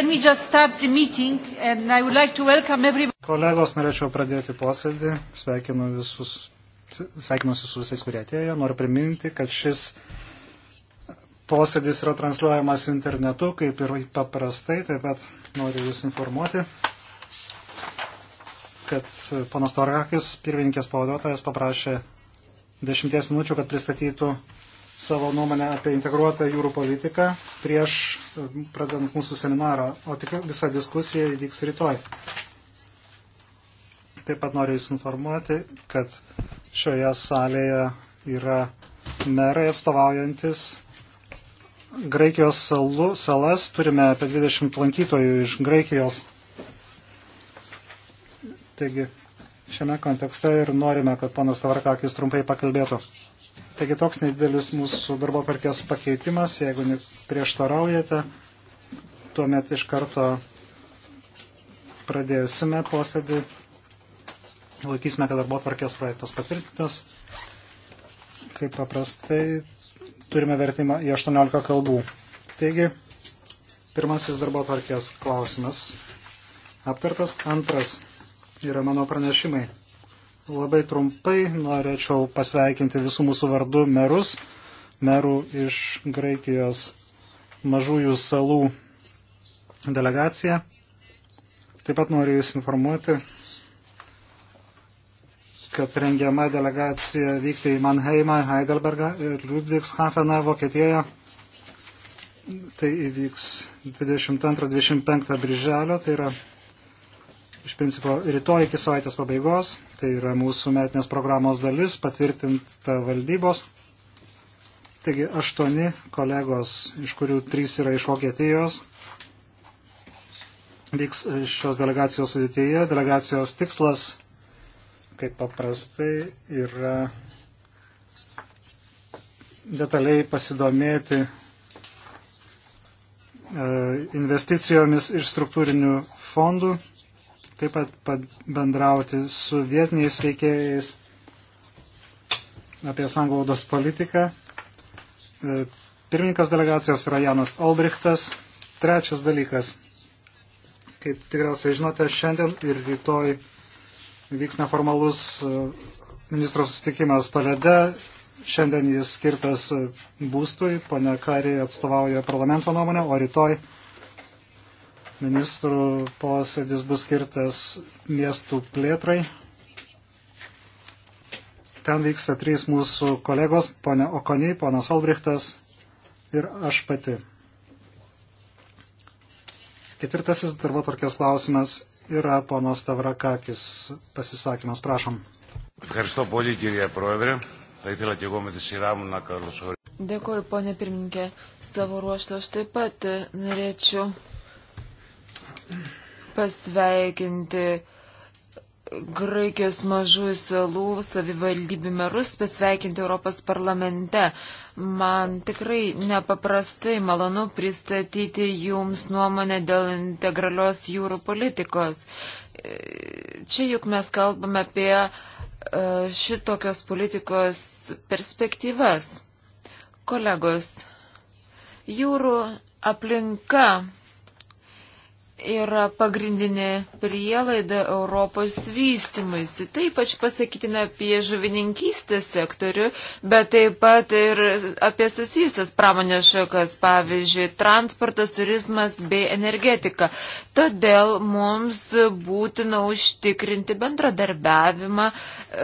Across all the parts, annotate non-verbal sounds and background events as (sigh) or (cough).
Like Kolegos, norėčiau pradėti posėdį. Sveikinu visus, sveikinuosi su visais, kurie atėjo. Noriu priminti, kad šis posėdis yra transliuojamas internetu, kaip ir paprastai. Taip pat noriu jūs informuoti, kad ponas Torakis, pirmininkės pavaduotojas, paprašė dešimties minučių, kad pristatytų savo nuomonę apie integruotą jūrų politiką prieš e, pradedant mūsų seminarą, o tik visa diskusija įvyks rytoj. Taip pat noriu Jūs informuoti, kad šioje salėje yra merai atstovaujantis Graikijos salų, salas, turime apie 20 lankytojų iš Graikijos. Taigi, šiame kontekste ir norime, kad panas Tavarkakis trumpai pakalbėtų. Taigi toks nedidelis mūsų darbo tvarkės pakeitimas, jeigu prieštaraujate, tuomet iš karto pradėsime posėdį, laikysime, kad darbo tvarkės projektas patvirtintas. Kaip paprastai, turime vertimą į 18 kalbų. Taigi, pirmasis darbo tvarkės klausimas aptartas, antras yra mano pranešimai. Labai trumpai norėčiau pasveikinti visų mūsų vardų merus, merų iš Graikijos mažųjų salų delegaciją. Taip pat noriu Jūs informuoti, kad rengiama delegacija vykti į Mannheimą, Heidelbergą ir Ludvigshafeną Vokietijoje. Tai įvyks 22-25 birželio, tai yra iš principo rytoj iki savaitės pabaigos, tai yra mūsų metinės programos dalis, patvirtinta valdybos. Taigi aštuoni kolegos, iš kurių trys yra iš Vokietijos, vyks šios delegacijos sudėtyje. Delegacijos tikslas, kaip paprastai, yra detaliai pasidomėti e, investicijomis iš struktūrinių fondų taip pat bendrauti su vietiniais veikėjais apie sanglaudos politiką. E, pirmininkas delegacijos yra Janas Olbrichtas. Trečias dalykas. Kaip tikriausiai žinote, šiandien ir rytoj vyks neformalus e, ministro susitikimas Tolede. Šiandien jis skirtas e, būstui, ponia Kari atstovauja parlamento nuomonę, o rytoj Ministrų posėdis bus skirtas miestų plėtrai. Ten vyksta trys mūsų kolegos, ponia Okoniai, ponas Albrichtas ir aš pati. Ketvirtasis darbo tvarkės klausimas yra pono Stavrakakis pasisakymas. Prašom. Dėkuoju, ponė pirmininkė. Savo ruoštą aš taip pat norėčiau pasveikinti Graikijos mažųjų salų savivaldybių merus pasveikinti Europos parlamente. Man tikrai nepaprastai malonu pristatyti jums nuomonę dėl integralios jūrų politikos. Čia juk mes kalbame apie e, šitokios politikos perspektyvas. Kolegos, jūrų aplinka yra pagrindinė prielaida Europos vystimaisi. Tai ypač pasakytina apie žuvininkystės sektorių, bet taip pat ir apie susijusias pramonės šakas, pavyzdžiui, transportas, turizmas bei energetika. Todėl mums būtina užtikrinti bendradarbiavimą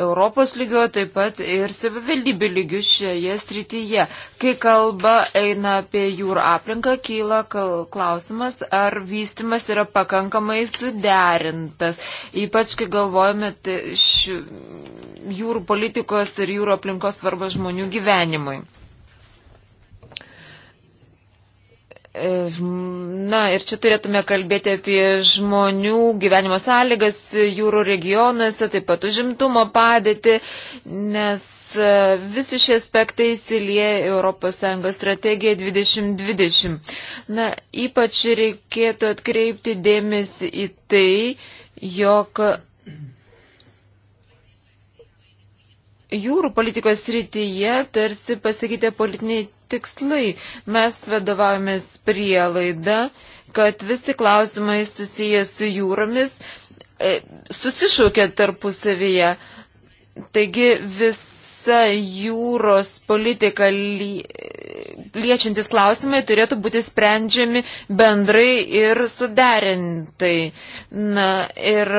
Europos lygio, taip pat ir savivaldybių lygių šioje srityje. Kai kalba eina apie jūrų aplinką, kyla klausimas, ar vystimas tekstas yra pakankamai suderintas, ypač kai galvojame tai, š, jūrų politikos ir jūrų aplinkos svarbą žmonių gyvenimui. Na ir čia turėtume kalbėti apie žmonių gyvenimo sąlygas jūrų regionuose, taip pat užimtumo padėti, nes e, visi šie aspektai įsilieja ES strategiją 2020. Na, ypač reikėtų atkreipti dėmesį į tai, jog jūrų politikos srityje tarsi pasikeitė politiniai tikslai. Mes vadovavomės prielaidą, kad visi klausimai susiję su jūromis e, susišaukia tarpusavyje. Taigi vis visa jūros politika li, liečiantis klausimai turėtų būti sprendžiami bendrai ir suderintai. Na ir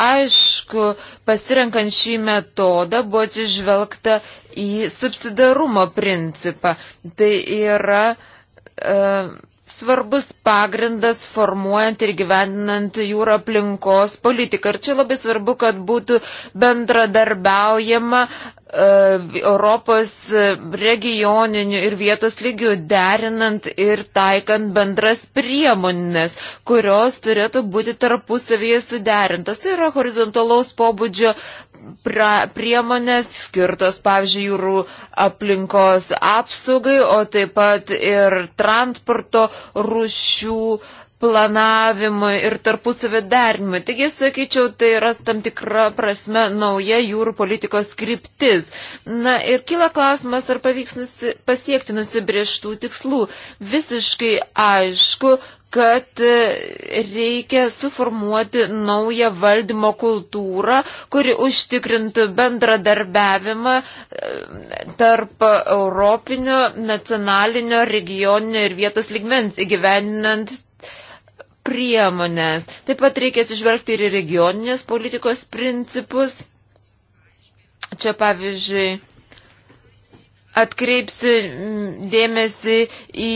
aišku, pasirenkant šį metodą buvo atsižvelgta į subsidarumo principą. Tai yra. Uh, e, svarbus pagrindas formuojant ir gyvendinant jūro aplinkos politiką. Ir čia labai svarbu, kad būtų bendradarbiaujama E, Europos regioninių ir vietos lygių derinant ir taikant bendras priemonės, kurios turėtų būti tarpusavėje suderintas. Tai yra horizontalaus pobūdžio pra, priemonės skirtos, pavyzdžiui, jūrų aplinkos apsaugai, o taip pat ir transporto rušių uh, planavimui ir tarpusavio derinimui. Taigi, sakyčiau, tai yra tam tikra prasme nauja jūrų politikos kryptis. Na ir kyla klausimas, ar pavyks nusi, pasiekti nusibrieštų tikslų. Visiškai aišku, kad reikia suformuoti naują valdymo kultūrą, kuri užtikrintų bendradarbiavimą e, tarp europinio, nacionalinio, regioninio ir vietos ligmens įgyveninant priemonės. Taip pat reikia atsižvelgti ir regioninės politikos principus. Čia pavyzdžiui, atkreipsiu dėmesį į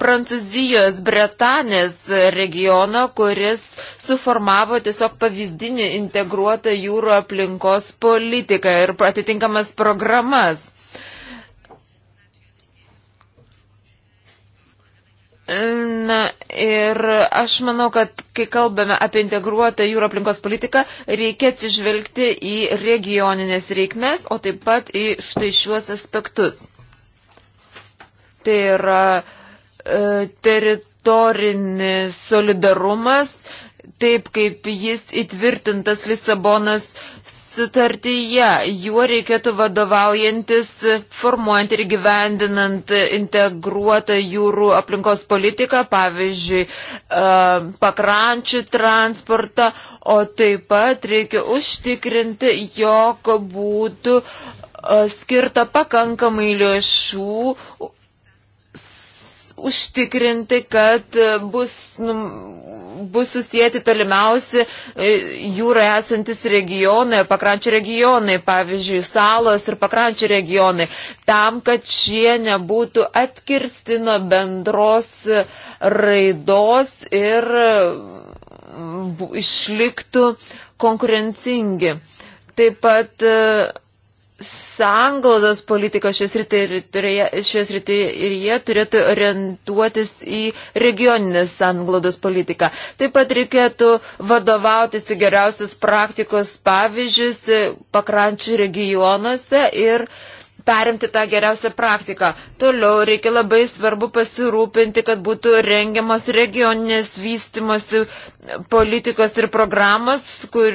Prancūzijos Bretanės regioną, kuris suformavo tiesiog pavyzdinį integruotą jūrų aplinkos politiką ir atitinkamas programas. Na ir aš manau, kad kai kalbame apie integruotą jūro aplinkos politiką, reikia atsižvelgti į regioninės reikmes, o taip pat į štai šiuos aspektus. Tai yra e, teritorinis solidarumas, taip kaip jis įtvirtintas Lisabonas sutartyje. Juo reikėtų vadovaujantis, formuojant ir gyvendinant integruotą jūrų aplinkos politiką, pavyzdžiui, e, pakrančių transportą, o taip pat reikia užtikrinti, jog būtų e, skirta pakankamai lėšų užtikrinti, kad bus num, bus susijęti tolimiausi e, jūroje esantis regionai ir pakrančio regionai, pavyzdžiui, salos ir pakrančio regionai, tam, kad šie nebūtų atkirsti nuo bendros raidos ir išliktų konkurencingi. Taip pat e, sanglodos politikos šios rytyje ir jie turėtų orientuotis į regioninę sanglodos politiką. Taip pat reikėtų vadovautis į geriausias praktikos pavyzdžius e, pakrančių regionuose ir uh, perimti tą geriausią praktiką. Toliau reikia labai svarbu pasirūpinti, kad būtų rengiamas regioninės vystimosi politikos ir programos, kur,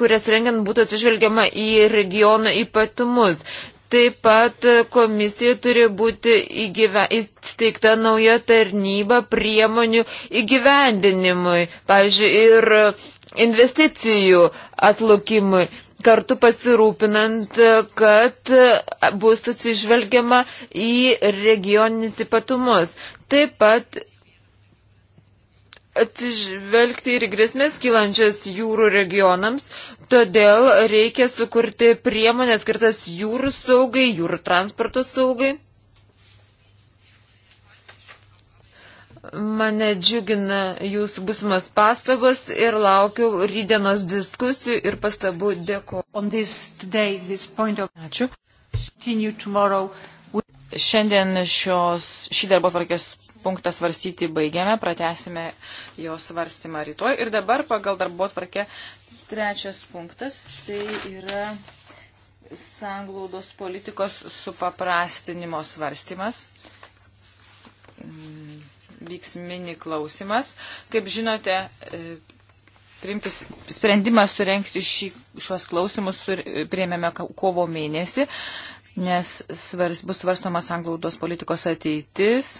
kurias rengiant būtų atsižvelgiama į regiono ypatumus. Taip pat komisija turi būti įgyve, įsteigta nauja tarnyba priemonių įgyvendinimui, pavyzdžiui, ir investicijų atlukimui kartu pasirūpinant, kad bus atsižvelgiama į regioninis ypatumus. Taip pat atsižvelgti ir grėsmės kylančias jūrų regionams, todėl reikia sukurti priemonės skirtas jūrų saugai, jūrų transporto saugai. Mane džiugina jūsų busimas pastabas ir laukiu rydienos diskusijų ir pastabų. Dėkuoju. Ačiū. Šiandien šios, šį darbo tvarkės punktą svarstyti baigiame, pratesime jo svarstymą rytoj. Ir dabar pagal darbo tvarkę trečias punktas, tai yra sanglaudos politikos supaprastinimo svarstymas. Mm vyks mini klausimas. Kaip žinote, e, priimtis sprendimą surenkti šį, šios klausimus sur, priėmėme kovo mėnesį, nes svars, bus svarstomas anglaudos politikos ateitis.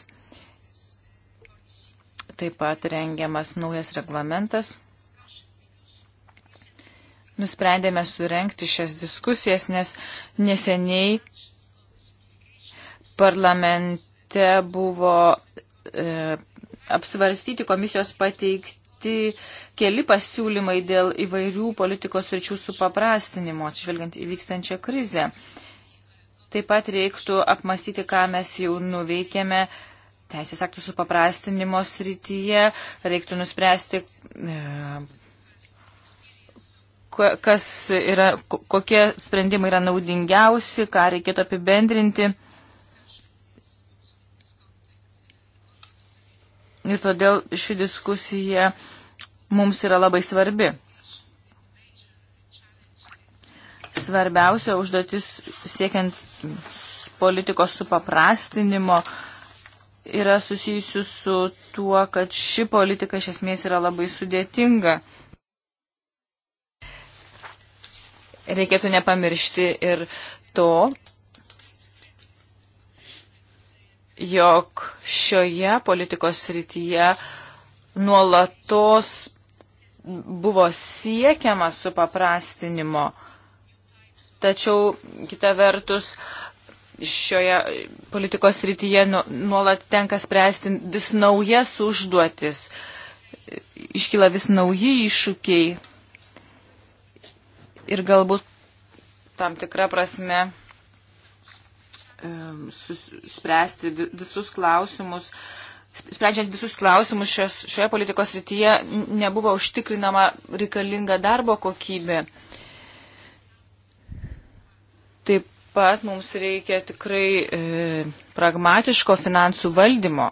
Taip pat rengiamas naujas reglamentas. Nusprendėme surenkti šias diskusijas, nes neseniai parlamente buvo e, apsvarstyti komisijos pateikti keli pasiūlymai dėl įvairių politikos ryčių supaprastinimo, atsižvelgiant įvykstančią krizę. Taip pat reiktų apmastyti, ką mes jau nuveikėme teisės aktų supaprastinimo srityje. Reiktų nuspręsti, e, kas yra, kokie sprendimai yra naudingiausi, ką reikėtų apibendrinti. Ir todėl ši diskusija mums yra labai svarbi. Svarbiausia užduotis siekiant politikos supaprastinimo yra susijusi su tuo, kad ši politika iš esmės yra labai sudėtinga. Reikėtų nepamiršti ir to, jog šioje politikos srityje nuolatos buvo siekiama supaprastinimo, tačiau kita vertus šioje politikos srityje nu, nuolat tenka spręsti vis naujas užduotis, iškyla vis nauji iššūkiai ir galbūt tam tikrą prasme spręsti visus klausimus. Sprendžiant visus klausimus šios, šioje politikos rytyje nebuvo užtikrinama reikalinga darbo kokybė. Taip pat mums reikia tikrai e, pragmatiško finansų valdymo.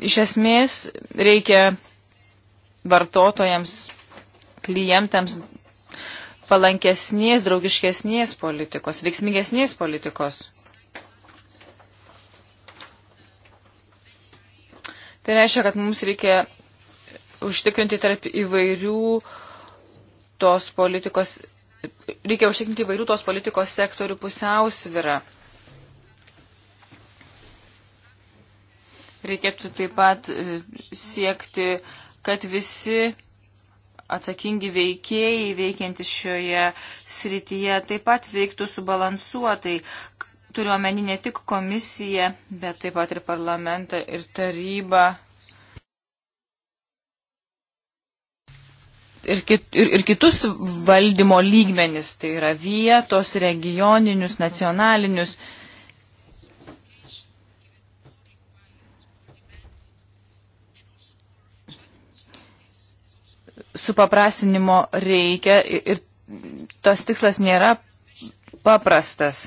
Iš esmės reikia vartotojams klientams palankesnės, draugiškesnės politikos, veiksmingesnės politikos. Tai reiškia, kad mums reikia užtikrinti tarp įvairių tos politikos, reikia užtikrinti įvairių tos politikos sektorių pusiausvirą. Reikėtų taip pat e, siekti, kad visi atsakingi veikėjai veikiantis šioje srityje taip pat veiktų subalansuotai. Turiuomenį ne tik komisiją, bet taip pat ir parlamentą ir tarybą. Ir, kit, ir, ir kitus valdymo lygmenis, tai yra vietos, regioninius, nacionalinius. Mm. supaprastinimo reikia ir tas tikslas nėra paprastas.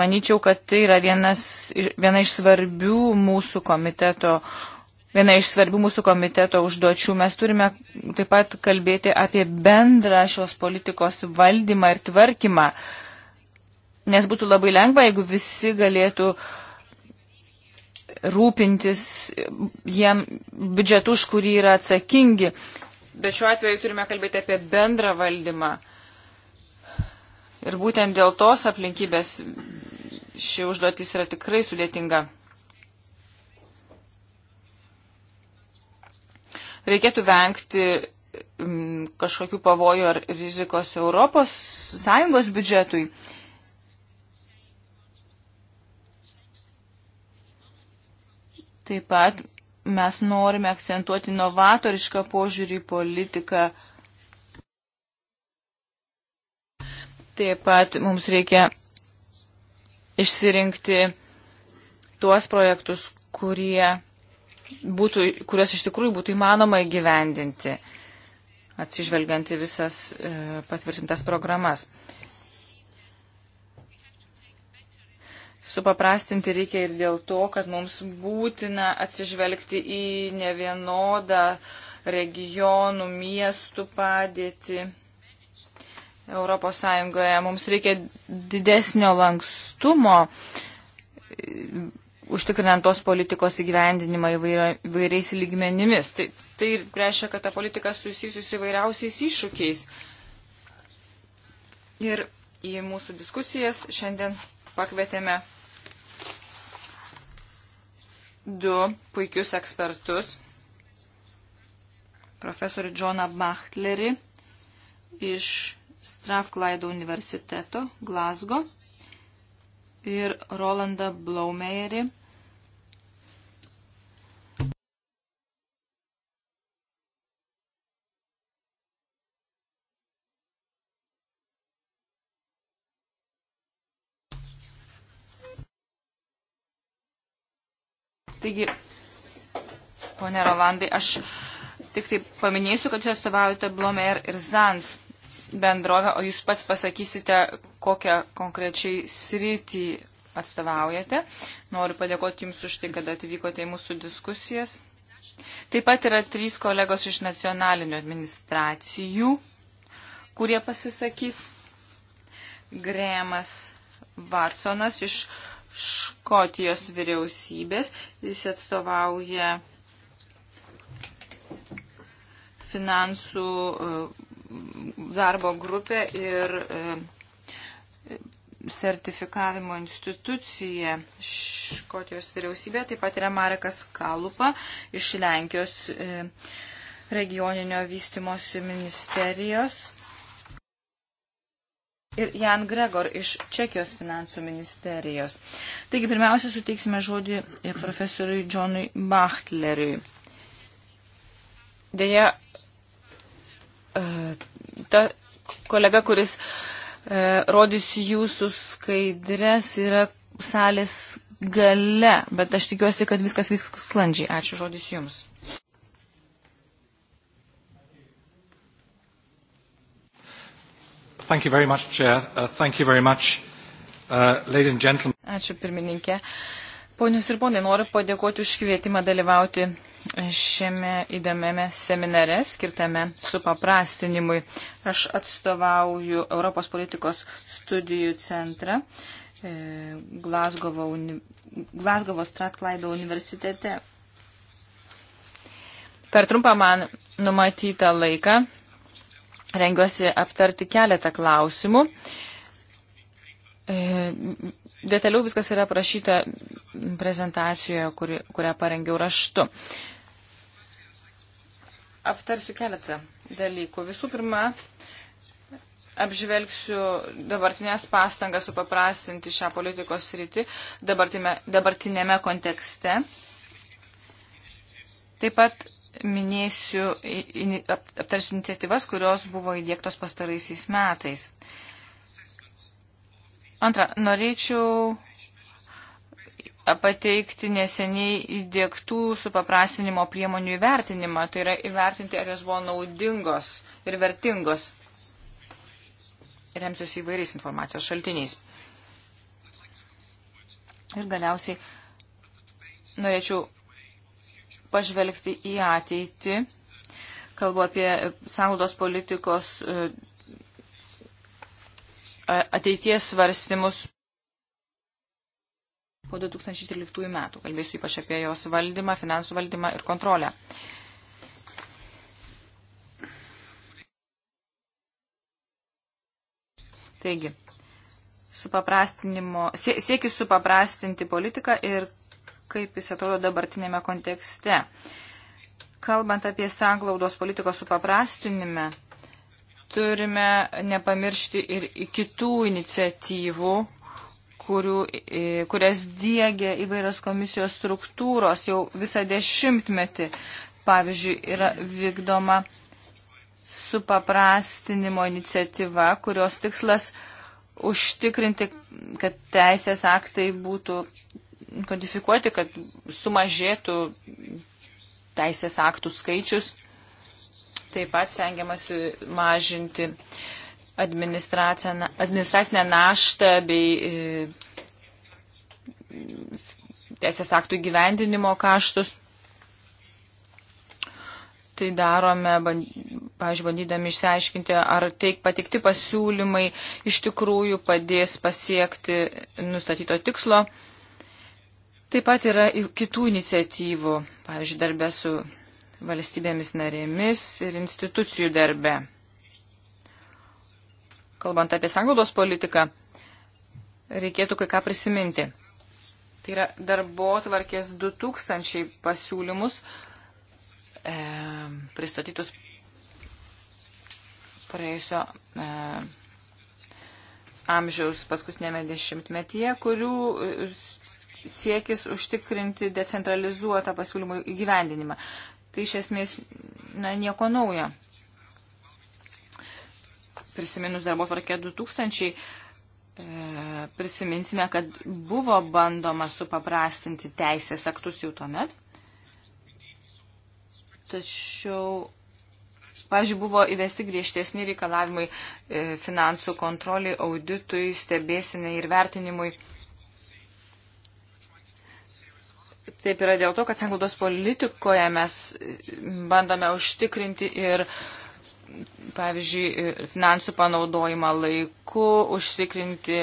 Maničiau, kad tai yra vienas, viena iš svarbių mūsų komiteto. Viena iš svarbių mūsų komiteto užduočių mes turime taip pat kalbėti apie bendrą šios politikos valdymą ir tvarkymą, nes būtų labai lengva, jeigu visi galėtų uh, rūpintis jiem biudžetu, už kurį yra atsakingi. Bet šiuo atveju turime kalbėti apie bendrą valdymą. Ir būtent dėl tos aplinkybės ši užduotis yra tikrai sudėtinga. Reikėtų vengti mm, kažkokių pavojų ar rizikos Europos Sąjungos biudžetui. Taip pat mes norime akcentuoti novatorišką požiūrį į politiką. Taip pat mums reikia išsirinkti tuos projektus, kurie būtų, kurios iš tikrųjų būtų įmanoma įgyvendinti, atsižvelgianti visas e, patvirtintas programas. E, supaprastinti reikia ir dėl to, kad mums būtina atsižvelgti į nevienodą regionų, miestų padėtį. ES mums reikia didesnio lankstumo, e, užtikrinant tos politikos įgyvendinimą įvairiais lygmenimis. Tai, tai reiškia, kad ta politika susijusi su įvairiausiais iššūkiais. Ir į mūsų diskusijas šiandien pakvietėme du puikius ekspertus. Profesorių Džoną Bachtlerį iš Strafklaido universiteto Glasgo ir Rolandą Blaumeierį Taigi, ponė Rolandai, aš tik taip paminėsiu, kad jūs atstovaujate Blomer ir Zans bendrovę, o jūs pats pasakysite, kokią konkrečiai sritį atstovaujate. Noriu padėkoti Jums už tai, kad atvykote į mūsų diskusijas. Taip pat yra trys kolegos iš nacionalinių administracijų, kurie pasisakys. Grėmas Varsonas iš Škotijos vyriausybės. Jis atstovauja finansų e, darbo grupę ir e, sertifikavimo institucija Škotijos vyriausybė, taip pat yra Marekas Kalupa iš Lenkijos e, regioninio vystimosi ministerijos ir Jan Gregor iš Čekijos finansų ministerijos. Taigi pirmiausia, suteiksime žodį e, profesoriui Džonui Bachtleriui. Deja, e, ta kolega, kuris e, rodys jūsų skaidrės, yra salės gale, bet aš tikiuosi, kad viskas vyks sklandžiai. Ačiū žodis jums. Thank you very much, Chair. Uh, thank you very much, uh, ladies and gentlemen. Ačiū pirmininkė. Ponius ir ponai, noriu padėkoti už kvietimą dalyvauti šiame įdomiame seminare skirtame supaprastinimui. Aš atstovauju Europos politikos studijų centrą e, Glasgovo, uni... Glasgovo Stratklaido universitete. Per trumpą man numatytą laiką rengiuosi aptarti keletą klausimų. E, detaliau viskas yra aprašyta prezentacijoje, kuri, kurią parengiau raštu. Aptarsiu keletą dalykų. Visų pirma, apžvelgsiu dabartinės pastangas supaprastinti šią politikos rytį dabartinėme kontekste. Taip pat minėsiu, aptarsiu iniciatyvas, kurios buvo įdėktos pastaraisiais metais. Antra, norėčiau pateikti neseniai įdėktų supaprastinimo priemonių įvertinimą, tai yra įvertinti, ar jos buvo naudingos ir vertingos. Remsiuosi įvairiais informacijos šaltiniais. Ir galiausiai norėčiau pažvelgti į ateitį. Kalbu apie sąnaudos politikos e, ateities svarstymus po 2013 metų. Kalbėsiu ypač apie jos valdymą, finansų valdymą ir kontrolę. Taigi, supaprastinimo, sie, siekis supaprastinti politiką ir kaip jis atrodo dabartinėme kontekste. Kalbant apie sanglaudos politikos supaprastinimą, turime nepamiršti ir kitų iniciatyvų, kurių, e, kurias diegia įvairios komisijos struktūros jau visą dešimtmetį. Pavyzdžiui, yra vykdoma supaprastinimo iniciatyva, kurios tikslas užtikrinti, kad teisės aktai būtų kodifikuoti, kad sumažėtų teisės aktų skaičius. Taip pat stengiamasi mažinti administracinę naštą bei e, teisės aktų įgyvendinimo kaštus. Tai darome, pavyzdžiui, bandydami išsiaiškinti, ar teik patikti pasiūlymai iš tikrųjų padės pasiekti nustatyto tikslo. Taip pat yra kitų iniciatyvų, pavyzdžiui, darbė su valstybėmis narėmis ir institucijų darbė. Kalbant apie sanglaudos politiką, reikėtų kai ką prisiminti. Tai yra darbo tvarkės 2000 pasiūlymus e, pristatytus praėjusio e, amžiaus paskutinėme dešimtmetyje, kurių siekis užtikrinti decentralizuotą pasiūlymų įgyvendinimą. Tai iš esmės na, nieko naujo. Prisiminus darbo tvarkė 2000, e, prisiminsime, kad buvo bandoma supaprastinti teisės aktus jau tuomet. Tačiau, pažiūrėjau, buvo įvesti griežtesni reikalavimai e, finansų kontroliai, auditui, stebėsinai ir vertinimui. Taip yra dėl to, kad sanglaudos politikoje mes bandome užtikrinti ir, pavyzdžiui, finansų panaudojimą laiku, užtikrinti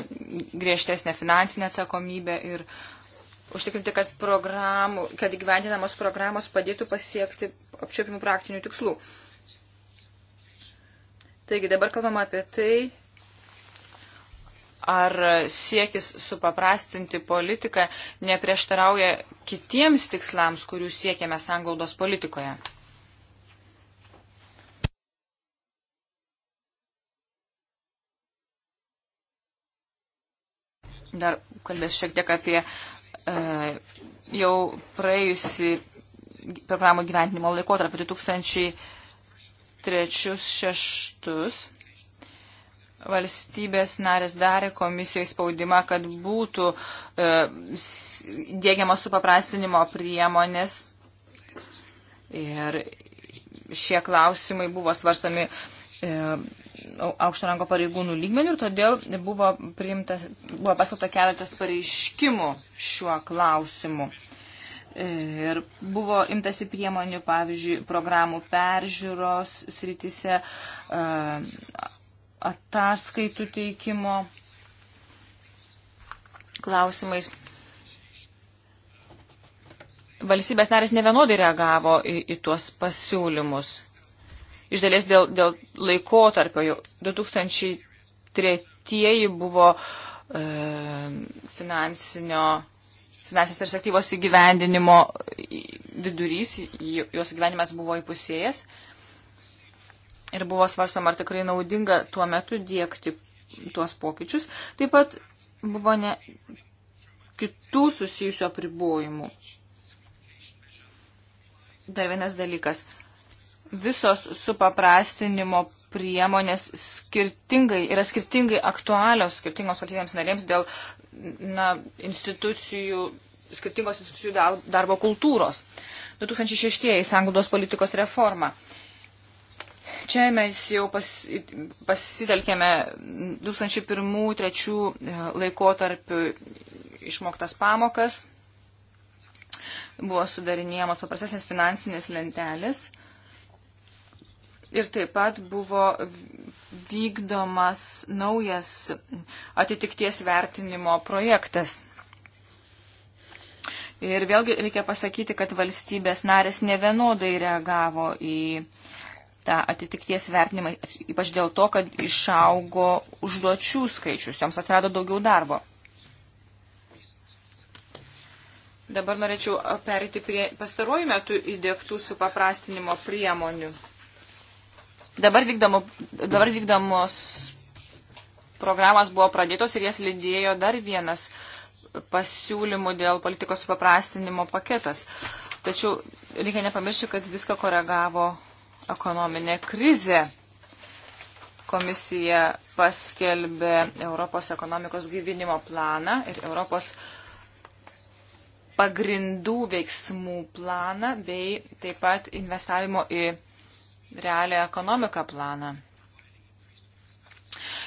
griežtesnę finansinę atsakomybę ir užtikrinti, kad, programų, kad gyvendinamos programos padėtų pasiekti apčiopimų praktinių tikslų. Taigi dabar kalbama apie tai, ar siekis supaprastinti politiką neprieštarauja kitiems tikslams, kurių siekiame sanglaudos politikoje? Dar kalbės šiek tiek apie e, jau praėjusi programų gyventinimo laikotarpį 2003-2006 valstybės narės darė komisijai spaudimą, kad būtų e, dėgiamos supaprastinimo priemonės ir šie klausimai buvo svarstami e, aukšto rango pareigūnų lygmenių ir todėl buvo, priimta, buvo paskelbta keletas pareiškimų šiuo klausimu. Ir buvo imtasi priemonių, pavyzdžiui, programų peržiūros sritise, e, ataskaitų teikimo klausimais. Valstybės narės nevienodai reagavo į, į tuos pasiūlymus. Iš dalies dėl, dėl laikotarpio jau 2003 buvo e, finansinio, finansinės perspektyvos įgyvendinimo vidurys, jos įgyvenimas buvo įpusėjęs. E, ir buvo svarstama, ar tikrai naudinga tuo metu dėkti tuos pokyčius. Taip pat buvo ne kitų susijusių apribojimų. Dar vienas dalykas. Visos supaprastinimo priemonės skirtingai, yra skirtingai aktualios skirtingos valstybėms narėms dėl na, institucijų, skirtingos institucijų darbo kultūros. 2006 sanglaudos politikos reforma. Čia mes jau pas, pasitelkėme 2001-2003 e, laikotarpiu išmoktas pamokas, buvo sudarinėjamos paprastesnės finansinės lentelės ir taip pat buvo vykdomas naujas atitikties vertinimo projektas. Ir vėlgi reikia pasakyti, kad valstybės narės nevienodai reagavo į tą atitikties vertinimą, ypač dėl to, kad išaugo užduočių skaičius, joms atsirado daugiau darbo. Dabar norėčiau perėti prie pastaruoju metu įdėktų supaprastinimo priemonių. Dabar, vykdomo, dabar vykdomos programos buvo pradėtos ir jas lydėjo dar vienas pasiūlymų dėl politikos supaprastinimo paketas. Tačiau reikia nepamiršti, kad viską koregavo ekonominė krizė. Komisija paskelbė Europos ekonomikos gyvinimo planą ir Europos pagrindų veiksmų planą bei taip pat investavimo į realią ekonomiką planą.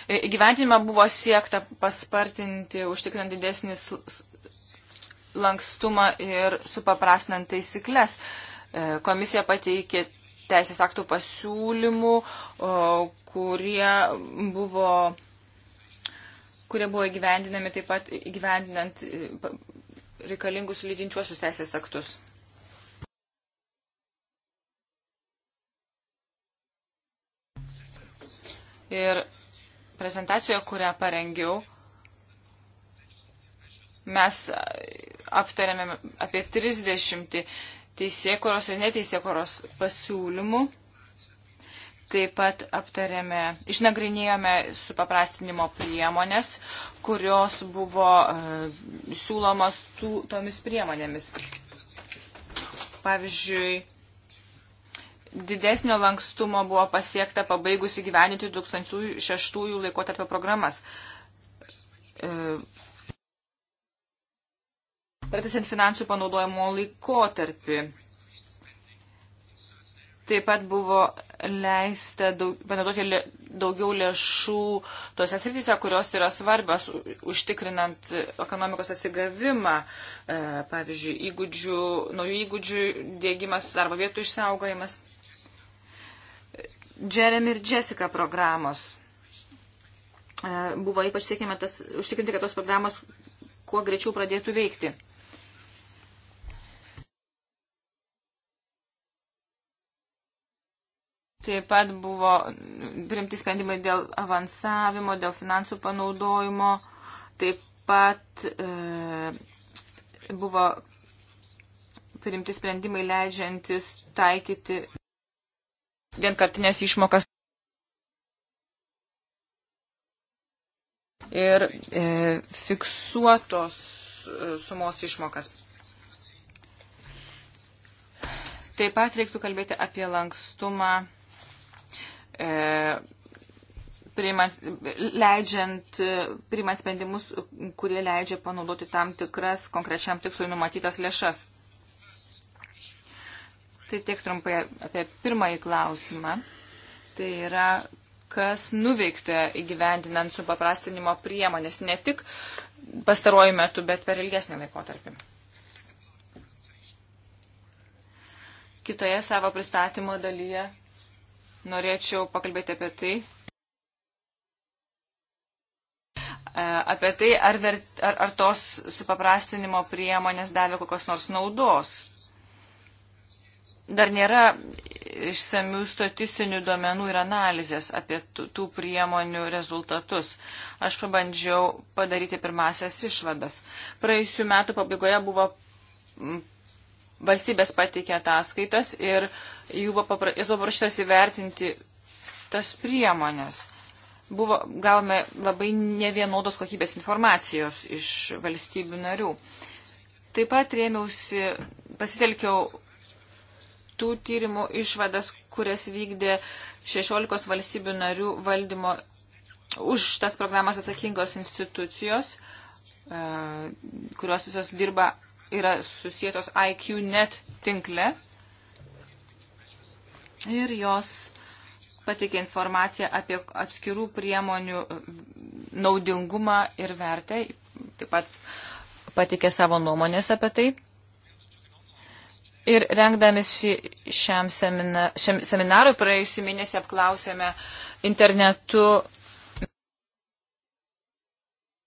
E, įgyventinimą buvo siekta paspartinti, užtikrinant didesnį lankstumą ir supaprastinant taisyklės. E, komisija pateikė teisės aktų pasiūlymų, kurie buvo kurie buvo įgyvendinami taip pat įgyvendinant e, reikalingus lydinčiuosius teisės aktus. Ir prezentacijoje, kurią parengiau, mes aptarėme apie 30 teisėkoros ir neteisėkoros pasiūlymų. Taip pat aptarėme, išnagrinėjome supaprastinimo priemonės, kurios buvo uh, siūlomos tų, tomis priemonėmis. Pavyzdžiui, didesnio lankstumo buvo pasiekta pabaigus įgyveninti 2006 laikotarpio programas. E, pratesiant finansų panaudojimo laikotarpį. Taip pat buvo leista daug, panaudoti le, daugiau lėšų tose srityse, kurios yra svarbios užtikrinant ekonomikos atsigavimą, e, pavyzdžiui, įgūdžių, naujų įgūdžių dėgymas, darbo vietų išsaugojimas. Jeremy ir Jessica programos. E, buvo ypač siekiama tas, užtikrinti, kad tos programos kuo greičiau pradėtų veikti. Taip pat buvo primti sprendimai dėl avansavimo, dėl finansų panaudojimo. Taip pat e, buvo primti sprendimai leidžiantis taikyti vienkartinės išmokas. Ir e, fiksuotos e, sumos išmokas. Taip pat reiktų kalbėti apie lankstumą e, priimant, leidžiant, e, priimant sprendimus, kurie leidžia panaudoti tam tikras konkrečiam tikslui numatytas lėšas. Tai tiek trumpai apie pirmąjį klausimą. Tai yra, kas nuveikta įgyvendinant supaprastinimo priemonės, ne tik pastaruoju metu, bet per ilgesnį laikotarpį. Kitoje savo pristatymo dalyje norėčiau pakalbėti apie tai, e, apie tai, ar, ver, ar, ar tos supaprastinimo priemonės davė kokios nors naudos. Dar nėra išsamių statistinių duomenų ir analizės apie tų priemonių rezultatus. Aš pabandžiau padaryti pirmasias išvadas. Praėjusiu metu pabaigoje buvo valstybės pateikė ataskaitas ir jų buvo paprašytas įvertinti tas priemonės. Buvo, gavome labai nevienodos kokybės informacijos iš valstybių narių. Taip pat rėmiausi, pasitelkiau tų tyrimų išvadas, kurias vykdė 16 valstybių narių valdymo už tas programas atsakingos institucijos, e, kurios visos dirba yra susijėtos IQNet tinkle ir jos pateikė informaciją apie atskirų priemonių naudingumą ir vertę, taip pat pateikė savo nuomonės apie tai. Ir rengdamis šį, šiam, semina, šiam seminarui praėjusiu mėnesį apklausėme internetu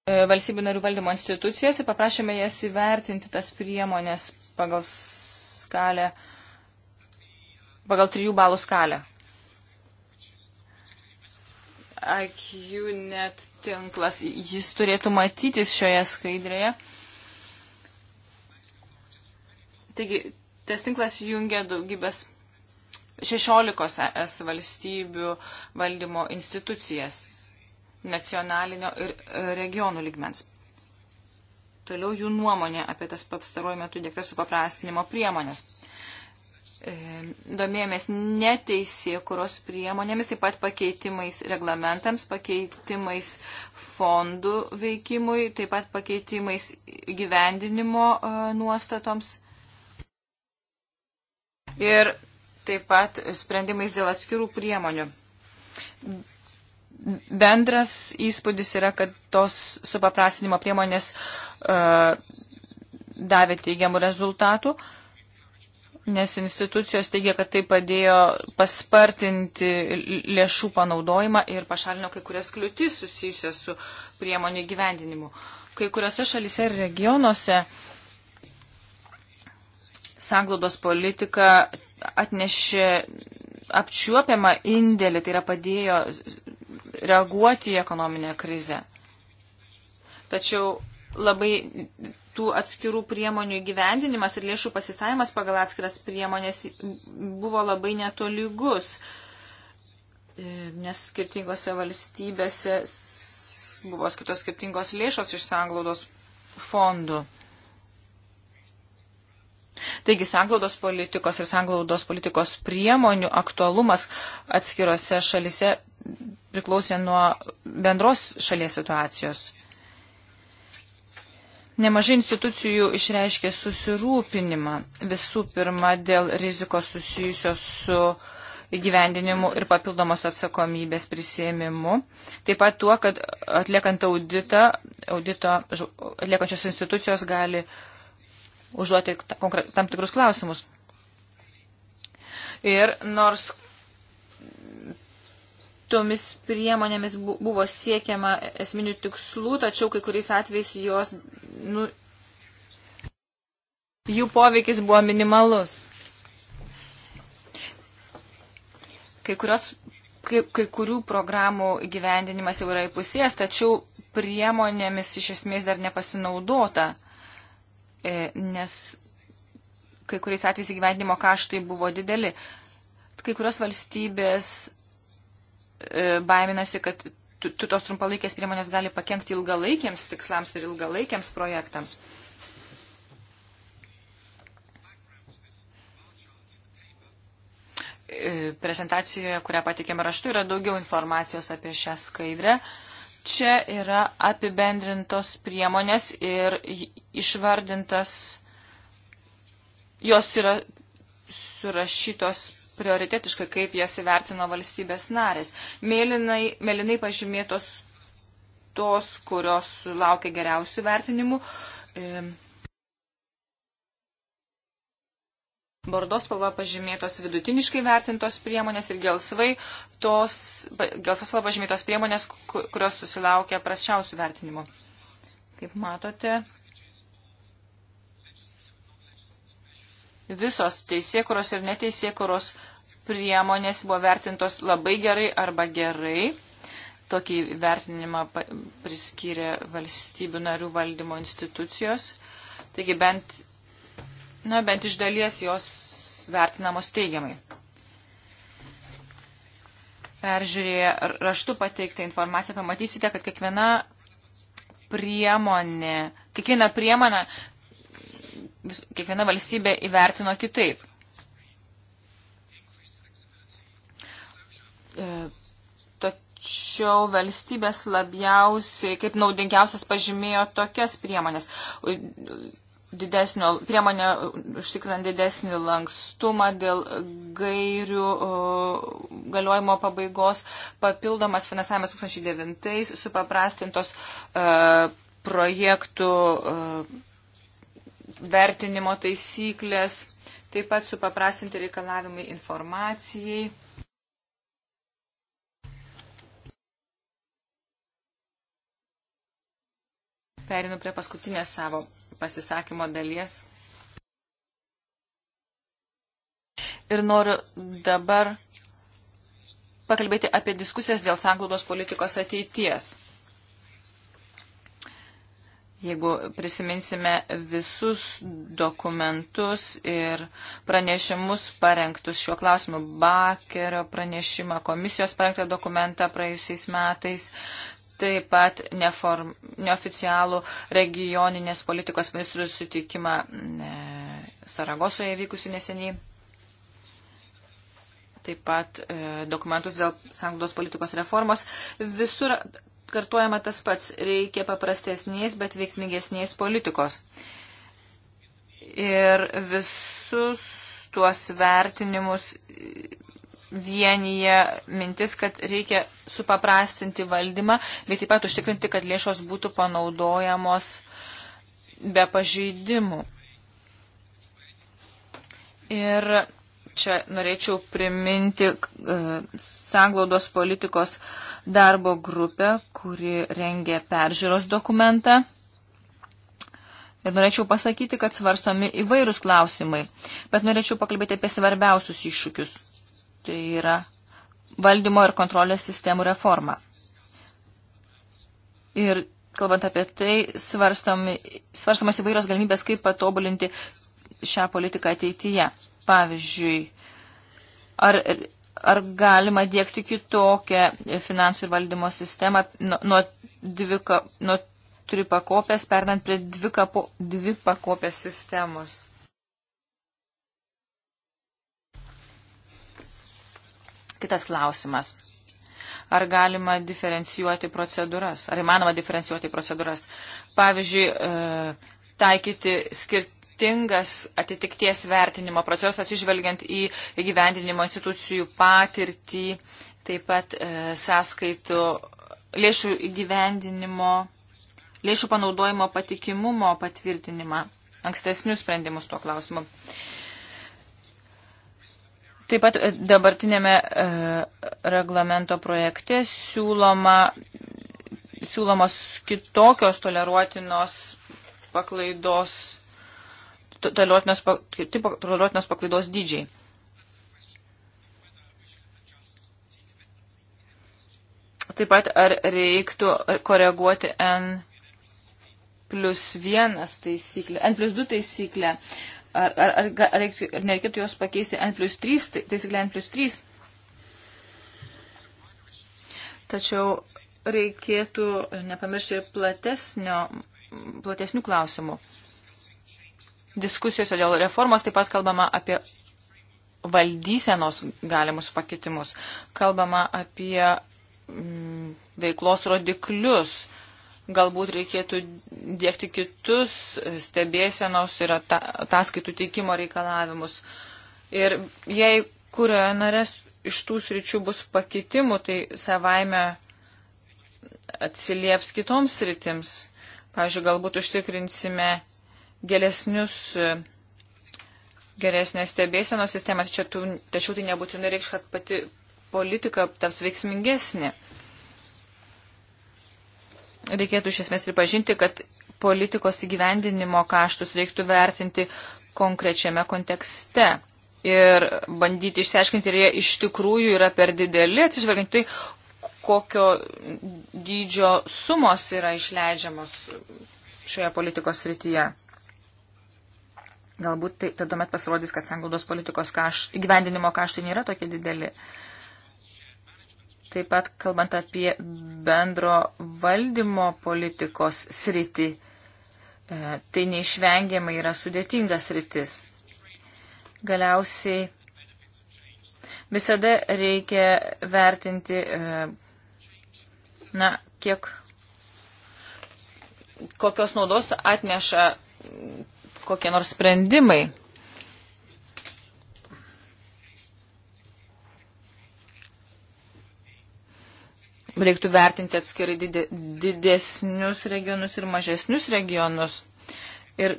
E, valstybių narių valdymo institucijas ir paprašėme jas įvertinti tas priemonės pagal skalę, pagal trijų balų skalę. IQ net tinklas, jis turėtų matytis šioje skaidrėje. Taigi, tas tinklas jungia daugybės 16 es valstybių valdymo institucijas nacionalinio ir e, regionų ligmens. Toliau jų nuomonė apie tas pastaruoju metu dėktas supaprastinimo priemonės. E, domėjomės neteisė, kurios priemonėmis, taip pat pakeitimais reglamentams, pakeitimais fondų veikimui, taip pat pakeitimais gyvendinimo e, nuostatoms. Ir taip pat sprendimais dėl atskirų priemonių bendras įspūdis yra, kad tos supaprastinimo priemonės uh, davė teigiamų rezultatų, nes institucijos teigia, kad tai padėjo paspartinti lėšų panaudojimą ir pašalino kai kurias kliūtis susijusias su priemonių gyvendinimu. Kai kuriuose šalise ir regionuose sanglaudos politika atnešė apčiuopiamą indėlį, tai yra padėjo reaguoti į ekonominę krizę. Tačiau labai tų atskirų priemonių įgyvendinimas ir lėšų pasisavimas pagal atskiras priemonės buvo labai netolygus, e, nes skirtingose valstybėse buvo skirtos skirtingos lėšos iš sanglaudos fondų. Taigi sanglaudos politikos ir sanglaudos politikos priemonių aktualumas atskirose šalise priklausė nuo bendros šalies situacijos. Nemažai institucijų išreiškė susirūpinimą visų pirma dėl rizikos susijusios su įgyvendinimu ir papildomos atsakomybės prisėmimu. Taip pat tuo, kad atliekant auditą, audito atliekančios institucijos gali užduoti tam tikrus klausimus. Ir nors tomis priemonėmis buvo siekiama esminių tikslų, tačiau kai kuriais atvejais jos, nu, jų poveikis buvo minimalus. Kai, kurios, kai, kai kurių programų gyvendinimas jau yra įpusės, tačiau priemonėmis iš esmės dar nepasinaudota, e, nes kai kuriais atvejais įgyvendinimo kaštai buvo dideli. Kai kurios valstybės E, baiminasi, kad tos trumpalaikės priemonės gali pakengti ilgalaikiams tikslams ir ilgalaikiams projektams. E, prezentacijoje, kurią patikėme raštu, yra daugiau informacijos apie šią skaidrę. Čia yra apibendrintos priemonės ir išvardintas, jos yra surašytos prioritetiškai, kaip jas įvertino valstybės narės. Mėlynai, mėlynai pažymėtos tos, kurios laukia geriausių vertinimų. E, Bordos spalva pažymėtos vidutiniškai vertintos priemonės ir gelsvai tos, gelsvas spalva pažymėtos priemonės, kurios susilaukia prasčiausių vertinimų. Kaip matote, visos teisėkuros ir neteisėkuros priemonės buvo vertintos labai gerai arba gerai. Tokį vertinimą priskyrė valstybių narių valdymo institucijos. Taigi bent, na, bent iš dalies jos vertinamos teigiamai. Peržiūrėję raštu pateiktą informaciją, pamatysite, kad kiekviena priemonė, kiekviena priemonė vis, kiekviena valstybė įvertino kitaip. E, tačiau valstybės labiausiai, kaip naudingiausias, pažymėjo tokias priemonės. Didesnio, priemonė užtikrinant didesnį lankstumą dėl gairių galiojimo pabaigos, papildomas finansavimas 2009, supaprastintos e, projektų e, vertinimo taisyklės, taip pat supaprastinti reikalavimai informacijai. Perinu prie paskutinės savo pasisakymo dalies. Ir noriu dabar pakalbėti apie diskusijas dėl sanglaudos politikos ateities. Jeigu prisiminsime visus dokumentus ir pranešimus parengtus šiuo klausimu, Bakerio pranešimą, komisijos parengtą dokumentą praėjusiais metais, taip pat neform, neoficialų regioninės politikos ministrų sutikimą ne, Saragosoje vykusi neseniai. Taip pat e, dokumentus dėl sanglos politikos reformos. Visur kartuojama tas pats, reikia paprastesnės, bet veiksmingesnės politikos. Ir visus tuos vertinimus vienyje mintis, kad reikia supaprastinti valdymą, bet taip pat užtikrinti, kad lėšos būtų panaudojamos be pažeidimų. Ir čia norėčiau priminti e, sanglaudos politikos darbo grupę, kuri rengė peržiūros dokumentą. Ir norėčiau pasakyti, kad svarstomi įvairūs klausimai, bet norėčiau pakalbėti apie svarbiausius iššūkius. Tai yra valdymo ir kontrolės sistemų reforma. Ir kalbant apie tai, svarstomi, svarstomas įvairios galimybės, kaip patobulinti šią politiką ateityje. Pavyzdžiui, ar, ar galima dėkti kitokią finansų ir valdymo sistemą nuo, nuo, dvika, nuo tripakopės, pernant prie dvikapo, dvipakopės sistemos. Kitas klausimas. Ar galima diferencijuoti procedūras? Ar įmanoma diferencijuoti procedūras? Pavyzdžiui, e, taikyti skirt, skirtingas atitikties vertinimo procesas atsižvelgiant į gyvendinimo institucijų patirtį, taip pat e, sąskaitų lėšų gyvendinimo, lėšų panaudojimo patikimumo patvirtinimą, ankstesnius sprendimus tuo klausimu. Taip pat e, dabartinėme e, reglamento projekte siūloma, siūlomos kitokios toleruotinos paklaidos toleruotinos paklaidos dydžiai. Taip pat ar reiktų koreguoti N plus 1 taisyklę, N plus 2 taisyklę, ar, ar, ar, reiktų, ar nereikėtų jos pakeisti N plus 3, tai, taisyklę N plus 3. Tačiau reikėtų nepamiršti ir platesnio, platesnių klausimų. Diskusijose dėl reformos taip pat kalbama apie valdysenos galimus pakitimus. Kalbama apie mm, veiklos rodiklius. Galbūt reikėtų dėkti kitus stebėsenos ir ataskaitų teikimo reikalavimus. Ir jei kurioje narės iš tų sričių bus pakitimų, tai savaime atsilieps kitoms sritims. Pavyzdžiui, galbūt užtikrinsime geresnius, e, geresnės stebėsenos sistemas, čia tų, tačiau tai nebūtinai reikš, kad pati politika taps veiksmingesnė. Reikėtų iš esmės pripažinti, kad politikos įgyvendinimo kaštus reiktų vertinti konkrečiame kontekste ir bandyti išsiaiškinti, ar jie iš tikrųjų yra per dideli, atsižvelgiant tai, kokio dydžio sumos yra išleidžiamos šioje politikos srityje. Galbūt tai tada met pasirodys, kad sanglaudos politikos kašt, įgyvendinimo kaštai nėra tokie dideli. Taip pat kalbant apie bendro valdymo politikos sritį, e, tai neišvengiamai yra sudėtingas sritis. Galiausiai visada reikia vertinti, e, na, kiek, kokios naudos atneša kokie nors sprendimai. Reiktų vertinti atskirai didesnius regionus ir mažesnius regionus. Ir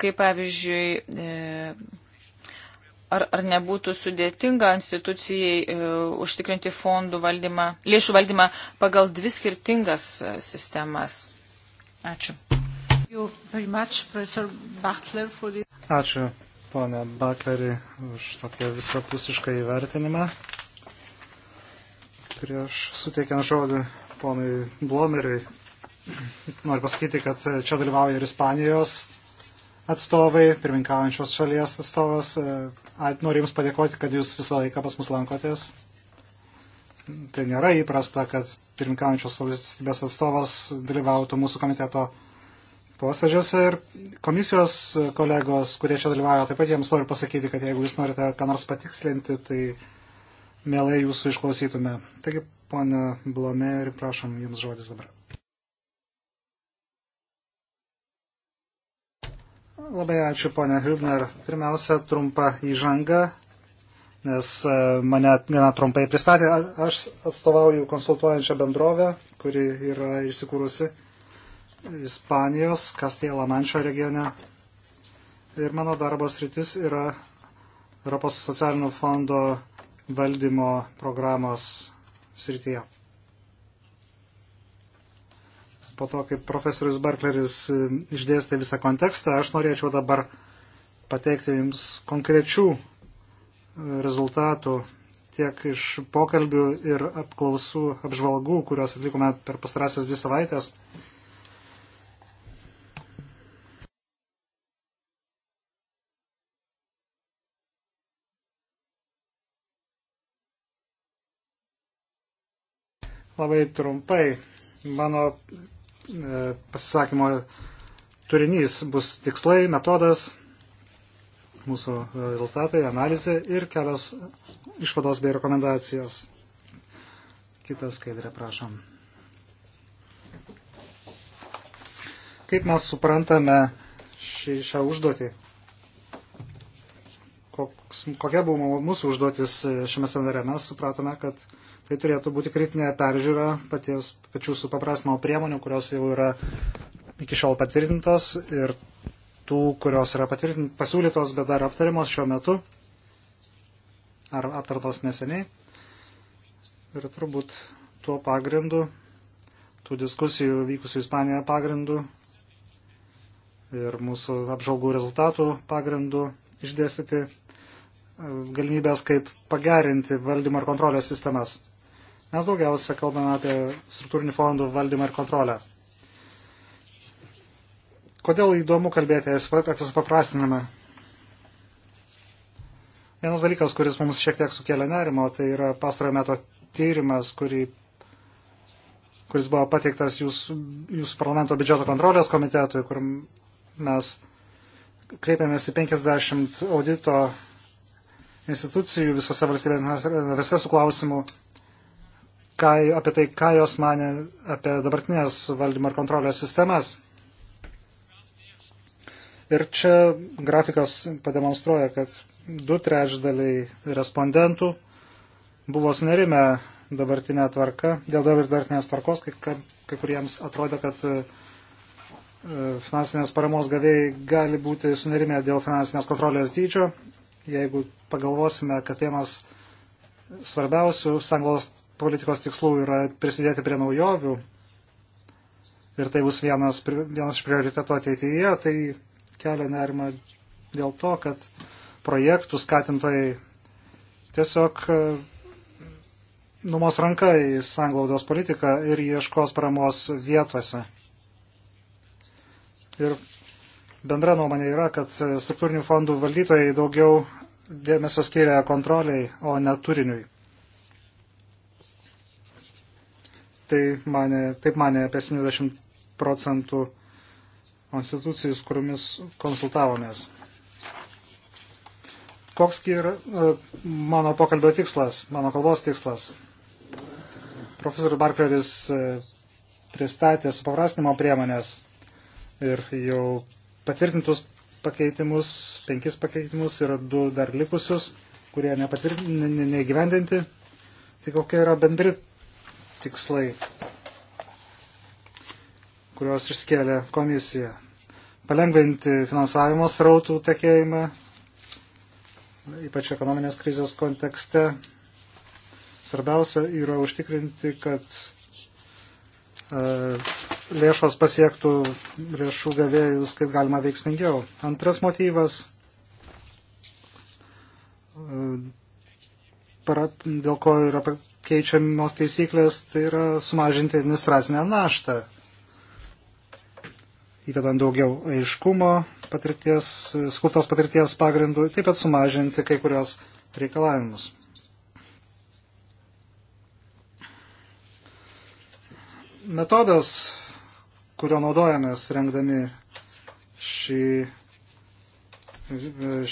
kaip pavyzdžiui, e, ar, ar nebūtų sudėtinga institucijai e, užtikrinti fondų valdymą, lėšų valdymą pagal dvi skirtingas e, sistemas. Ačiū. Ačiū, ponė Bakleri, už tokį visapusišką įvertinimą. Prieš suteikiant žodį ponui Blomeriui, noriu pasakyti, kad čia dalyvauja ir Ispanijos atstovai, pirminkaujančios šalies atstovas. Noriu Jums padėkoti, kad Jūs visą laiką pas mus lankotės. Tai nėra įprasta, kad pirminkaujančios valstybės atstovas dalyvautų mūsų komiteto posėdžiuose ir komisijos kolegos, kurie čia dalyvauja, taip pat jiems noriu pasakyti, kad jeigu jūs norite ką nors patikslinti, tai mielai jūsų išklausytume. Taigi, ponia Blome, ir prašom jums žodis dabar. Labai ačiū, ponia Hübner. Pirmiausia, trumpa įžanga, nes e, mane gana trumpai pristatė. Aš atstovauju konsultuojančią bendrovę, kuri yra išsikūrusi Ispanijos, Kastėlą Mančio regione. Ir mano darbos rytis yra Europos socialinių fondo valdymo programos srityje. Po to, kaip profesorius Barkleris e, išdėstė visą kontekstą, aš norėčiau dabar pateikti Jums konkrečių e, rezultatų tiek iš pokalbių ir apklausų apžvalgų, kuriuos atlikome per pastarąsias dvi savaitės. Labai trumpai mano e, pasisakymo turinys bus tikslai, metodas, mūsų e, rezultatai, analizė ir kelios išvados bei rekomendacijos. Kita skaidrė, prašom. Kaip mes suprantame šį, šią užduotį? Koks, kokia buvo mūsų užduotis e, šiame scenare? Mes supratome, kad Tai turėtų būti kritinė peržiūra paties pačių supaprasmo priemonių, kurios jau yra iki šiol patvirtintos ir tų, kurios yra pasiūlytos, bet dar aptarimos šiuo metu ar aptartos neseniai. Ir turbūt tuo pagrindu, tų diskusijų vykusių Ispanijoje pagrindu ir mūsų apžalgų rezultatų pagrindu išdėstyti e, galimybės, kaip pagerinti valdymo ir kontrolės sistemas. Mes daugiausia kalbame apie struktūrinių fondų valdymą ir kontrolę. Kodėl įdomu kalbėti apie supaprastinimą? Vienas dalykas, kuris mums šiek tiek sukėlė nerimo, tai yra pastarojo meto tyrimas, kurį, kuris buvo pateiktas jūsų, jūsų parlamento biudžeto kontrolės komitetui, kur mes kreipėmės į 50 audito institucijų visose valstybės narėse su klausimu, ką, apie tai, ką jos mane apie dabartinės valdymo ir kontrolės sistemas. Ir čia grafikas pademonstruoja, kad du trečdaliai respondentų buvo sunerime dabartinę tvarką, dėl dabartinės tvarkos, kai, kai kuriems atrodo, kad e, finansinės paramos gavėjai gali būti sunerime dėl finansinės kontrolės dydžio. Jeigu pagalvosime, kad vienas svarbiausių sanglos politikos tikslų yra prisidėti prie naujovių ir tai bus vienas, vienas iš prioritetų ateityje, tai kelia nerima dėl to, kad projektų skatintojai tiesiog e, numos ranka į sanglaudos politiką ir ieškos paramos vietose. Ir bendra nuomonė yra, kad struktūrinių fondų valdytojai daugiau dėmesio skiria kontroliai, o ne turiniui. Tai mane, taip mane apie 70 procentų institucijų, su kuriomis konsultavomės. Koks yra e, mano pokalbio tikslas, mano kalbos tikslas? Profesorius Barkleris e, pristatė supaprastinimo priemonės ir jau patvirtintus pakeitimus, penkis pakeitimus ir du dar likusius, kurie neįgyvendinti. Tai kokie yra bendri tikslai, kuriuos išskėlė komisija. Palengventi finansavimo srautų tekėjimą, ypač ekonominės krizės kontekste. Svarbiausia yra užtikrinti, kad e, lėšos pasiektų lėšų gavėjus kaip galima veiksmingiau. Antras motyvas, e, para, dėl ko yra keičiamos taisyklės, tai yra sumažinti administracinę naštą, įvedant daugiau aiškumo, patirties, skurtos patirties pagrindų, taip pat sumažinti kai kurios reikalavimus. Metodas, kurio naudojamės rengdami šį,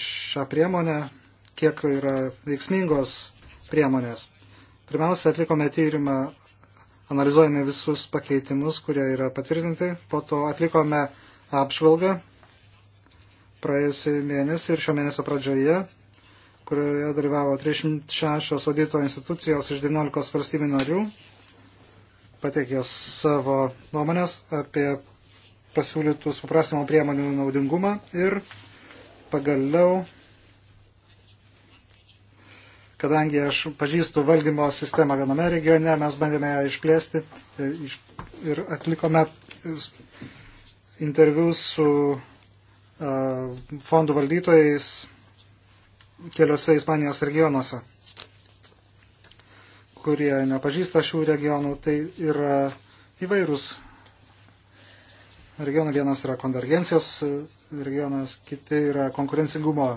šią priemonę, kiek yra veiksmingos priemonės. Pirmiausia, atlikome tyrimą, analizuojame visus pakeitimus, kurie yra patvirtinti, po to atlikome apžvalgą praėjusį mėnesį ir šio mėnesio pradžioje, kurioje dalyvavo 36 audito institucijos iš 19 valstybių narių, pateikė savo nuomonės apie pasiūlytų suprasimo priemonių naudingumą ir pagaliau Kadangi aš pažįstu valdymo sistemą viename regione, mes bandėme ją išplėsti e, ir atlikome e, interviu su e, fondų valdytojais keliose Ispanijos regionuose, kurie nepažįsta šių regionų. Tai yra įvairūs regionai. Vienas yra konvergencijos regionas, kiti yra konkurencingumo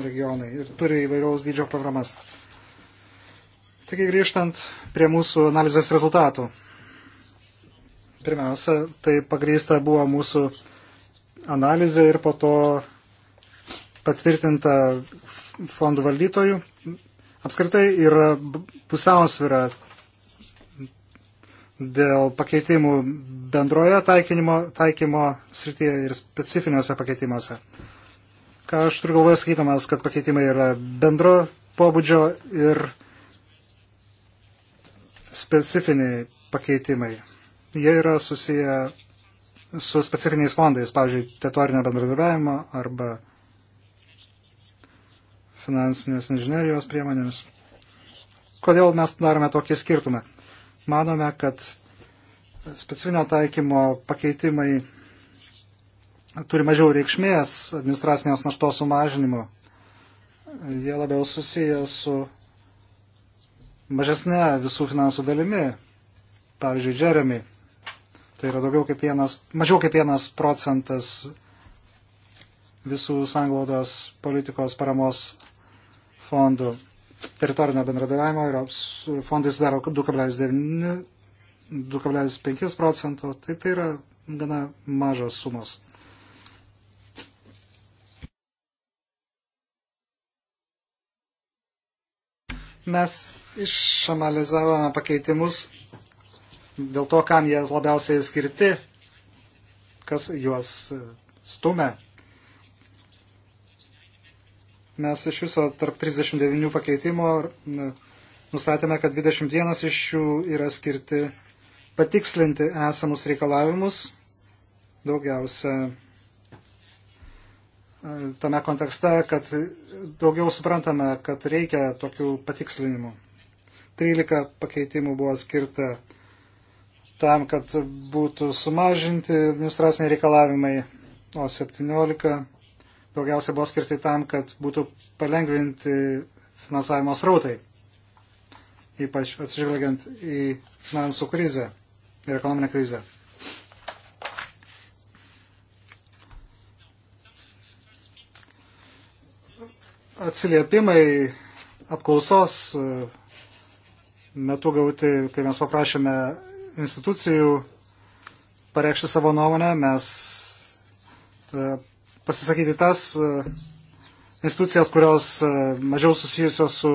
regionai ir turi įvairiaus dydžio programas. Taigi grįžtant prie mūsų analizės rezultatų. Pirmiausia, tai pagrįsta buvo mūsų analizė ir po to patvirtinta fondų valdytojų. Apskritai yra pusiausvyra dėl pakeitimų bendroje taikinimo, taikymo srityje ir specifiniuose pakeitimuose. Ką aš turiu galvoje sakydamas, kad pakeitimai yra bendro pobūdžio ir specifiniai pakeitimai. Jie yra susiję su specifiniais fondais, pavyzdžiui, teritorinio bendradarbiavimo arba finansinės inžinerijos priemonėmis. Kodėl mes darome tokį skirtumą? Manome, kad specifinio taikymo pakeitimai turi mažiau reikšmės administracinės naštos sumažinimu. Jie labiau susiję su mažesnė visų finansų dalimi. Pavyzdžiui, Jeremy. Tai yra daugiau kaip vienas, mažiau kaip vienas procentas visų sanglaudos politikos paramos fondų. Teritorinio bendradarbiavimo yra fondai sudaro 2,9, 2,5 procentų. Tai tai yra gana mažos sumos. Mes išanalizavome pakeitimus dėl to, kam jie labiausiai skirti, kas juos e, stumia. Mes iš viso tarp 39 pakeitimo e, nustatėme, kad 21 iš jų yra skirti patikslinti esamus reikalavimus, daugiausia tame kontekste, kad daugiau suprantame, kad reikia tokių patikslinimų. 13 pakeitimų buvo skirta tam, kad būtų sumažinti administraciniai reikalavimai, o 17 daugiausia buvo skirti tam, kad būtų palengvinti finansavimo srautai, ypač atsižvelgiant į finansų krizę ir ekonominę krizę. atsiliepimai apklausos e, metu gauti, kai mes paprašėme institucijų pareikšti savo nuomonę, mes e, pasisakyti tas e, institucijas, kurios mažiau susijusios su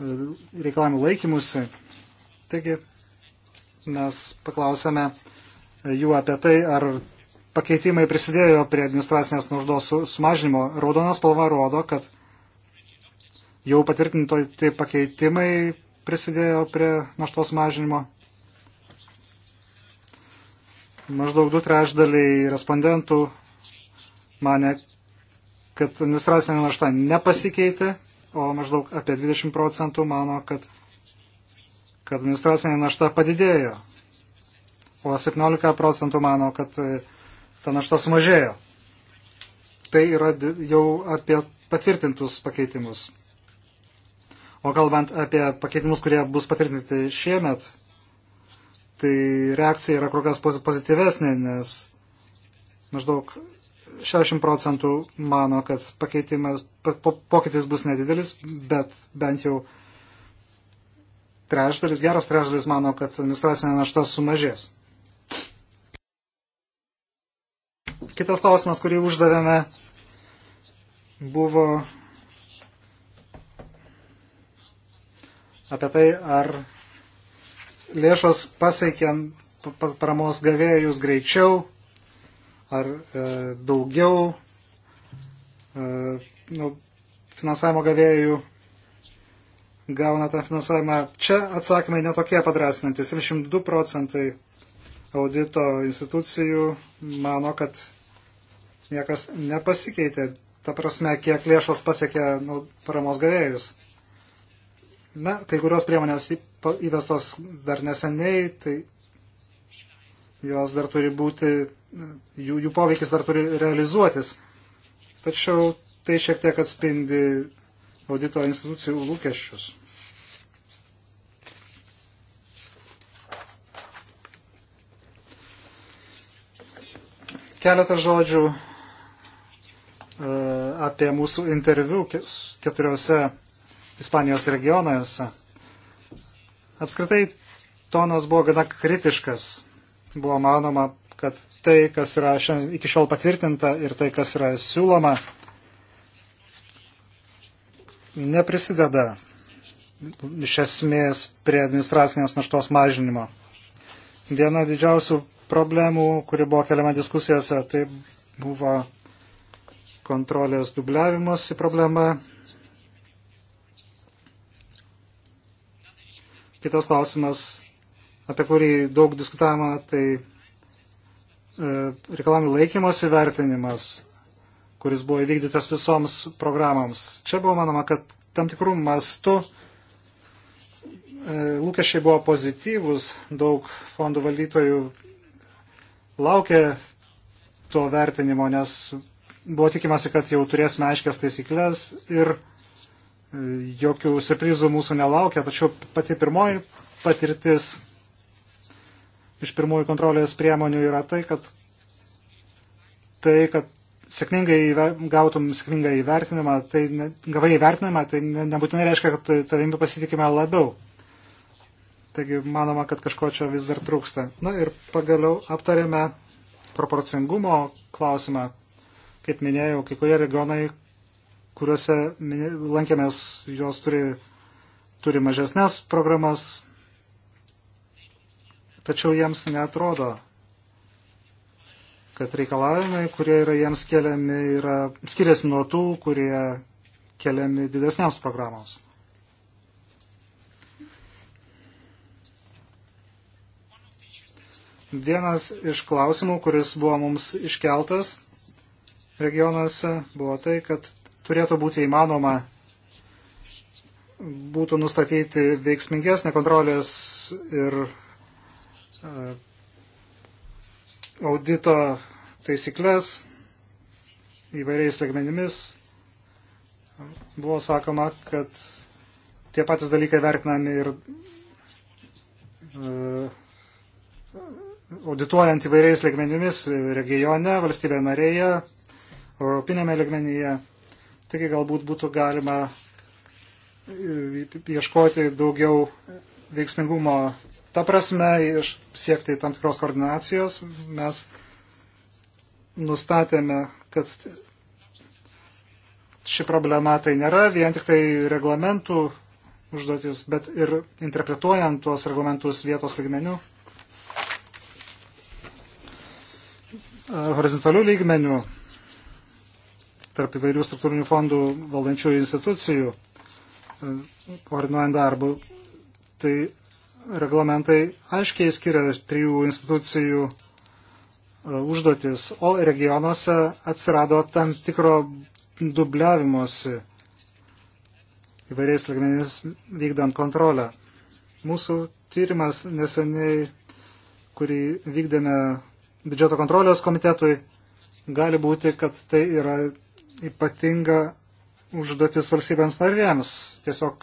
reikalavimų laikymusi. Taigi mes paklausėme jų apie tai, ar pakeitimai prisidėjo prie administracinės naudos sumažinimo. Raudonas spalva rodo, kad jau patvirtinti pakeitimai prisidėjo prie naštos mažinimo. Maždaug du trešdaliai respondentų mane, kad administracinė našta nepasikeitė, o maždaug apie 20 procentų mano, kad, kad administracinė našta padidėjo, o 17 procentų mano, kad ta našta sumažėjo. Tai yra jau apie patvirtintus pakeitimus. O kalbant apie pakeitimus, kurie bus patvirtinti šiemet, tai reakcija yra kur kas pozityvesnė, nes maždaug 60 procentų mano, kad pakeitimas, po, pokytis bus nedidelis, bet bent jau trečdalis, geras trečdalis mano, kad administracinė našta sumažės. Kitas klausimas, kurį uždavėme, buvo apie tai, ar lėšos pasiekė paramos gavėjus greičiau ar e, daugiau e, nu, finansavimo gavėjų gauna tą finansavimą. Čia atsakymai netokie padrasinantis. 72 procentai audito institucijų mano, kad niekas nepasikeitė, ta prasme, kiek lėšos pasiekė nu, paramos gavėjus. Na, kai kurios priemonės įvestos dar neseniai, tai jos dar turi būti, jų, jų poveikis dar turi realizuotis. Tačiau tai šiek tiek atspindi audito institucijų lūkesčius. Keletą žodžių E, apie mūsų interviu keturiose Ispanijos regionuose. Apskritai tonas buvo gana kritiškas. Buvo manoma, kad tai, kas yra šiandien iki šiol patvirtinta ir tai, kas yra siūloma, neprisideda iš esmės prie administracinės naštos mažinimo. Viena didžiausių problemų, kuri buvo keliama diskusijose, tai buvo kontrolės dubliavimosi problema. Kitas klausimas, apie kurį daug diskutavimo, tai e, reikalavimų laikymas įvertinimas, kuris buvo įvykdytas visoms programams. Čia buvo manoma, kad tam tikrų mastų e, lūkesčiai buvo pozityvus, daug fondų valdytojų laukė to vertinimo, nes buvo tikimasi, kad jau turėsime aiškias taisyklės ir e, jokių surprizų mūsų nelaukia, tačiau pati pirmoji patirtis iš pirmųjų kontrolės priemonių yra tai, kad tai, kad sėkmingai gautum sėkmingą įvertinimą, tai ne, gavai įvertinimą, tai ne, nebūtinai reiškia, kad tavimi pasitikime labiau. Taigi manoma, kad kažko čia vis dar trūksta. Na ir pagaliau aptarėme proporcingumo klausimą, kaip minėjau, kai kurie regionai, kuriuose lankėmės, jos turi, turi mažesnės programas, tačiau jiems netrodo, kad reikalavimai, kurie yra jiems keliami, yra, skiriasi nuo tų, kurie keliami didesniams programams. Vienas iš klausimų, kuris buvo mums iškeltas, regionuose buvo tai, kad turėtų būti įmanoma būtų nustatyti veiksmingesnė kontrolės ir e, audito taisyklės įvairiais legmenimis. Buvo sakoma, kad tie patys dalykai vertinami ir e, audituojant įvairiais legmenimis regione, valstybė narėje, europinėme ligmenyje. Taigi galbūt būtų galima e, ieškoti daugiau veiksmingumo. Ta prasme, siekti tam tikros koordinacijos, mes nustatėme, kad ši problema tai nėra vien tik tai reglamentų užduotis, bet ir interpretuojant tuos reglamentus vietos lygmenių, e, horizontalių lygmenių tarp įvairių struktūrinių fondų valdančių institucijų, e, koordinuojant darbų. Tai reglamentai aiškiai skiria trijų institucijų e, užduotis, o regionuose atsirado tam tikro dubliavimuose įvairiais lygmenimis vykdant kontrolę. Mūsų tyrimas neseniai, kurį vykdėme biudžeto kontrolės komitetui, gali būti, kad tai yra ypatinga užduotis valstybėms narėms tiesiog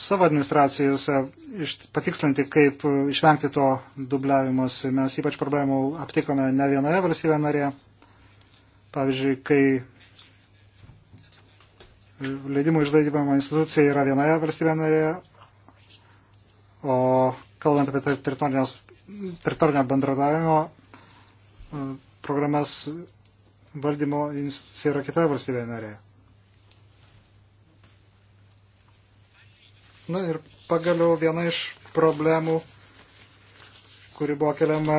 savo administracijose patikslinti, kaip išvengti to dubliavimus. Mes ypač problemų aptikome ne vienoje valstybėje narėje. Pavyzdžiui, kai leidimų išdaidybimo institucija yra vienoje valstybėje narėje, o kalbant apie teritorinio bendradavimo e, programas valdymo institucija yra kita valstybė narė. Na ir pagaliau viena iš problemų, kuri buvo keliama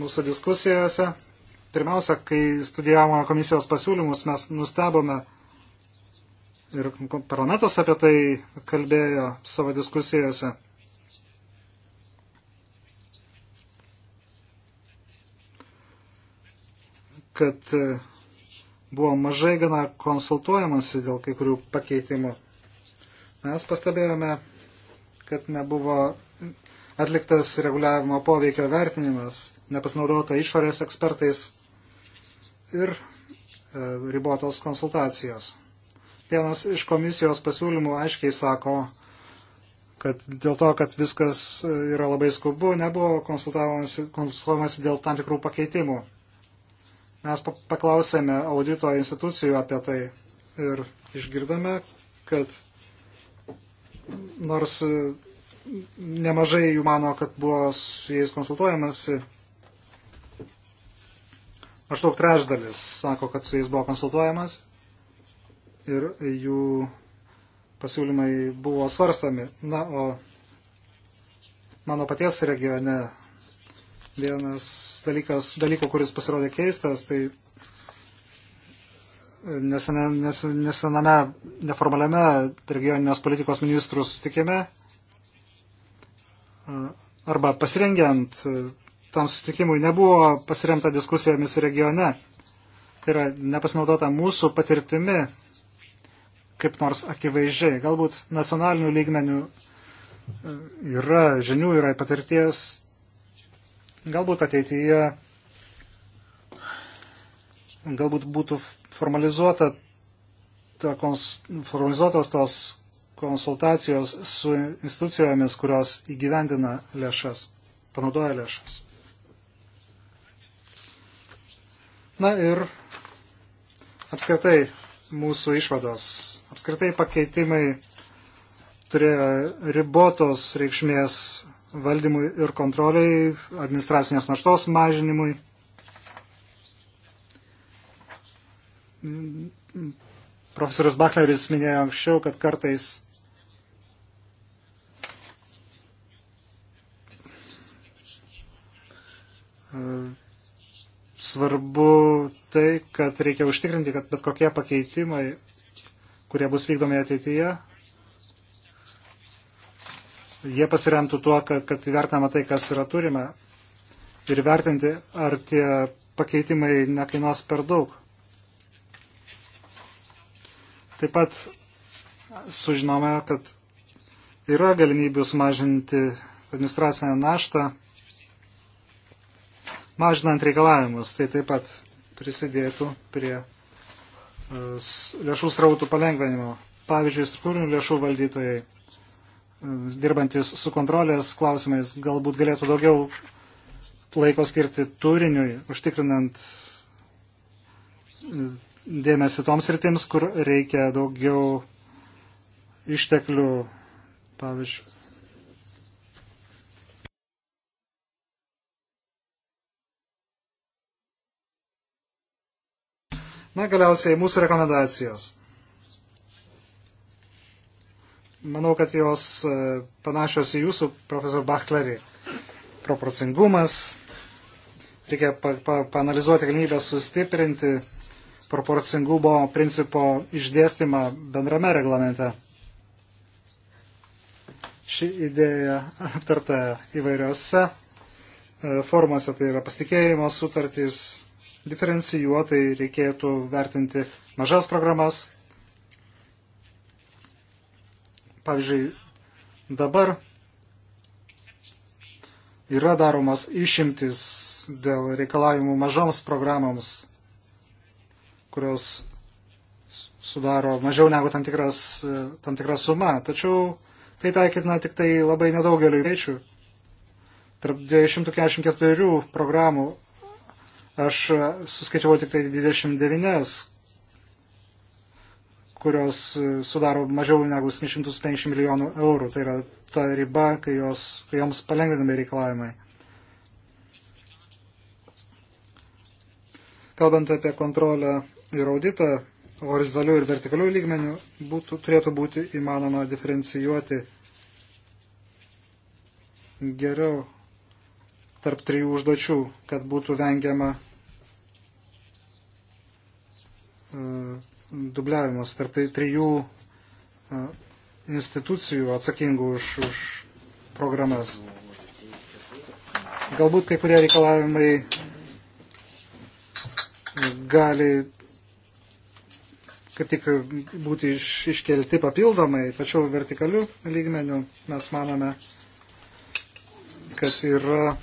mūsų diskusijose. Pirmiausia, kai studijavome komisijos pasiūlymus, mes nustebome ir parlamentas apie tai kalbėjo savo diskusijose. kad e, buvo mažai gana konsultuojamasi dėl kai kurių pakeitimų. Mes pastebėjome, kad nebuvo atliktas reguliavimo poveikio vertinimas, nepasinaudota išorės ekspertais ir e, ribotos konsultacijos. Vienas iš komisijos pasiūlymų aiškiai sako, kad dėl to, kad viskas e, yra labai skubu, nebuvo konsultuojamasi dėl tam tikrų pakeitimų. Mes paklausėme audito institucijų apie tai ir išgirdome, kad nors e, nemažai jų mano, kad buvo su jais konsultuojamasi, maždaug trečdalis sako, kad su jais buvo konsultuojamas ir jų pasiūlymai buvo svarstami. Na, o mano paties regione Vienas dalykas, dalyko, kuris pasirodė keistas, tai e, nesena, nes, nesename neformaliame regioninės politikos ministrų sutikime e, arba pasirengiant e, tam sutikimui nebuvo pasiremta diskusijomis regione. Tai yra nepasinaudota mūsų patirtimi kaip nors akivaizdžiai. Galbūt nacionalinių lygmenių yra žinių, yra patirties, Galbūt ateityje galbūt būtų formalizuota ta kons, formalizuotos tos konsultacijos su institucijomis, kurios įgyvendina lėšas, panaudoja lėšas. Na ir apskritai mūsų išvados, apskritai pakeitimai turėjo ribotos reikšmės valdymui ir kontroliai, administracinės naštos mažinimui. Profesorius Bachleris minėjo anksčiau, kad kartais svarbu tai, kad reikia užtikrinti, kad bet kokie pakeitimai, kurie bus vykdomi ateityje, jie pasiremtų tuo, kad, kad vertinama tai, kas yra turime ir vertinti, ar tie pakeitimai nekainuos per daug. Taip pat sužinome, kad yra galimybių sumažinti administracinę naštą, mažinant reikalavimus. Tai taip pat prisidėtų prie e, lėšų srautų palengvenimo. Pavyzdžiui, struktūrinių lėšų valdytojai dirbantis su kontrolės klausimais, galbūt galėtų daugiau laiko skirti turiniui, užtikrinant e, dėmesį toms rytims, kur reikia daugiau išteklių, pavyzdžiui. Na, galiausiai mūsų rekomendacijos manau, kad jos e, panašios į jūsų, profesor Bachlerį. Proporcingumas, reikia pa, pa, panalizuoti galimybę sustiprinti proporcingumo principo išdėstymą bendrame reglamente. Ši idėja aptarta įvairiose e, formose, tai yra pasitikėjimo sutartys, diferencijuotai reikėtų vertinti mažas programas, Pavyzdžiui, dabar yra daromas išimtis dėl reikalavimų mažoms programoms, kurios sudaro mažiau negu tam, tikras, e, tam tikra suma. Tačiau tai taikytina tik tai labai nedaugeliu greičių. Tarp 244 programų aš suskaičiavau tik tai 29, kurios e, sudaro mažiau negu 750 milijonų eurų. Tai yra ta riba, kai, jos, kai joms palengvinami reikalavimai. Kalbant apie kontrolę ir auditą, horizontalių ir vertikalių lygmenių būtų, turėtų būti įmanoma diferencijuoti geriau tarp trijų užduočių, kad būtų vengiama uh, dubliavimas tarp tai trijų e, institucijų atsakingų už, už programas. Galbūt kai kurie reikalavimai gali kaip tik būti iš, iškelti papildomai, tačiau vertikalių lygmenių mes manome, kad yra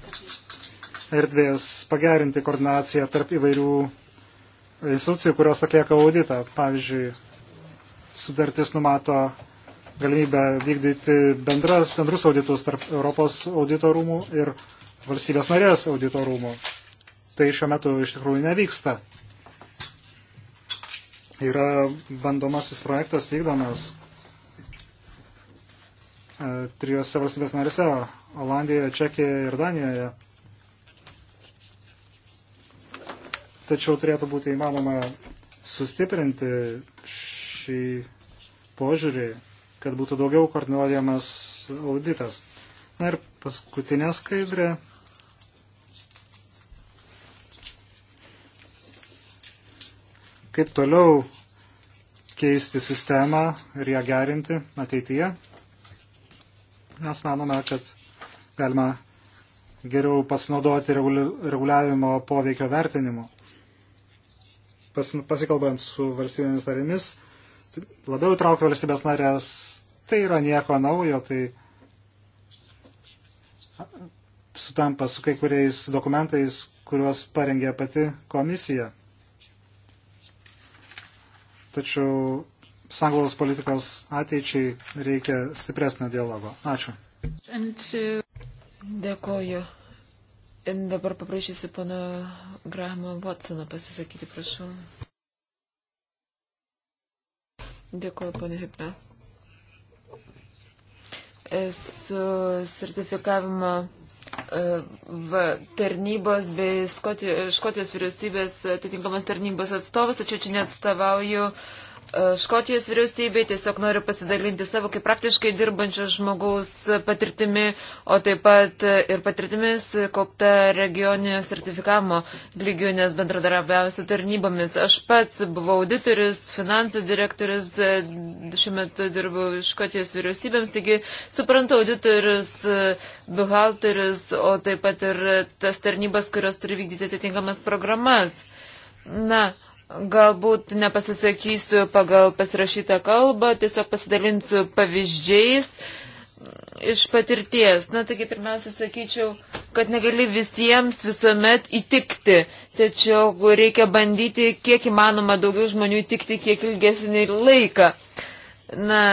erdvės pagerinti koordinaciją tarp įvairių institucijų, kurios atlieka auditą. Pavyzdžiui, sutartis numato galimybę vykdyti bendras, bendrus auditus tarp Europos audito rūmų ir valstybės narės audito rūmų. Tai šiuo metu iš tikrųjų nevyksta. Yra bandomasis projektas vykdomas e, trijose valstybės narėse - Olandijoje, Čekijoje ir Danijoje Tačiau turėtų būti įmanoma sustiprinti šį požiūrį, kad būtų daugiau koordinuojamas auditas. Na ir paskutinė skaidrė. Kaip toliau keisti sistemą ir ją gerinti ateityje. Mes manome, kad galima geriau pasinaudoti reguliavimo poveikio vertinimu pas, pasikalbant su valstybėmis narėmis, labiau įtraukti valstybės narės, tai yra nieko naujo, tai sutampa su kai kuriais dokumentais, kuriuos parengė pati komisija. Tačiau sanglaus politikos ateičiai reikia stipresnio dialogo. Ačiū. Dėkuoju Dabar paprašysiu pana Grahamo Watsono pasisakyti, prašau. Dėkuoju, pana Hipne. Esu sertifikavimo e, v, tarnybos bei Škotijos vyriausybės atitinkamos tarnybos atstovas, tačiau čia neatstovauju uh, E, Škotijos vyriausybei, tiesiog noriu pasidalinti savo kaip praktiškai dirbančio žmogaus patirtimi, o taip pat e, ir patirtimis kopta regioninio sertifikavimo lygių, nes bendradarbiausiu tarnybomis. Aš pats buvau auditorius, finansų direktorius, e, šiuo metu dirbu Škotijos vyriausybėms, taigi suprantu auditorius, buhalterius, o taip pat ir tas tarnybas, kurios turi vykdyti atitinkamas programas. Na, Galbūt nepasisakysiu pagal pasirašytą kalbą, tiesiog pasidalinsiu pavyzdžiais iš patirties. Na, taigi pirmiausia, sakyčiau, kad negali visiems visuomet įtikti, tačiau reikia bandyti kiek įmanoma daugiau žmonių įtikti kiek ilgesnį laiką. Na,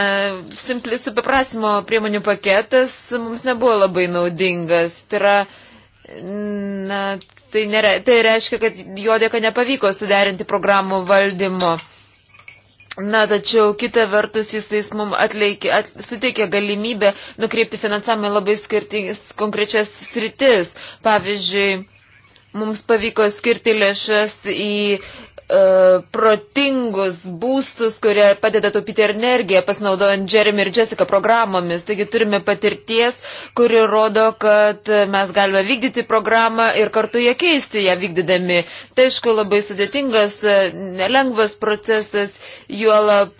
simplis supaprasimo priemonių paketas mums nebuvo labai naudingas. Tai yra, uh, Na, tai, nėra, tai reiškia, kad jo dėka nepavyko suderinti programų valdymo. Na, tačiau kita vertus jisai mums atleikė, at, suteikė galimybę nukreipti finansavimą labai skirtingas konkrečias sritis. Pavyzdžiui, mums pavyko skirti lėšas į E, protingus būstus, kurie padeda taupyti energiją, pasinaudojant Jeremy ir Jessica programomis. Taigi turime patirties, kuri rodo, kad mes galime vykdyti programą ir kartu ją keisti, ją vykdydami. Tai aišku labai sudėtingas, e, nelengvas procesas, juolab,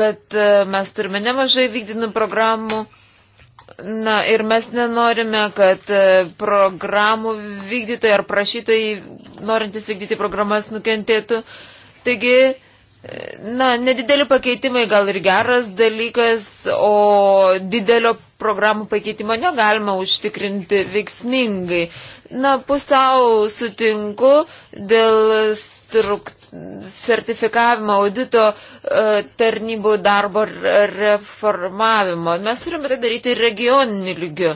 kad e, mes turime nemažai vykdinų programų. Na ir mes nenorime, kad e, programų vykdytojai ar prašytojai, norintys vykdyti programas, nukentėtų. Taigi, e, na, nedideli pakeitimai gal ir geras dalykas, o didelio programų pakeitimo negalima užtikrinti veiksmingai. Na, pusiau sutinku dėl struktūros sertifikavimo audito e, tarnybų darbo reformavimo. Mes turime tai daryti regioniniu lygiu.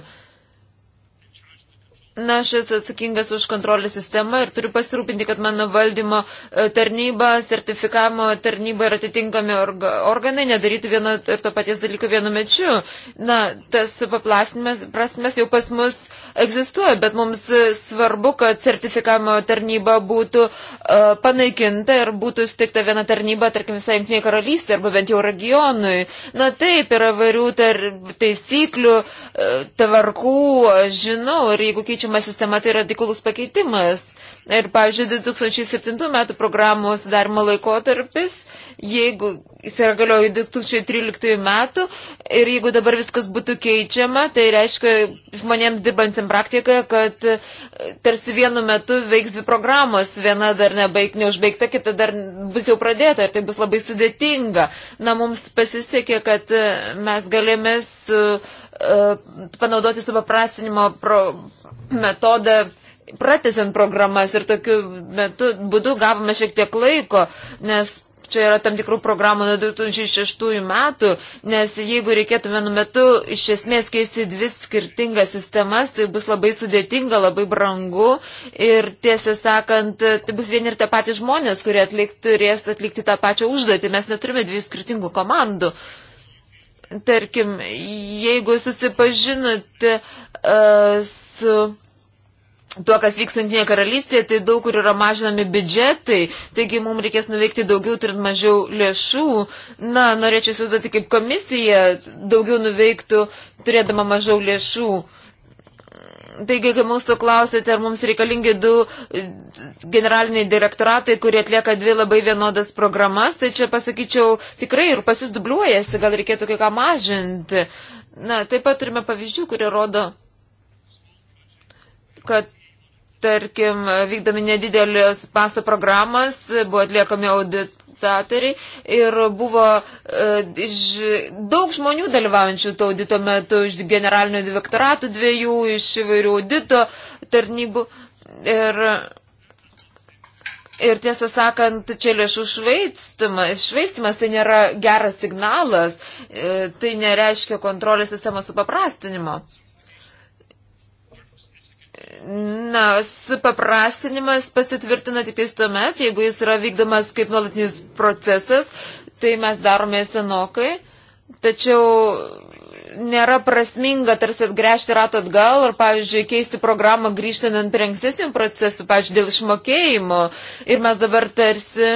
Na, aš esu atsakingas už kontrolės sistemą ir turiu pasirūpinti, kad mano valdymo e, tarnyba, sertifikavimo tarnyba ir atitinkami organai nedarytų vieno ir to paties dalyko vienu mečiu. Na, tas paplasimas prasmes jau pas mus egzistuoja, bet mums e, svarbu, kad sertifikavimo tarnyba būtų uh, panaikinta ir būtų suteikta viena tarnyba, tarkim, visai Junktinėje karalystėje arba bent jau regionui. Na taip, yra varių tar, taisyklių, uh, tvarkų, žinau, ir jeigu keičiama sistema, tai radikalus pakeitimas. Uh, Ir, pavyzdžiui, 2007 metų programos darimo laikotarpis, jeigu jis yra galiojo 2013 metų ir jeigu dabar viskas būtų keičiama, tai reiškia žmonėms dirbantsim praktikoje, kad e, tarsi vienu metu veiks dvi programos, viena dar nebaig, neužbaigta, kita dar bus jau pradėta ir tai bus labai sudėtinga. Na, mums pasisekė, kad e, mes galėjome su, uh, panaudoti supaprastinimo metodą pratesant programas ir tokiu metu, būdu gavome šiek tiek laiko, nes čia yra tam tikrų programų nuo 2006 metų, nes jeigu reikėtų vienu metu iš esmės keisti dvi skirtingas sistemas, tai bus labai sudėtinga, labai brangu ir tiesą sakant, tai bus vieni ir tie patys žmonės, kurie atlikt, turės atlikti tą pačią užduotį, mes neturime dviejų skirtingų komandų. Tarkim, jeigu susipažinote uh, su tuo, kas vyksta Junktinėje karalystėje, tai daug kur yra mažinami biudžetai, taigi mums reikės nuveikti daugiau, turint mažiau lėšų. Na, norėčiau įsivaizduoti, kaip komisija daugiau nuveiktų, turėdama mažiau lėšų. Taigi, kai mūsų klausėte, ar mums reikalingi du generaliniai direktoratai, kurie atlieka dvi labai vienodas programas, tai čia pasakyčiau tikrai ir pasisdubliuojasi, gal reikėtų kai ką mažinti. Na, taip pat turime pavyzdžių, kurie rodo, kad tarkim, vykdami nedidelės pasto programas, buvo atliekami auditatoriai ir buvo e, iš, daug žmonių dalyvaujančių to audito metu iš generalinio direktoratų dviejų, iš įvairių audito tarnybų. Ir, ir tiesą sakant, čia lėšų švaistimas, švaistimas tai nėra geras signalas, e, tai nereiškia kontrolės sistemos supaprastinimo. Na, supaprastinimas pasitvirtina tik tais tuomet, jeigu jis yra vykdomas kaip nuolatinis procesas, tai mes darome senokai, tačiau nėra prasminga tarsi atgręžti ratą atgal ir, pavyzdžiui, keisti programą grįžtant ant prie ankstesnių procesų, pavyzdžiui, dėl išmokėjimo. Ir mes dabar tarsi.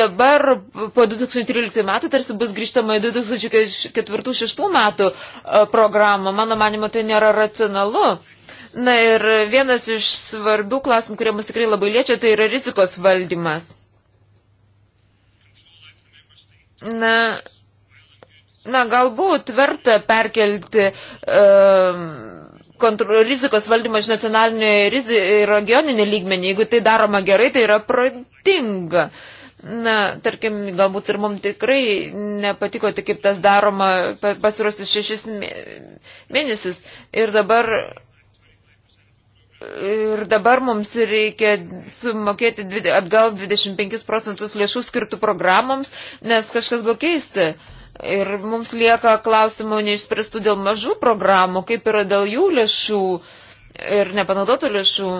Dabar po 2013 metų tarsi bus grįžtama į 2004-2006 metų e, programą. Mano manimo, tai nėra racionalu. Na ir vienas iš svarbių klausimų, kurie mus tikrai labai liečia, tai yra rizikos valdymas. Na, na galbūt verta perkelti um, kontro, rizikos valdymą iš nacionalinio ir regioninio lygmenį. Jeigu tai daroma gerai, tai yra protinga. Na, tarkim, galbūt ir mums tikrai nepatiko, tai kaip tas daroma pasiruosius šešis mėnesius. Ir dabar Ir dabar mums reikia sumokėti atgal 25 procentus lėšų skirtų programoms, nes kažkas buvo keisti. Ir mums lieka klausimų neišspręstų dėl mažų programų, kaip yra dėl jų lėšų ir nepanaudotų lėšų.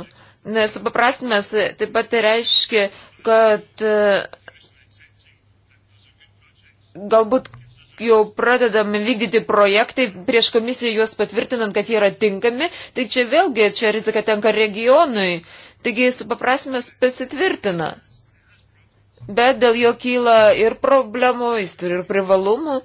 Nes paprasmės taip pat tai reiškia, kad e, galbūt jau pradedami vykdyti projektai prieš komisiją juos patvirtinant, kad jie yra tinkami, tai čia vėlgi čia rizika tenka regionui. Taigi supaprasmės pasitvirtina. Bet dėl jo kyla ir problemų, jis turi ir privalumų.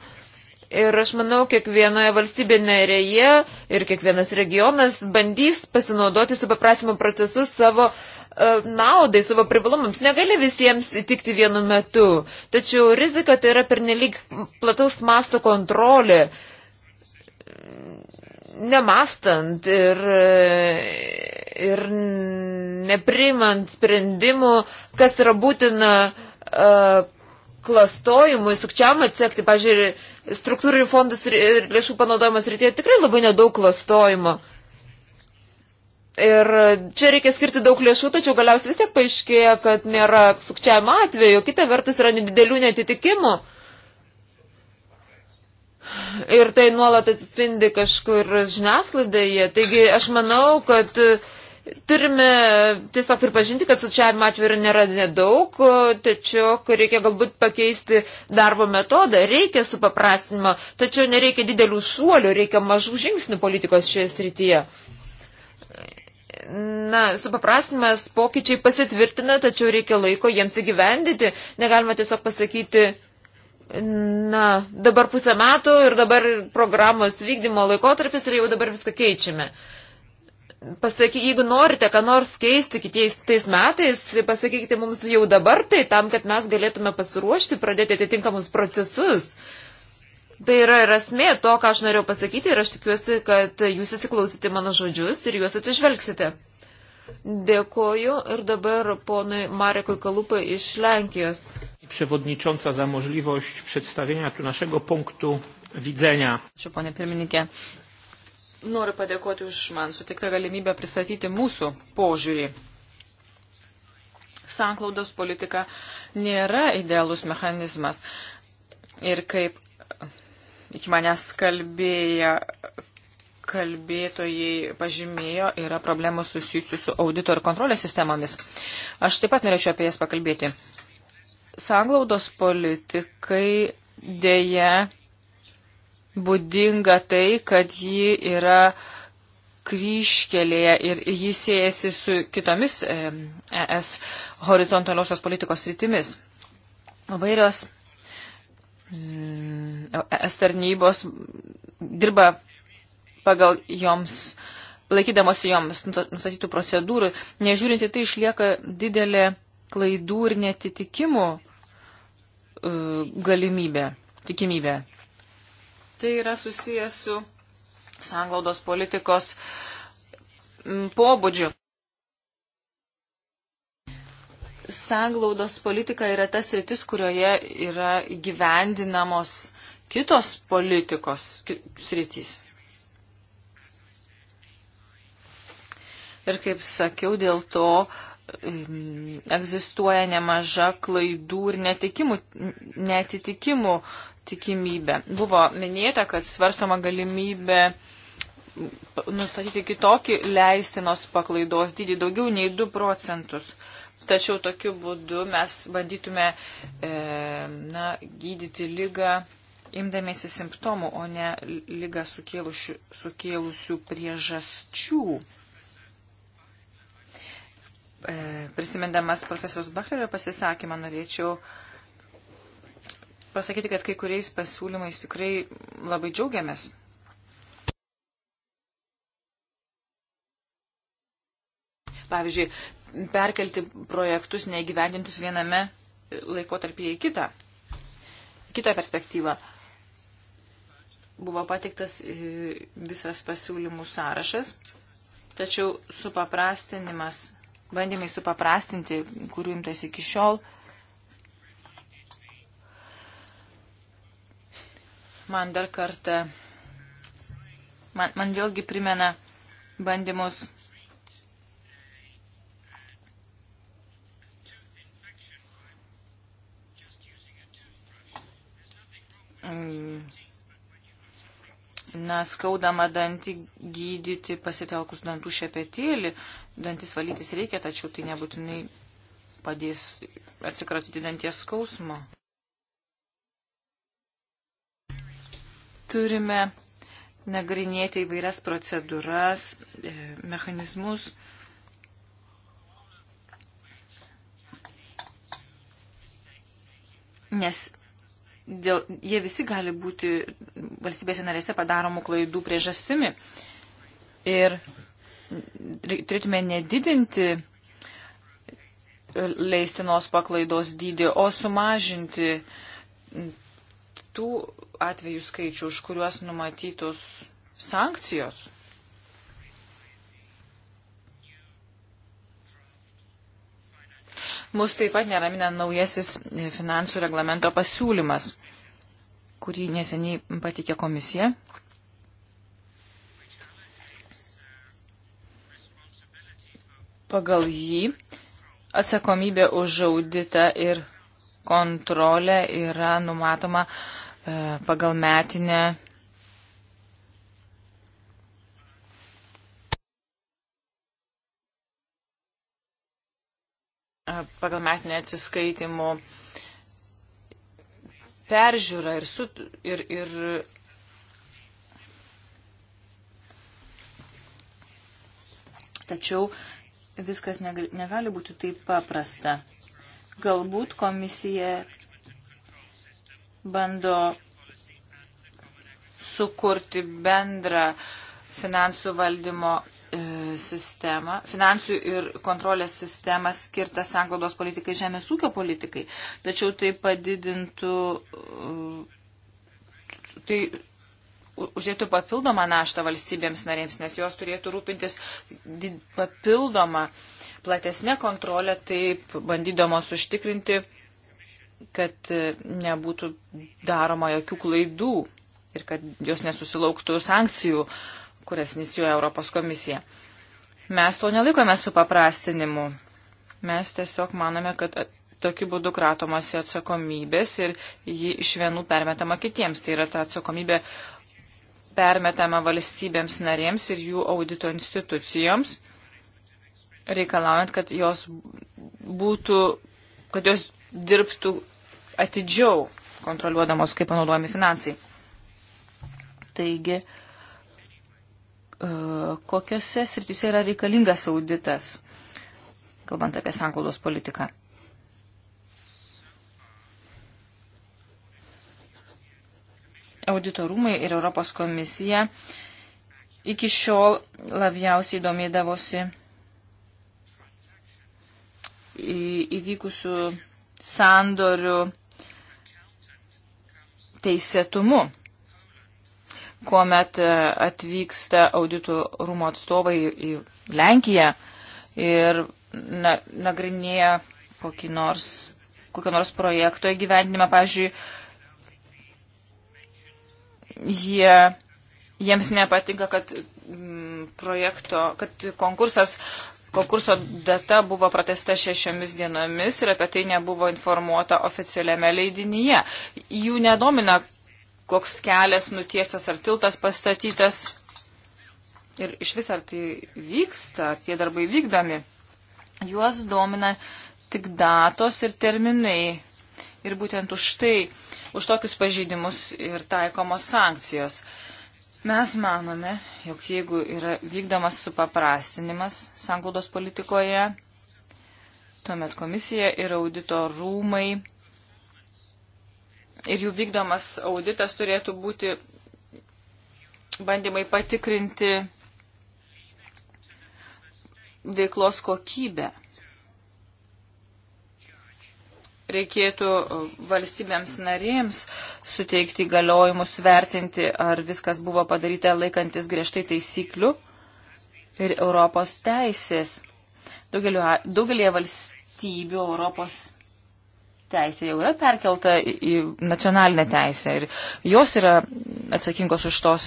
Ir aš manau, kiekvienoje valstybė nerėje ir kiekvienas regionas bandys pasinaudoti supaprasimo procesus savo uh, E, naudai, savo privalumams. Negali visiems įtikti vienu metu. Tačiau rizika tai yra pernelyg plataus masto kontrolė, nemastant ir, ir neprimant sprendimų, kas yra būtina e, klastojimui, sukčiam atsekti. Pavyzdžiui, struktūrų ir fondus ir lėšų panaudojimas rytėje tikrai labai nedaug klastojimo. Uh, Ir čia reikia skirti daug lėšų, tačiau galiausiai vis tiek paaiškėja, kad nėra sukčiavimo atveju, kita vertus yra nedidelių netitikimų. Ir tai nuolat atsispindi kažkur žiniasklaidėje. Taigi aš manau, kad turime tiesiog pripažinti, kad sukčiavimo atveju nėra nedaug, tačiau reikia galbūt pakeisti darbo metodą, reikia supaprastinimo, tačiau nereikia didelių šuolių, reikia mažų žingsnių politikos šioje srityje na, supaprasmės pokyčiai pasitvirtina, tačiau reikia laiko jiems įgyvendyti. Negalima tiesiog pasakyti, na, dabar pusę metų ir dabar programos vykdymo laikotarpis ir jau dabar viską keičiame. Pasaky, jeigu norite, ką nors keisti kitais metais, pasakykite mums jau dabar tai, tam, kad mes galėtume pasiruošti, pradėti atitinkamus procesus. Uh, Tai yra ir esmė to, ką aš norėjau pasakyti ir aš tikiuosi, kad jūs įsiklausite mano žodžius ir juos atsižvelgsite. Dėkoju ir dabar ponui Marekui Kalupai iš Lenkijos. Przewodnicząca za możliwość przedstawienia tu naszego punktu widzenia. Ačiū, ponė pirmininkė. Noriu padėkoti už man sutiktą galimybę pristatyti mūsų požiūrį. Sanklaudos politika nėra idealus mechanizmas. Ir kaip iki manęs kalbėję kalbėtojai pažymėjo, yra problemų susijusių su audito ir kontrolės sistemomis. Aš taip pat norėčiau apie jas pakalbėti. Sanglaudos politikai dėja būdinga tai, kad ji yra kryškelėje ir jis siejasi su kitomis ES e horizontaliosios politikos rytimis. Vairios mm, es tarnybos dirba pagal joms, laikydamosi joms nustatytų procedūrų, nežiūrinti tai išlieka didelė klaidų ir netitikimų e, galimybė, tikimybė. Tai yra susijęs su sanglaudos politikos pobūdžiu. Sanglaudos politika yra tas rytis, kurioje yra gyvendinamos kitos politikos sritys. Ir kaip sakiau, dėl to um, egzistuoja nemaža klaidų ir netikimų, netitikimų tikimybė. Buvo minėta, kad svarstoma galimybė nustatyti kitokį leistinos paklaidos dydį daugiau nei 2 procentus. Tačiau tokiu būdu mes bandytume e, na, gydyti lygą imdamėsi simptomų, o ne lygą sukėlusių, sukėlusių priežasčių. E, prisimindamas profesorius Bachlerio pasisakymą, norėčiau pasakyti, kad kai kuriais pasiūlymais tikrai labai džiaugiamės. Pavyzdžiui, perkelti projektus neįgyvendintus viename laikotarpyje į kitą kitą perspektyvą. Buvo patiktas e, visas pasiūlymų sąrašas, tačiau supaprastinimas, bandymai supaprastinti, kurių imtas iki šiol, man dar kartą, man, man vėlgi primena bandymus mm, na, skaudama dantį gydyti pasitelkus dantų šepetėlį. Dantis valytis reikia, tačiau tai nebūtinai padės atsikratyti danties skausmo. Turime nagrinėti įvairias procedūras, e, mechanizmus. Nes dėl, jie visi gali būti valstybėse narėse padaromų klaidų priežastimi. Ir turėtume nedidinti leistinos paklaidos dydį, o sumažinti tų atvejų skaičių, už kuriuos numatytos sankcijos. Mus taip pat neramina naujasis e, finansų reglamento pasiūlymas, kurį neseniai patikė komisija. Pagal jį atsakomybė už auditą ir kontrolę yra numatoma e, pagal metinę pagal metinę atsiskaitimų peržiūrą ir, su, ir, ir Tačiau viskas negali, negali būti taip paprasta. Galbūt komisija bando sukurti bendrą finansų valdymo E, sistemą, finansų ir kontrolės sistemą skirtą sanglaudos politikai, žemės ūkio politikai. Tačiau tai padidintų, e, tai uždėtų papildomą naštą valstybėms narėms, nes jos turėtų rūpintis papildomą platesnę kontrolę, taip bandydamos užtikrinti, kad e, nebūtų daroma jokių klaidų ir kad jos nesusilauktų sankcijų. Uh, kurias inicijuoja Europos komisija. Mes to nelikome su paprastinimu. Mes tiesiog manome, kad e, tokiu būdu kratomasi atsakomybės ir ji iš vienų permetama kitiems. Tai yra ta atsakomybė permetama valstybėms narėms ir jų audito institucijoms, reikalaujant, kad jos būtų, kad jos dirbtų atidžiau kontroliuodamos, kaip panaudojami finansai. Taigi, E, kokiuose srityse yra reikalingas auditas, kalbant apie sanklaudos politiką. Auditorumai ir Europos komisija iki šiol labiausiai domėdavosi įvykusių sandorių teisėtumu kuomet e, atvyksta auditų rūmo atstovai į Lenkiją ir na, nagrinėja kokį nors, kokio nors projekto įgyvendinimą, pavyzdžiui, jie, jiems nepatinka, kad m, mm, projekto, kad konkursas, konkurso data buvo pratesta šešiomis dienomis ir apie tai nebuvo informuota oficialiame leidinyje. Jų nedomina, koks kelias nutiestas ar tiltas pastatytas. Ir iš vis ar tai vyksta, ar tie darbai vykdomi. Juos domina tik datos ir terminai. Ir būtent už tai, už tokius pažeidimus ir taikomos sankcijos. Mes manome, jog jeigu yra vykdomas supaprastinimas sanglaudos politikoje, tuomet komisija ir audito rūmai ir jų vykdomas auditas turėtų būti bandymai patikrinti veiklos kokybę. Reikėtų valstybėms narėms suteikti galiojimus vertinti, ar viskas buvo padaryta laikantis griežtai taisyklių ir Europos teisės. Daugelį, daugelį valstybių Europos teisė jau yra perkelta į nacionalinę teisę ir jos yra atsakingos už tos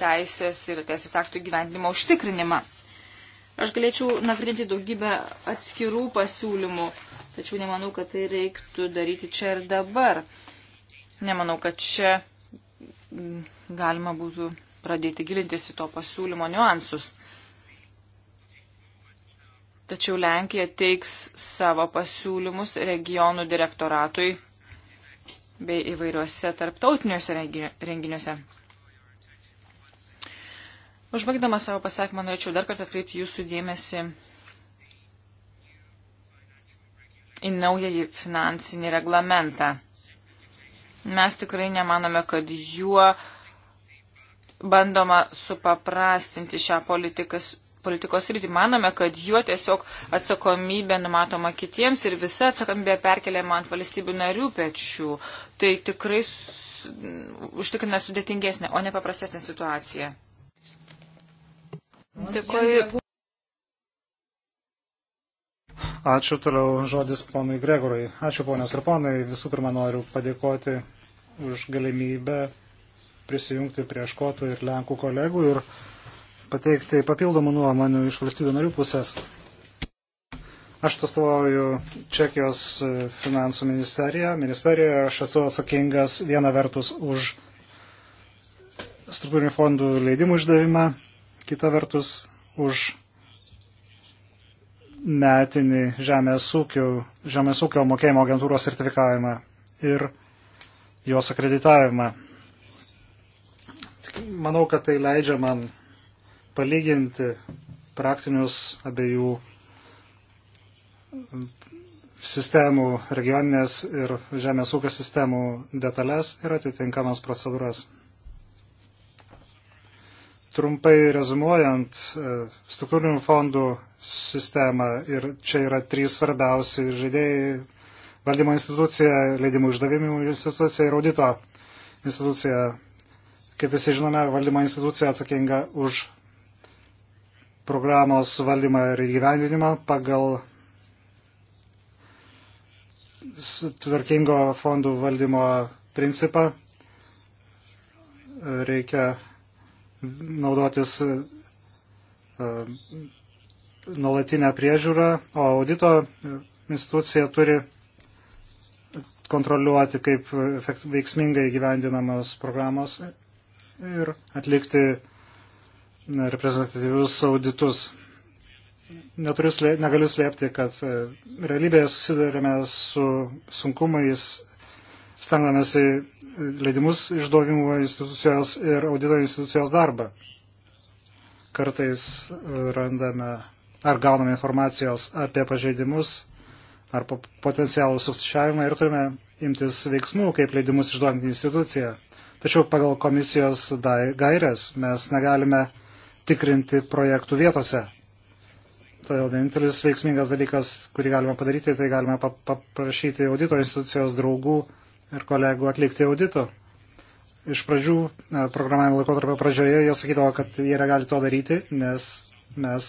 teisės ir teisės aktų gyvendimo užtikrinimą. Aš galėčiau nagrinėti daugybę atskirų pasiūlymų, tačiau nemanau, kad tai reiktų daryti čia ir dabar. Nemanau, kad čia mm, galima būtų pradėti gilintis į to pasiūlymo niuansus. Tačiau Lenkija teiks savo pasiūlymus regionų direktoratui bei įvairiuose tarptautiniuose renginiuose. Užbaigdama savo pasakymą, norėčiau dar kartą atkreipti jūsų dėmesį į naująjį finansinį reglamentą. Mes tikrai nemanome, kad juo bandoma supaprastinti šią politikas politikos rytį. Manome, kad juo tiesiog atsakomybė numatoma kitiems ir visa atsakomybė perkeliama ant valstybių narių pečių. Tai tikrai užtikrina sudėtingesnę, o ne paprastesnę situaciją. Dėkuoju. Ačiū toliau žodis ponui Gregorui. Ačiū ponios ir ponai. Visų pirma noriu padėkoti už galimybę prisijungti prie škotų ir lenkų kolegų ir pateikti papildomų nuomonių iš valstybių narių pusės. Aš atstovauju Čekijos finansų ministeriją. Ministerijoje aš esu atsakingas viena vertus už struktūrinių fondų leidimų išdavimą, kita vertus už metinį žemės ūkio, žemės ūkio mokėjimo agentūros sertifikavimą ir jos akreditavimą. Manau, kad tai leidžia man palyginti praktinius abiejų sistemų, regioninės ir žemės ūkio sistemų detalės ir atitinkamas procedūras. Trumpai rezumuojant, e, struktūrinių fondų sistemą ir čia yra trys svarbiausi žaidėjai - valdymo institucija, leidimų išdavimų institucija ir audito institucija. Kaip visi žinome, valdymo institucija atsakinga už programos valdymą ir įgyvendinimą pagal tvarkingo fondų valdymo principą. Reikia naudotis e, nuolatinę priežiūrą, o audito institucija turi kontroliuoti, kaip veiksmingai gyvendinamos programos ir atlikti reprezentatyvius auditus. Neturiu, slė, negaliu slėpti, kad e, realybėje susidurime su sunkumais, stengdamėsi e, leidimus išduovimo institucijos ir audito institucijos darbą. Kartais e, randame ar gauname informacijos apie pažeidimus ar potencialų sukčiavimą ir turime imtis veiksmų, kaip leidimus išduodant instituciją. Tačiau pagal komisijos gairias mes negalime tikrinti projektų vietose. Todėl vienintelis veiksmingas dalykas, kurį galima padaryti, tai galima paprašyti audito institucijos draugų ir kolegų atlikti audito. Iš pradžių, programavimo laikotarpio pradžioje, jie sakydavo, kad jie negali to daryti, nes mes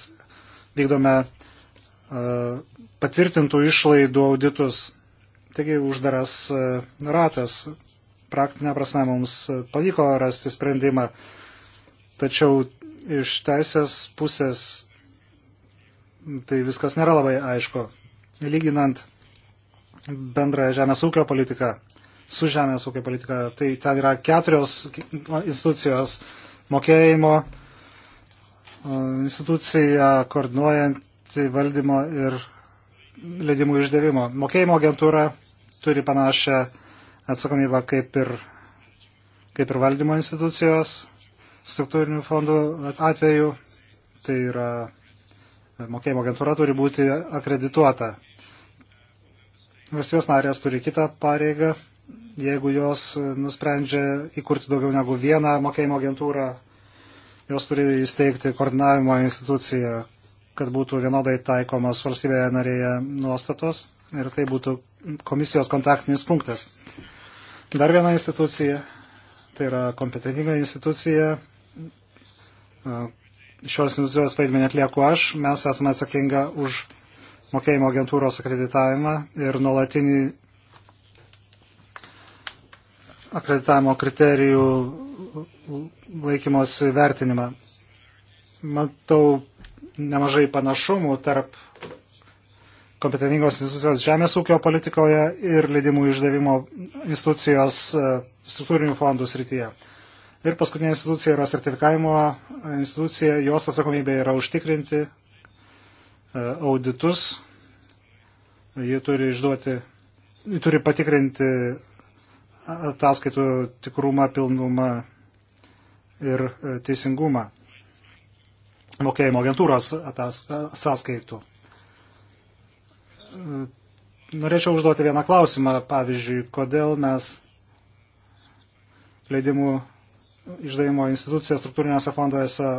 vykdome uh, patvirtintų išlaidų auditus. Taigi uždaras uh, ratas. Praktinė prasme mums pavyko rasti sprendimą. Tačiau iš teisės pusės tai viskas nėra labai aišku. Lyginant bendrą žemės ūkio politiką su žemės ūkio politika, tai ten yra keturios institucijos mokėjimo e, institucija koordinuojanti valdymo ir leidimų išdavimo. Mokėjimo agentūra turi panašią atsakomybę kaip ir, kaip ir valdymo institucijos, struktūrinių fondų atveju, tai yra mokėjimo agentūra turi būti akredituota. Valstybės narės turi kitą pareigą, jeigu jos nusprendžia įkurti daugiau negu vieną mokėjimo agentūrą, jos turi įsteigti koordinavimo instituciją, kad būtų vienodai taikomos valstybėje narėje nuostatos ir tai būtų komisijos kontaktinis punktas. Dar viena institucija, tai yra kompetentinga institucija, E, šios institucijos vaidmenį atlieku aš, mes esame atsakinga už mokėjimo agentūros akreditavimą ir nuolatinį akreditavimo kriterijų laikymos vertinimą. Matau nemažai panašumų tarp kompetentingos institucijos žemės ūkio politikoje ir leidimų išdavimo institucijos e, struktūrinių fondų srityje. Ir paskutinė institucija yra sertifikavimo institucija, jos atsakomybė yra užtikrinti e, auditus, ji turi išduoti, ji turi patikrinti ataskaitų tikrumą, pilnumą ir e, teisingumą mokėjimo agentūros sąskaitų. E, norėčiau užduoti vieną klausimą, pavyzdžiui, kodėl mes leidimų išdavimo institucijas struktūrinėse fonduose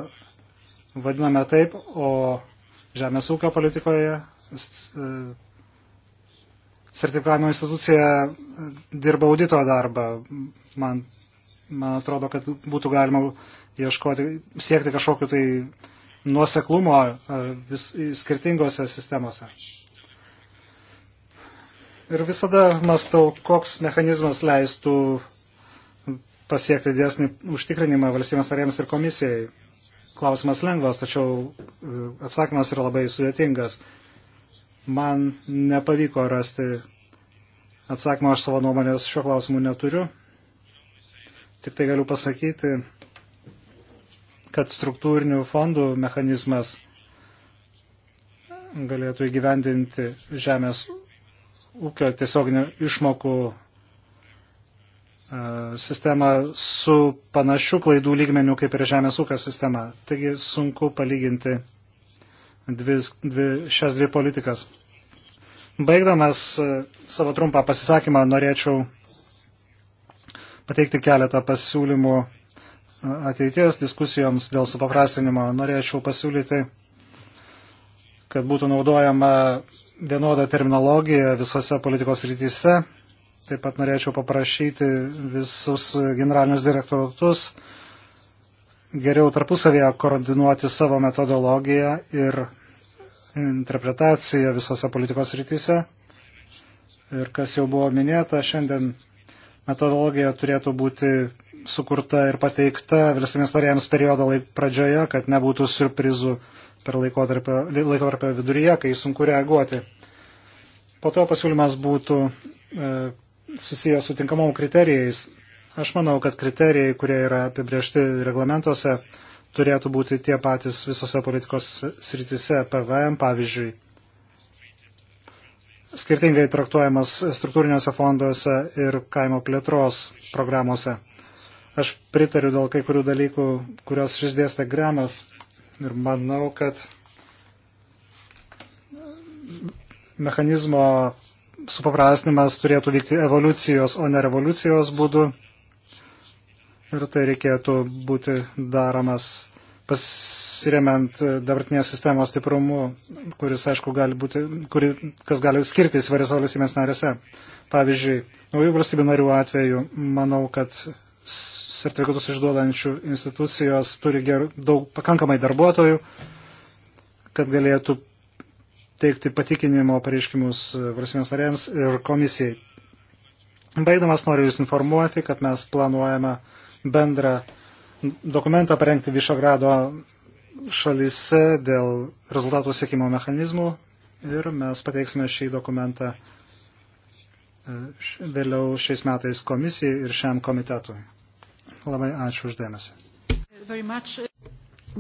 vadiname taip, o žemės ūkio politikoje e, sertifikavimo institucija dirba audito darbą. Man, man atrodo, kad būtų galima ieškoti, siekti kažkokiu tai nuoseklumo e, vis, skirtingose sistemose. Ir visada mastau, koks mechanizmas leistų pasiekti didesnį užtikrinimą valstybės narėms ir komisijai. Klausimas lengvas, tačiau e, atsakymas yra labai sudėtingas. Man nepavyko rasti atsakymą, aš savo nuomonės šiuo klausimu neturiu. Tik tai galiu pasakyti, kad struktūrinių fondų mechanizmas galėtų įgyvendinti žemės ūkio tiesioginių išmokų E, sistemą su panašių klaidų lygmeniu kaip ir žemės ūkio sistema. Taigi sunku palyginti dvi, dvi, šias dvi politikas. Baigdamas e, savo trumpą pasisakymą norėčiau pateikti keletą pasiūlymų e, ateities diskusijoms dėl supaprastinimo. Norėčiau pasiūlyti, kad būtų naudojama vienoda terminologija visose politikos rytise Taip pat norėčiau paprašyti visus generalinius direktoratus geriau tarpusavėje koordinuoti savo metodologiją ir interpretaciją visose politikos rytise. Ir kas jau buvo minėta, šiandien metodologija turėtų būti sukurta ir pateikta valstybės narėms periodo laik pradžioje, kad nebūtų surprizų per laikotarpio, laikotarpio viduryje, kai sunku reaguoti. Po to pasiūlymas būtų e, susijęs su tinkamumo kriterijais. Aš manau, kad kriterijai, kurie yra apibriešti reglamentuose, turėtų būti tie patys visose politikos srityse, PVM pavyzdžiui. Skirtingai traktuojamas struktūrinėse fonduose ir kaimo plėtros programuose. Aš pritariu dėl kai kurių dalykų, kurios išdėstė Gremas ir manau, kad mechanizmo supaprastinimas turėtų vykti evoliucijos, o ne revoliucijos būdu. Ir tai reikėtų būti daromas pasiremiant dabartinės sistemos stiprumu, kuris, aišku, gali būti, kuri, kas gali skirtis įvairiose valstybės narėse. Pavyzdžiui, naujų valstybių narių atveju, manau, kad sertifikatus išduodančių institucijos turi ger, daug, pakankamai darbuotojų, kad galėtų teikti patikinimo pareiškimus valstybėms narėms ir komisijai. Baigdamas noriu Jūs informuoti, kad mes planuojame bendrą dokumentą parengti Višagrado šalise dėl rezultatų sėkimo mechanizmų ir mes pateiksime šį dokumentą e, vėliau šiais metais komisijai ir šiam komitetui. Labai ačiū uždėmesi.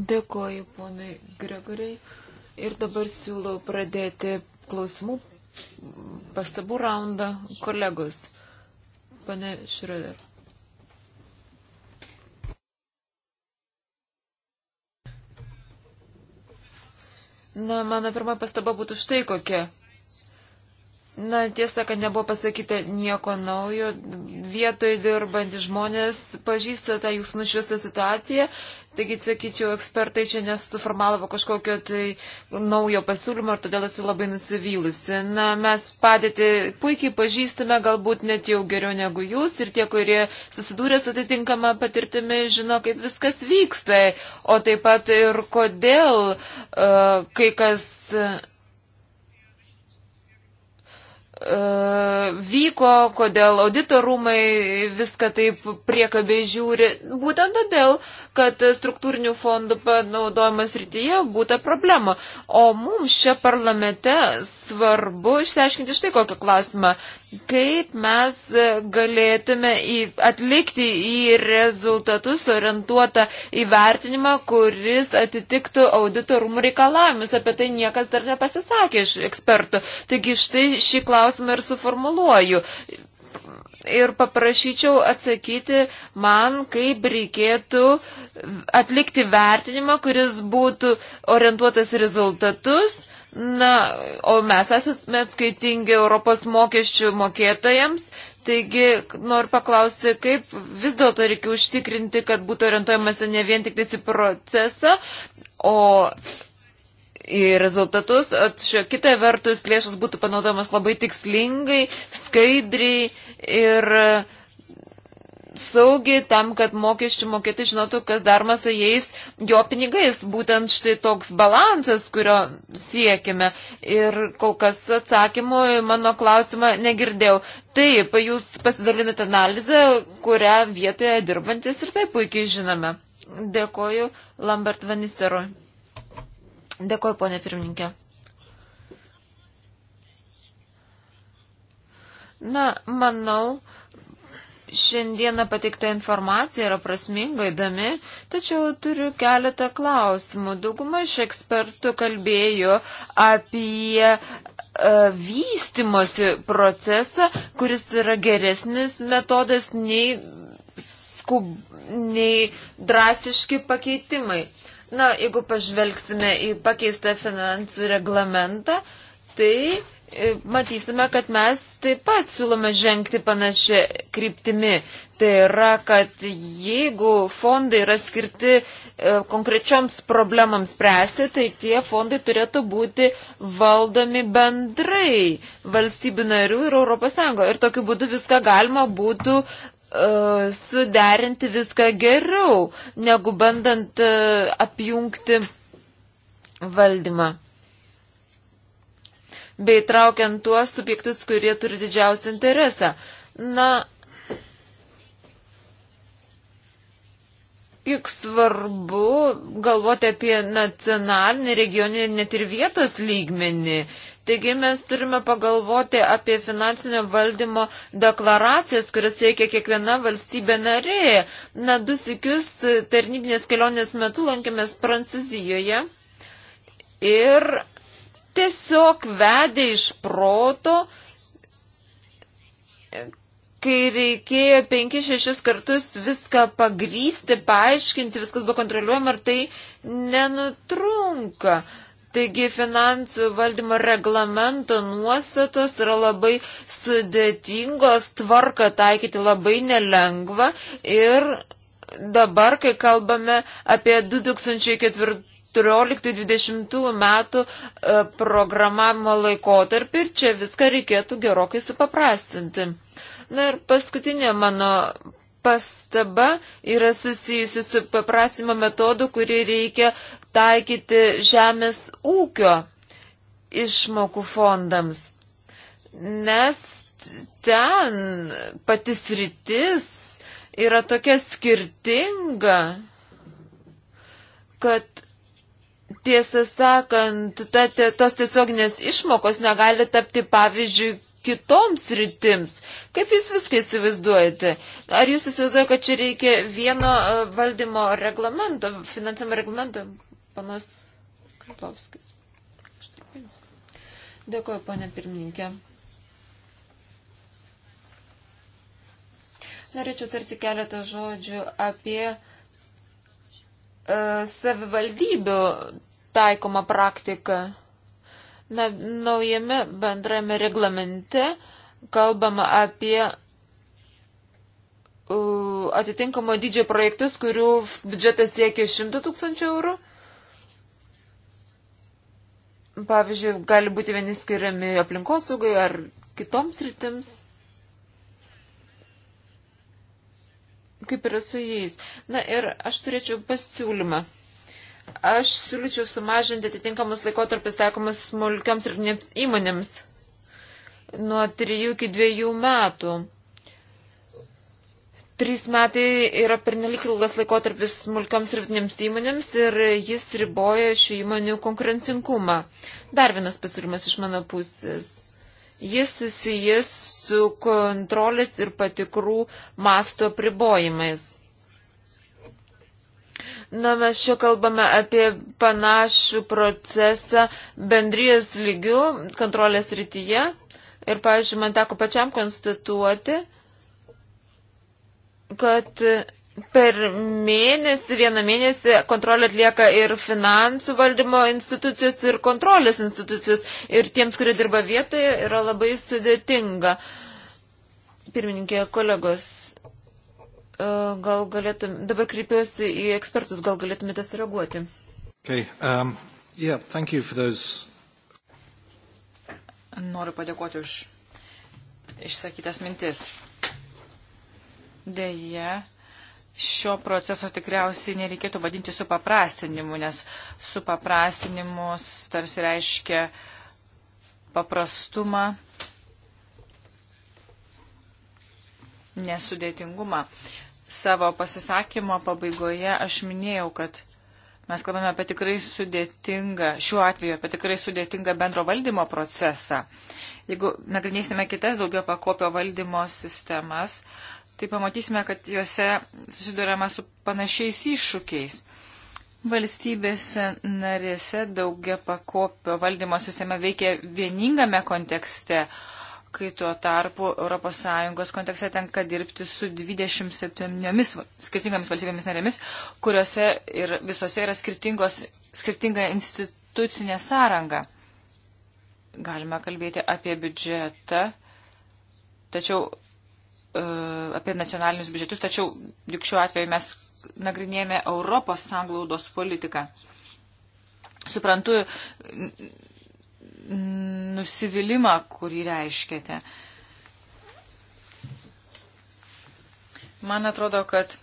Dėkoju, ponai Gregoriai. Ir dabar siūlau pradėti klausimų pastabų raundą kolegos. Pane Šreder. Na, mano pirma pastaba būtų štai kokia. Na, tiesa, kad nebuvo pasakyta nieko naujo. Vietoje dirbantys žmonės pažįsta tą jūsų nušviestą situaciją. Taigi, sakyčiau, ekspertai čia nesuformalavo kažkokio tai naujo pasiūlymo ir todėl esu labai nusivylusi. Na, mes padėti puikiai pažįstame, galbūt net jau geriau negu jūs ir tie, kurie susidūrė su atitinkama patirtimi, žino, kaip viskas vyksta. O taip pat ir kodėl uh, kai kas. Uh, E, vyko, kodėl auditorumai viską taip priekabiai žiūri. Būtent todėl, kad struktūrinių fondų panaudojimas rytyje būtų problema. O mums čia parlamente svarbu išsiaiškinti štai kokią klausimą. Kaip mes galėtume į, atlikti į rezultatus orientuotą įvertinimą, kuris atitiktų auditorumų reikalavimus. Apie tai niekas dar nepasisakė iš ekspertų. Taigi štai šį klausimą ir suformuluoju ir paprašyčiau atsakyti man, kaip reikėtų atlikti vertinimą, kuris būtų orientuotas rezultatus. Na, o mes esame atskaitingi Europos mokesčių mokėtojams, taigi noriu paklausti, kaip vis dėlto reikia užtikrinti, kad būtų orientuojamasi ne vien tik į procesą, o į rezultatus, atšio kitą vertus lėšas būtų panaudojamas labai tikslingai, skaidriai ir uh, saugiai tam, kad mokesčių mokėti žinotų, kas daroma su jais jo pinigais. Būtent štai toks balansas, kurio siekime. Ir kol kas atsakymo į mano klausimą negirdėjau. Taip, jūs pasidalinate analizę, kurią vietoje dirbantis ir tai puikiai žinome. Dėkoju Lambert Vanisterui. Dėkoju, ponė pirmininkė. Na, manau, uh, Šiandieną pateikta informacija yra prasminga, įdomi, tačiau turiu keletą klausimų. Dauguma iš ekspertų kalbėjo apie e, vystimosi procesą, kuris yra geresnis metodas nei, skub, nei drastiški pakeitimai. Na, jeigu pažvelgsime į pakeistą finansų reglamentą, tai E, matysime, kad mes taip pat siūlome žengti panašią kryptimi. Tai yra, kad jeigu fondai yra skirti e, konkrečioms problemams spręsti, tai tie fondai turėtų būti valdomi bendrai valstybių narių ir ES. Ir tokiu būdu viską galima būtų uh, suderinti viską geriau, negu bandant uh, apjungti valdymą bei traukiant tuos subjektus, kurie turi didžiausią interesą. Na, juk svarbu galvoti apie nacionalinį, regioninį, net ir vietos lygmenį. Taigi mes turime pagalvoti apie finansinio valdymo deklaracijas, kurias teikia kiekviena valstybė narė. Na, du sikius tarnybinės kelionės metu lankėmės Prancūzijoje ir tiesiog vedė iš proto, kai reikėjo 5-6 kartus viską pagrysti, paaiškinti, viskas buvo kontroliuojama ir tai nenutrunka. Taigi finansų valdymo reglamento nuostatos yra labai sudėtingos, tvarka taikyti labai nelengva ir dabar, kai kalbame apie 2004 14-20 metų e, programavimo laikotarpį ir čia viską reikėtų gerokai supaprastinti. Na ir paskutinė mano pastaba yra susijusi su paprasimo metodu, kurį reikia taikyti žemės ūkio išmokų fondams. Nes ten patys rytis yra tokia skirtinga, kad Tiesą sakant, ta, tos tiesioginės išmokos negali tapti pavyzdžiui kitoms rytims. Kaip jūs viską įsivaizduojate? Ar jūs įsivaizduojate, kad čia reikia vieno e, valdymo reglamento, finansavimo reglamento? Panas Kratlovskis. Dėkuoju, ponė pirmininkė. Norėčiau tarti keletą žodžių apie uh, savivaldybių taikoma praktika. Na, naujame bendrame reglamente kalbama apie uh, atitinkamo dydžio projektus, kurių biudžetas siekia 100 tūkstančių eurų. Pavyzdžiui, gali būti vieni skiriami aplinkosaugai ar kitoms rytims. Kaip yra su jais. Na ir aš turėčiau pasiūlymą. Aš siūlyčiau sumažinti atitinkamus laikotarpis taikomus smulkiams ir įmonėms nuo 3 iki 2 metų. 3 metai yra pernelik ilgas laikotarpis smulkiams ir vidutinėms įmonėms ir jis riboja šių įmonių konkurencingumą. Dar vienas pasiūlymas iš mano pusės. Jis susijęs su kontrolės ir patikrų masto pribojimais. Na, mes čia kalbame apie panašų procesą bendrijos lygių kontrolės rytyje. Ir, pavyzdžiui, man teko pačiam konstatuoti, kad per mėnesį, vieną mėnesį kontrolę atlieka ir finansų valdymo institucijos, ir kontrolės institucijos. Ir tiems, kurie dirba vietoje, yra labai sudėtinga. Pirmininkė, kolegos, E, gal galėtum, dabar kreipiuosi į ekspertus, gal galėtumėte sureaguoti. Okay, um, yeah, those... Noriu padėkoti už išsakytas mintis. Deja, šio proceso tikriausiai nereikėtų vadinti supaprastinimu, nes supaprastinimus tarsi reiškia paprastumą, nesudėtingumą. Uh, Savo pasisakymo pabaigoje aš minėjau, kad mes kalbame apie tikrai sudėtingą, šiuo atveju apie tikrai sudėtingą bendro valdymo procesą. Jeigu nagrinėsime kitas daugio pakopio valdymo sistemas, tai pamatysime, kad juose susidurėma su panašiais iššūkiais. Valstybėse narėse daugia pakopio valdymo sistema veikia vieningame kontekste, kai tuo tarpu ES kontekste tenka dirbti su 27 skirtingomis valstybėmis narėmis, kuriuose ir visose yra skirtinga institucinė sąranga. Galime kalbėti apie biudžetą, tačiau e, apie nacionalinius biudžetus, tačiau juk šiuo atveju mes nagrinėjame Europos sanglaudos politiką. Suprantu nusivylimą, kurį reiškėte. Man atrodo, kad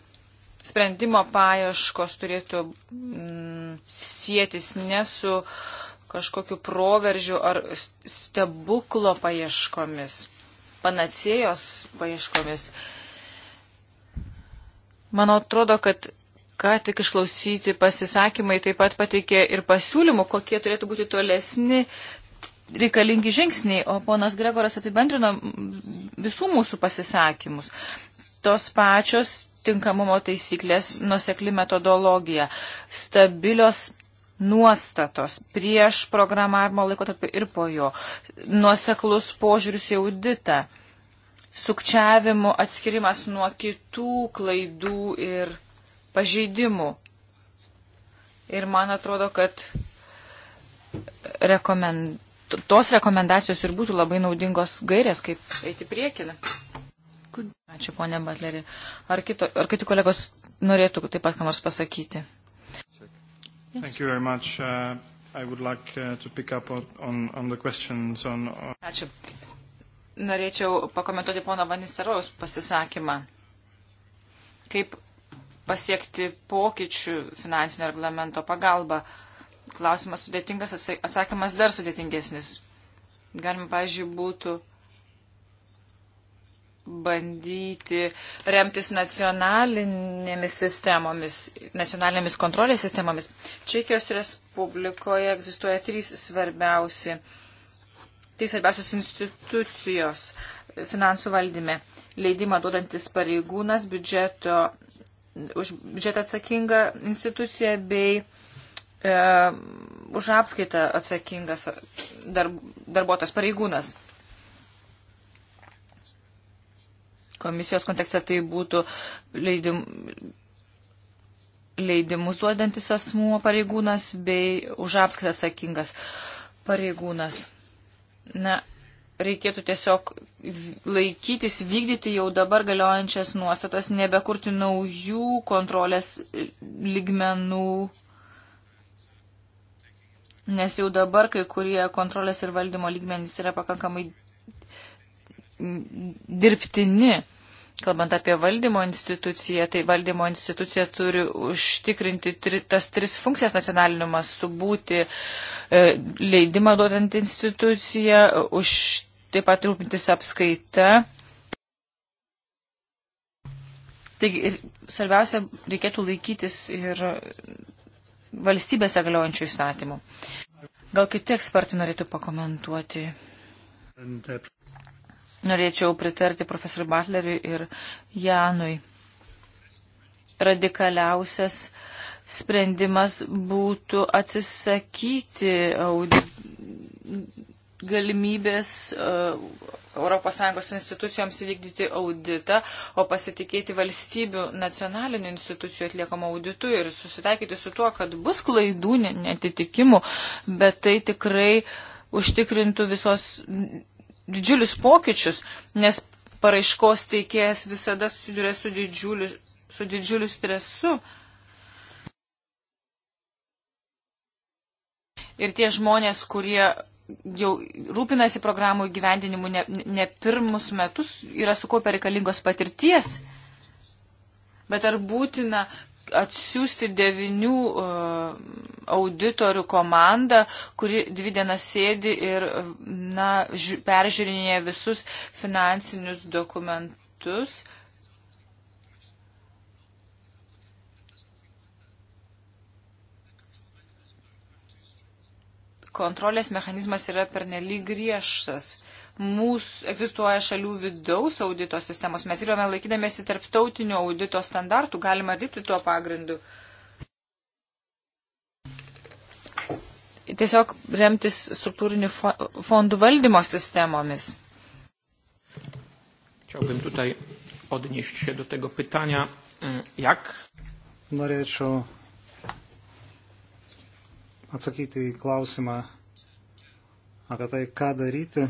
sprendimo paieškos turėtų mm, sėtis ne su kažkokiu proveržiu ar stebuklo paieškomis, panacėjos paieškomis. Man atrodo, kad ką tik išklausyti pasisakymai taip pat pateikė ir pasiūlymų, kokie turėtų būti tolesni reikalingi žingsniai, o ponas Gregoras apibendrino visų mūsų pasisakymus. Tos pačios tinkamumo taisyklės, nusekli metodologija, stabilios nuostatos prieš programavimo laikotarpį ir po jo, nuoseklus požiūris į auditą, sukčiavimo atskirimas nuo kitų klaidų ir pažeidimų. Ir man atrodo, kad rekomend tos rekomendacijos ir būtų labai naudingos gairės, kaip eiti priekin. Ačiū, ponė Batleri. Ar, kito, ar kiti kolegos norėtų taip pat ką nors pasakyti? Thank you very much. Uh, I would like uh, to pick up on, on, on the questions on... on... Ačiū. Norėčiau pakomentuoti pono Vaniserojaus pasisakymą. Kaip pasiekti pokyčių finansinio reglamento pagalba. Uh, Klausimas sudėtingas, atsakymas dar sudėtingesnis. Galima, pažiūrėjau, būtų bandyti remtis nacionalinėmis sistemomis, nacionalinėmis kontrolės sistemomis. Čekijos Respublikoje egzistuoja trys svarbiausi, trys svarbiausios institucijos finansų valdyme. Leidimą duodantis pareigūnas, biudžeto, už biudžetą atsakinga institucija bei e, už apskaitą atsakingas darb, darbuotojas pareigūnas. Komisijos kontekste tai būtų leidim, leidimus duodantis asmuo pareigūnas bei už apskaitą atsakingas pareigūnas. Na, reikėtų tiesiog laikytis, vykdyti jau dabar galiojančias nuostatas, nebekurti naujų kontrolės ligmenų nes jau dabar kai kurie kontrolės ir valdymo lygmenys yra pakankamai dirbtini. Kalbant apie valdymo instituciją, tai valdymo institucija turi užtikrinti tri, tas tris funkcijas nacionaliniu mastu - būti e, leidimą duodant instituciją, už taip pat rūpintis apskaita. Taigi, svarbiausia, reikėtų laikytis ir valstybėse galiojančių įstatymų. Gal kiti ekspertai norėtų pakomentuoti? Norėčiau pritarti profesoriui Butleriui ir Janui. Radikaliausias sprendimas būtų atsisakyti audi galimybės uh, ES institucijoms vykdyti auditą, o pasitikėti valstybių nacionalinių institucijų atliekamą auditu ir susitaikyti su tuo, kad bus klaidų, netitikimų, bet tai tikrai užtikrintų visos didžiulius pokyčius, nes paraiškos teikėjas visada susiduria su didžiuliu, su didžiuliu stresu. Ir tie žmonės, kurie jau rūpinasi programų įgyvendinimu ne, ne pirmus metus, yra sukaupę reikalingos patirties, bet ar būtina atsiųsti devinių uh, auditorių komandą, kuri dvi dienas sėdi ir na, ži, peržiūrinėja visus finansinius dokumentus kontrolės mechanizmas yra pernelyg griežtas. Mūsų egzistuoja šalių vidaus audito sistemos. Mes dirbame laikydamėsi tarptautinio audito standartų, galima dirbti tuo pagrindu. Tiesiog remtis struktūrinių fondų valdymo sistemomis. Chciałbym tutaj odnieść się do tego pytania, e, jak. Norėčiau atsakyti į klausimą apie tai, ką daryti.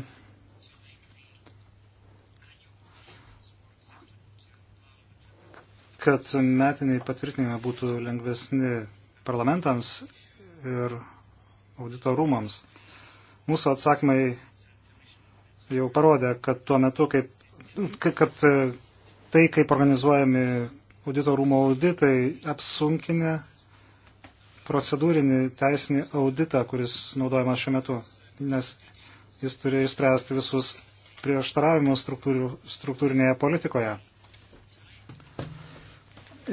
kad metiniai patvirtinimai būtų lengvesni parlamentams ir auditorumams. Mūsų atsakymai jau parodė, kad tuo metu, kaip, kad tai, kaip organizuojami auditorumo auditai, apsunkinė procedūrinį teisinį auditą, kuris naudojamas šiuo metu, nes jis turi išspręsti visus prieštaravimus struktūrinėje politikoje.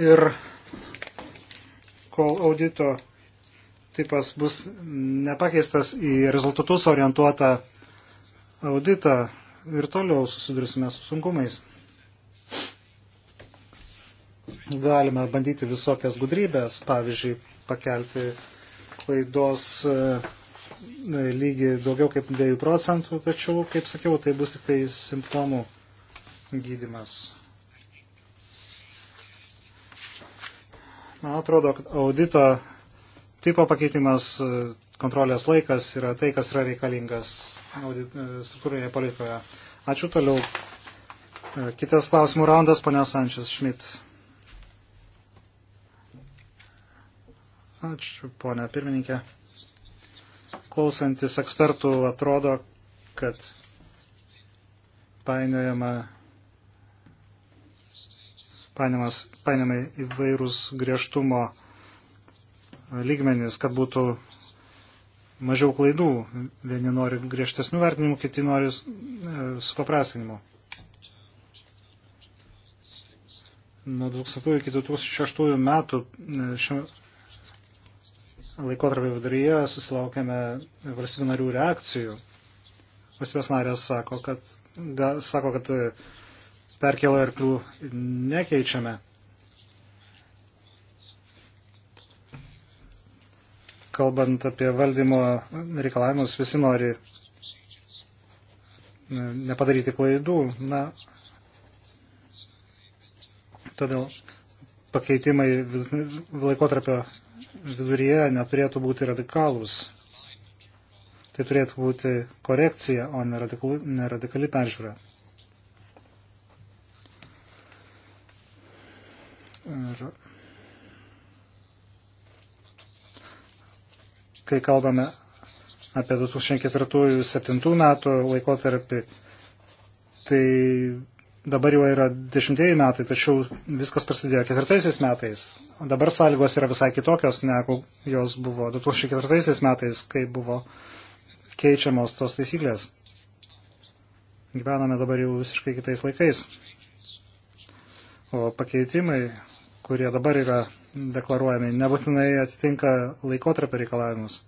Ir kol audito tipas bus nepakeistas į rezultatus orientuotą auditą, ir toliau susidursime su sunkumais galime bandyti visokias gudrybės, pavyzdžiui, pakelti klaidos e, lygį daugiau kaip 2 procentų, tačiau, kaip sakiau, tai bus tik tai simptomų gydimas. Man atrodo, kad audito tipo pakeitimas e, kontrolės laikas yra tai, kas yra reikalingas e, struktūrinėje politikoje. Ačiū toliau. Kitas klausimų raundas, ponia Sančias Šmit. Ačiū, ponia pirmininkė. Klausantis ekspertų atrodo, kad painiojama, painiojama įvairūs griežtumo lygmenys, kad būtų mažiau klaidų. Vieni nori griežtesnių vertinimų, kiti nori e, supaprastinimų. Nuo 2000 iki 2006 metų e, šio, laikotarpio viduryje susilaukėme valstybių narių reakcijų. Valstybės narės sako, kad, da, sako, kad e, perkėlo arklių nekeičiame. Kalbant apie valdymo reikalavimus, visi nori e, nepadaryti klaidų. Na, todėl pakeitimai laikotarpio viduryje neturėtų būti radikalūs. Tai turėtų būti korekcija, o ne radikali, ne radikali peržiūra. Ir kai kalbame apie 2004-2007 metų laikotarpį, tai dabar jau yra dešimtieji metai, tačiau viskas prasidėjo ketvirtaisiais metais. Dabar sąlygos yra visai kitokios, negu jos buvo 2004 metais, kai buvo keičiamos tos taisyklės. Gyvename dabar jau visiškai kitais laikais. O pakeitimai, kurie dabar yra deklaruojami, nebūtinai atitinka laikotarpio reikalavimus.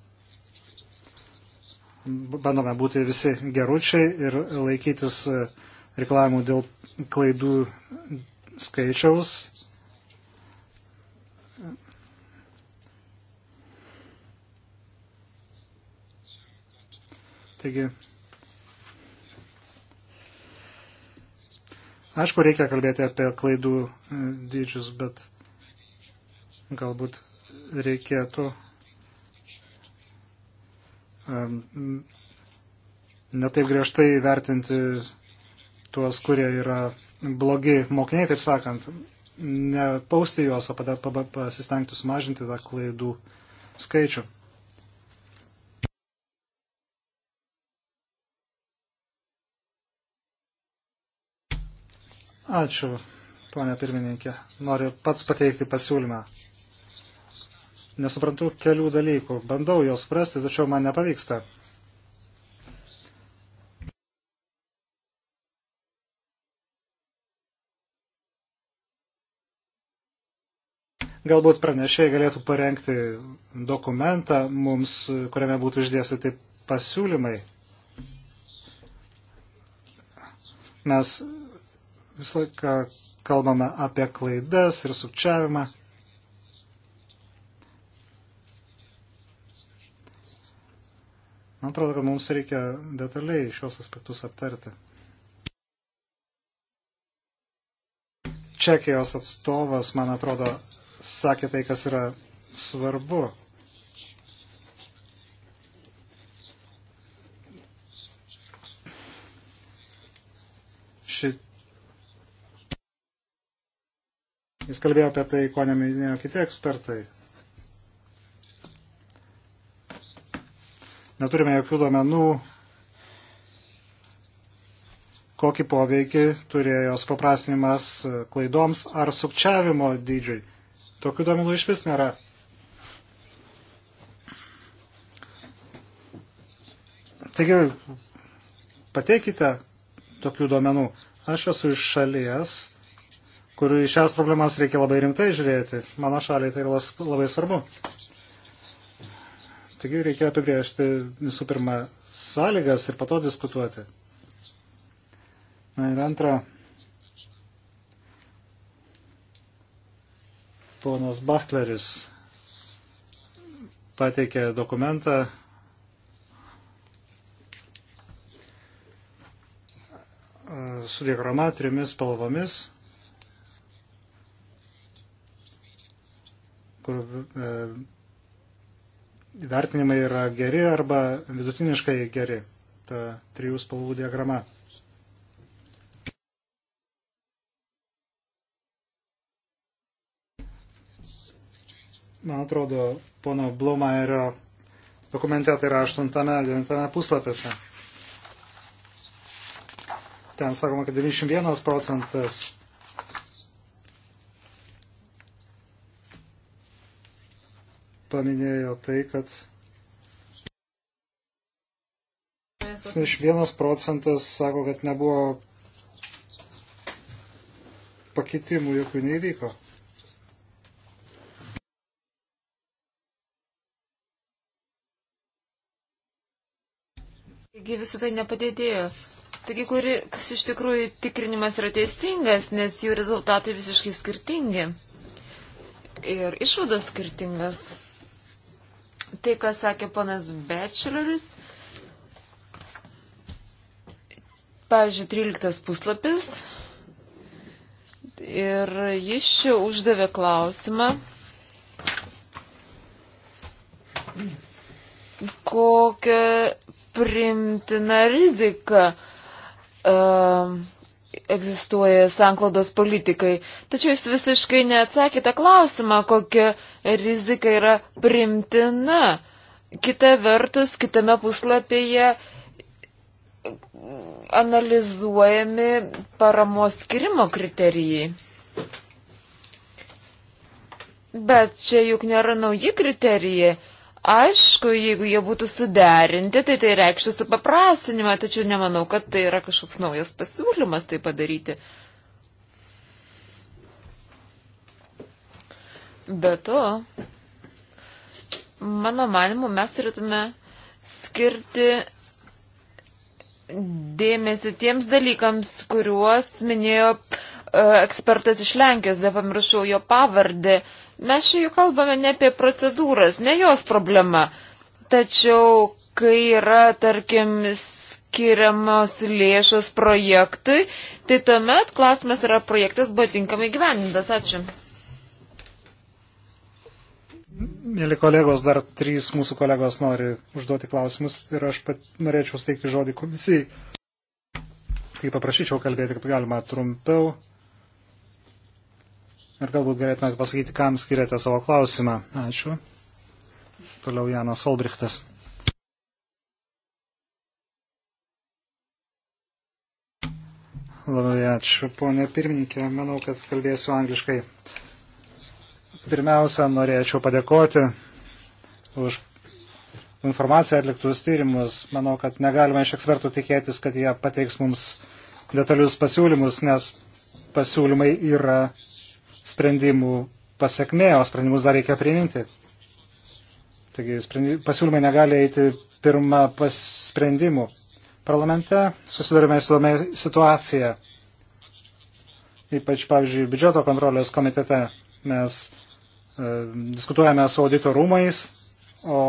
Bandome būti visi geručiai ir laikytis reikalavimų dėl klaidų skaičiaus. Taigi, aišku, reikia kalbėti apie klaidų e, dydžius, bet galbūt reikėtų e, netaip griežtai vertinti tuos, kurie yra blogi mokiniai, taip sakant, ne pausti juos, o pasistengti sumažinti tą klaidų skaičių. Ačiū, ponė pirmininkė. Noriu pats pateikti pasiūlymą. Nesuprantu kelių dalykų. Bandau juos suprasti, tačiau man nepavyksta. Galbūt pranešėjai galėtų parengti dokumentą mums, kuriame būtų išdėstyti pasiūlymai. Mes visą laiką kalbame apie klaidas ir sukčiavimą. Man atrodo, kad mums reikia detaliai šios aspektus aptarti. Čekijos atstovas, man atrodo, sakė tai, kas yra svarbu. Ši... Jis kalbėjo apie tai, ko neminėjo kiti ekspertai. Neturime jokių duomenų, kokį poveikį turėjo supaprastinimas klaidoms ar sukčiavimo dydžiui. Tokių duomenų iš vis nėra. Taigi, pateikite tokių duomenų. Aš esu iš šalies, kur į šias problemas reikia labai rimtai žiūrėti. Mano šaliai tai yra labai svarbu. Taigi reikia apibriežti visų pirma sąlygas ir pato diskutuoti. Na ir antra, Ponas Bachtleris pateikė dokumentą su diagrama trimis spalvomis, kur e, vertinimai yra geri arba vidutiniškai geri. Ta trijų spalvų diagrama. man atrodo, pono Blumaerio dokumente tai yra 8-9 puslapėse. Ten sakoma, kad 91 procentas paminėjo tai, kad 71 procentas sako, kad nebuvo pakitimų jokių neįvyko. taigi visą tai nepadėdėjo. Taigi, kuris iš tikrųjų tikrinimas yra teisingas, nes jų rezultatai visiškai skirtingi. Ir išvados skirtingas. Tai, ką sakė ponas Bečeleris, pavyzdžiui, 13 puslapis. Ir jis čia uždavė klausimą, kokia primtina rizika uh, egzistuoja sanklaudos politikai. Tačiau jūs visiškai neatsakėte klausimą, kokia rizika yra primtina. Kita vertus, kitame puslapyje analizuojami paramos skirimo kriterijai. Bet čia juk nėra nauji kriterijai Aišku, jeigu jie būtų suderinti, tai tai reikštų supaprastinimą, tačiau nemanau, kad tai yra kažkoks naujas pasiūlymas tai padaryti. Be to, mano manimu, mes turėtume skirti dėmesį tiems dalykams, kuriuos minėjo e, ekspertas iš Lenkijos, nepamiršau jo pavardę. Uh, Mes čia jau kalbame ne apie procedūras, ne jos problema. Tačiau, kai yra, tarkim, skiriamos lėšos projektui, tai tuomet klausimas yra projektas buvo tinkamai gyvenintas. Ačiū. Mėly kolegos, dar trys mūsų kolegos nori užduoti klausimus ir aš pat norėčiau steigti žodį komisijai. Tai paprašyčiau kalbėti, kaip galima trumpiau, Ir galbūt galėtumėte pasakyti, kam skiriate savo klausimą. Ačiū. Toliau Janas Olbrichtas. Labai ačiū, ponė pirmininkė. Manau, kad kalbėsiu angliškai. Pirmiausia, norėčiau padėkoti už informaciją atliktus tyrimus. Manau, kad negalima iš ekspertų tikėtis, kad jie pateiks mums detalius pasiūlymus, nes pasiūlymai yra sprendimų pasiekmė, o sprendimus dar reikia priminti. Taigi pasiūlymai negali eiti pirmą pas sprendimų. Parlamente susidurime su įdomia situacija. Ypač, pavyzdžiui, biudžeto kontrolės komitete mes e, diskutuojame su auditorumais, o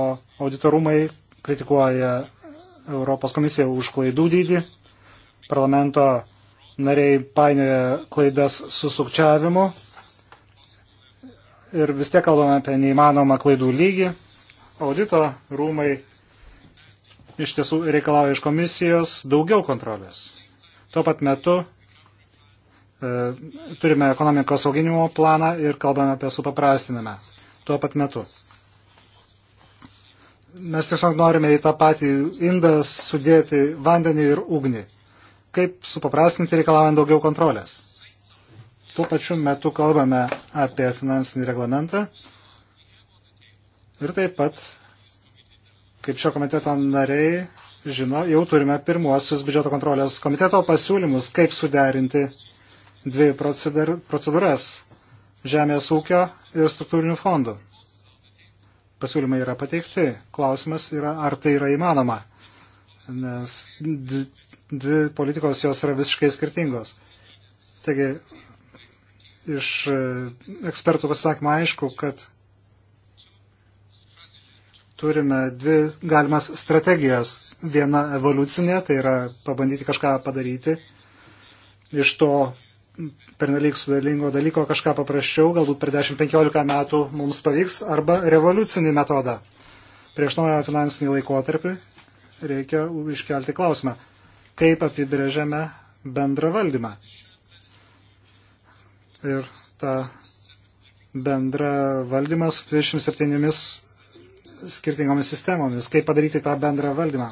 auditorumai kritikuoja Europos komisiją už klaidų dydį. Parlamento nariai painioja klaidas su sukčiavimu ir vis tiek kalbame apie neįmanomą klaidų lygį. Audito rūmai iš tiesų reikalauja iš komisijos daugiau kontrolės. Tuo pat metu e, turime ekonomikos auginimo planą ir kalbame apie supaprastinimą. Tuo pat metu. Mes tiesiog norime į tą patį indą sudėti vandenį ir ugnį. Kaip supaprastinti reikalaujant daugiau kontrolės? Tuo pačiu metu kalbame apie finansinį reglamentą ir taip pat, kaip šio komiteto nariai žino, jau turime pirmuosius biudžeto kontrolės komiteto pasiūlymus, kaip suderinti dvi procedūras - žemės ūkio ir struktūrinių fondų. Pasiūlymai yra pateikti. Klausimas yra, ar tai yra įmanoma, nes dvi politikos jos yra visiškai skirtingos. Taigi iš e, ekspertų pasakymą aišku, kad turime dvi galimas strategijas. Viena evoliucinė, tai yra pabandyti kažką padaryti. Iš to pernelyg sudėlingo dalyko kažką paprasčiau, galbūt per 10-15 metų mums pavyks, arba revoliucinį metodą. Prieš naują finansinį laikotarpį reikia iškelti klausimą, kaip apibrėžiame bendrą valdymą ir tą bendrą valdymą su 27 skirtingomis sistemomis. Kaip padaryti tą bendrą valdymą?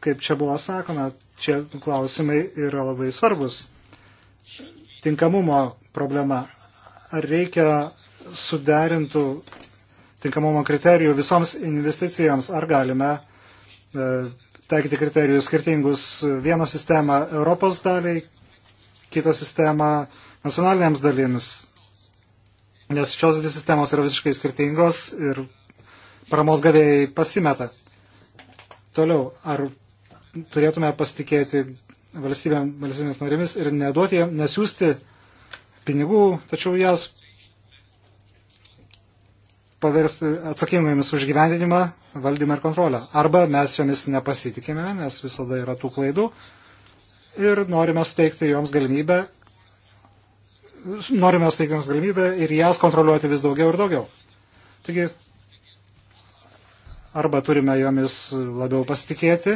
Kaip čia buvo sakoma, čia klausimai yra labai svarbus. Tinkamumo problema. Ar reikia suderintų tinkamumo kriterijų visoms investicijoms, ar galime e, taikyti kriterijus skirtingus vieną sistemą Europos daliai, kitą sistemą e, nacionalinėms dalims, nes šios dvi sistemos yra visiškai skirtingos ir paramos gavėjai pasimeta. Toliau, ar turėtume pasitikėti valstybėm, valstybėmis narimis ir neduoti, nesiųsti pinigų, tačiau jas paversti atsakingomis už gyvendinimą, valdymą ir kontrolę. Arba mes jomis nepasitikime, nes visada yra tų klaidų ir norime suteikti joms galimybę norime suteikti jiems galimybę ir jas kontroliuoti vis daugiau ir daugiau. Taigi, arba turime jomis labiau pasitikėti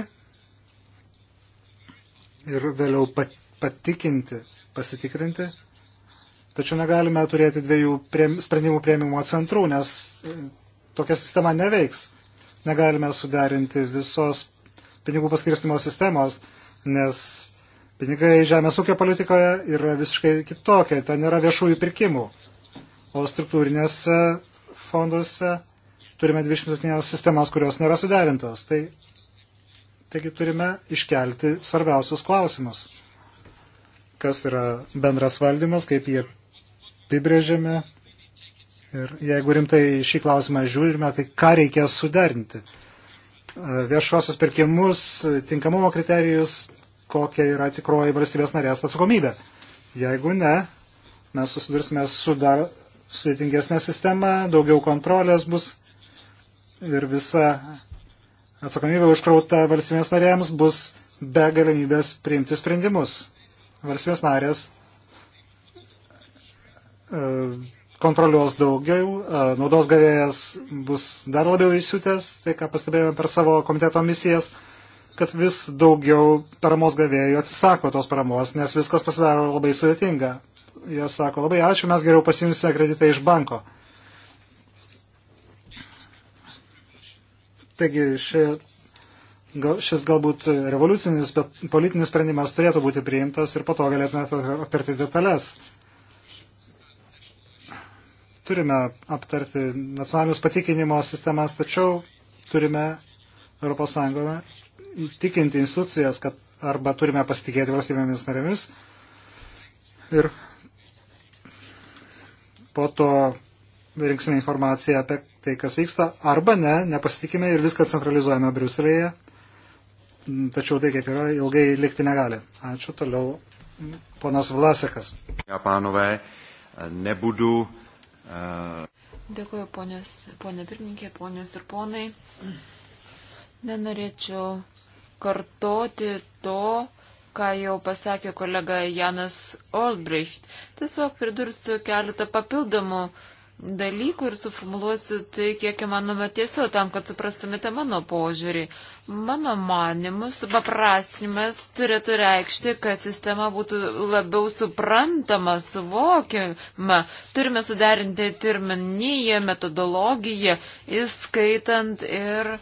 ir vėliau patikinti, pasitikrinti. Tačiau negalime turėti dviejų prieim, sprendimų prieimimo centrų, nes e, tokia sistema neveiks. Negalime suderinti visos pinigų paskirstimo sistemos, nes Pinigai žemės ūkio politikoje yra visiškai kitokie, ten nėra viešųjų pirkimų, o struktūrinėse fonduose turime 27 sistemas, kurios nėra suderintos. Tai, taigi turime iškelti svarbiausius klausimus. Kas yra bendras valdymas, kaip jie apibrėžiami. Ir jeigu rimtai šį klausimą žiūrime, tai ką reikės suderinti? E, viešuosius pirkimus, tinkamumo kriterijus, kokia yra tikroji valstybės narės atsakomybė. Jeigu ne, mes susidursime su dar sudėtingesnė sistema, daugiau kontrolės bus ir visa atsakomybė užkrauta valstybės narėms bus be galimybės priimti sprendimus. Valstybės narės e, kontroliuos daugiau, e, naudos gavėjas bus dar labiau įsiutęs, tai ką pastebėjome per savo komiteto misijas kad vis daugiau paramos gavėjų atsisako tos paramos, nes viskas pasidaro labai sudėtinga. Jie sako, labai ačiū, mes geriau pasimsime kreditą iš banko. Taigi ši, gal, šis galbūt revoliucinis, bet politinis sprendimas turėtų būti priimtas ir po to galėtume aptarti detalės. Turime aptarti nacionalinius patikinimo sistemas, tačiau turime ES įtikinti institucijas, kad arba turime pasitikėti valstybėmis narėmis ir po to rinksime informaciją apie tai, kas vyksta, arba ne, nepasitikime ir viską centralizuojame Briuselėje, tačiau tai kaip yra, ilgai likti negali. Ačiū toliau, ponas Vlasekas. Ja, pánové, nebudu. Uh... Dėkuoju, ponės, ponė pirmininkė, ponės ir ponai. Nenorėčiau kartoti to, ką jau pasakė kolega Janas Olbricht. Tiesiog pridursiu keletą papildomų dalykų ir suformuluosiu tai, kiek įmanoma tiesiau, tam, kad suprastumėte mano požiūrį. Mano manimus, paprastinimas turėtų reikšti, kad sistema būtų labiau suprantama, suvokiama. Turime suderinti terminiją, metodologiją, įskaitant ir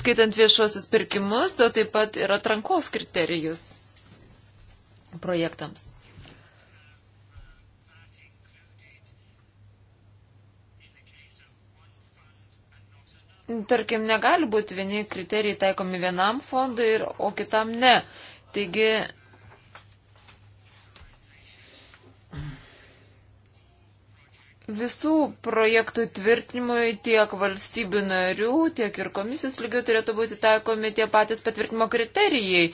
skaitant viešuosius pirkimus, o taip pat ir atrankos kriterijus projektams. Tarkim, negali būti vieni kriterijai taikomi vienam fondui, ir, o kitam ne. Taigi visų projektų tvirtinimui tiek valstybių narių, tiek ir komisijos lygių turėtų būti taikomi tie patys patvirtinimo kriterijai.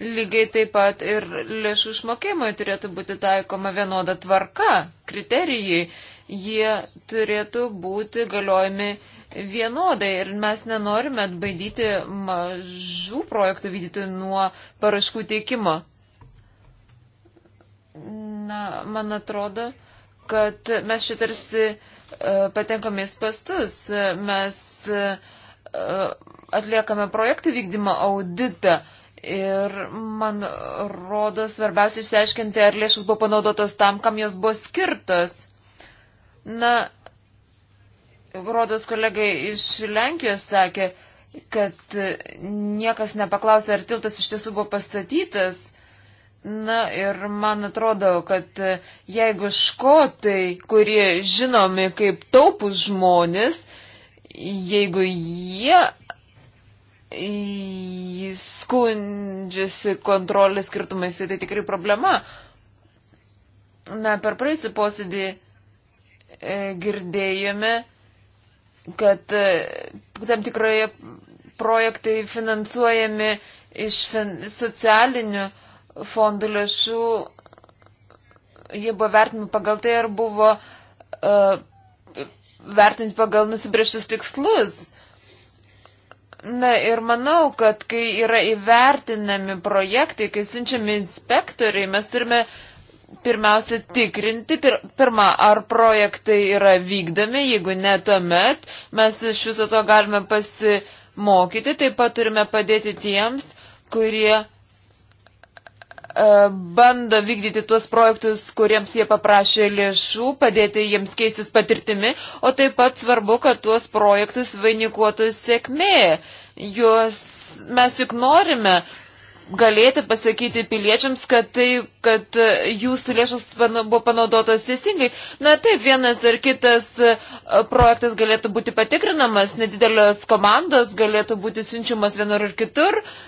Lygiai taip pat ir lėšų išmokėjimai turėtų būti taikoma vienoda tvarka, kriterijai. Jie turėtų būti galiojami vienodai ir mes nenorime atbaidyti mažų projektų vykdyti nuo paraškų teikimo. Na, man atrodo, uh, kad mes šitarsi e, patenkomės pastus, mes e, atliekame projektų vykdymo auditą. Ir man rodo svarbiausia išsiaiškinti, ar lėšas buvo panaudotos tam, kam jos buvo skirtos. Na, rodos kolegai iš Lenkijos sakė, kad niekas nepaklausė, ar tiltas iš tiesų buvo pastatytas. Na ir man atrodo, kad jeigu škotai, kurie žinomi kaip taupus žmonės, jeigu jie skundžiasi kontrolės skirtumais, tai, tai tikrai problema. Na, per praeisį posėdį e, girdėjome, kad e, tam tikroje projektai finansuojami iš fin socialinių fondų lėšų, jie buvo vertinami pagal tai ir buvo uh, vertinti pagal nusibriešus tikslus. Na ir manau, kad kai yra įvertinami projektai, kai siunčiami inspektoriai, mes turime pirmiausia tikrinti, pir, pirmą, ar projektai yra vykdami, jeigu ne, tuomet mes iš viso to galime pasimokyti, taip pat turime padėti tiems, kurie E, bando vykdyti tuos projektus, kuriems jie paprašė lėšų, padėti jiems keistis patirtimi, o taip pat svarbu, kad tuos projektus vainikuotų sėkmė. Juos mes juk norime galėti pasakyti piliečiams, kad, tai, kad jūsų lėšos buvo panaudotos teisingai. Na taip, vienas ar kitas e, projektas galėtų būti patikrinamas, nedidelės komandos galėtų būti siunčiamas vienur ir kitur. Uh,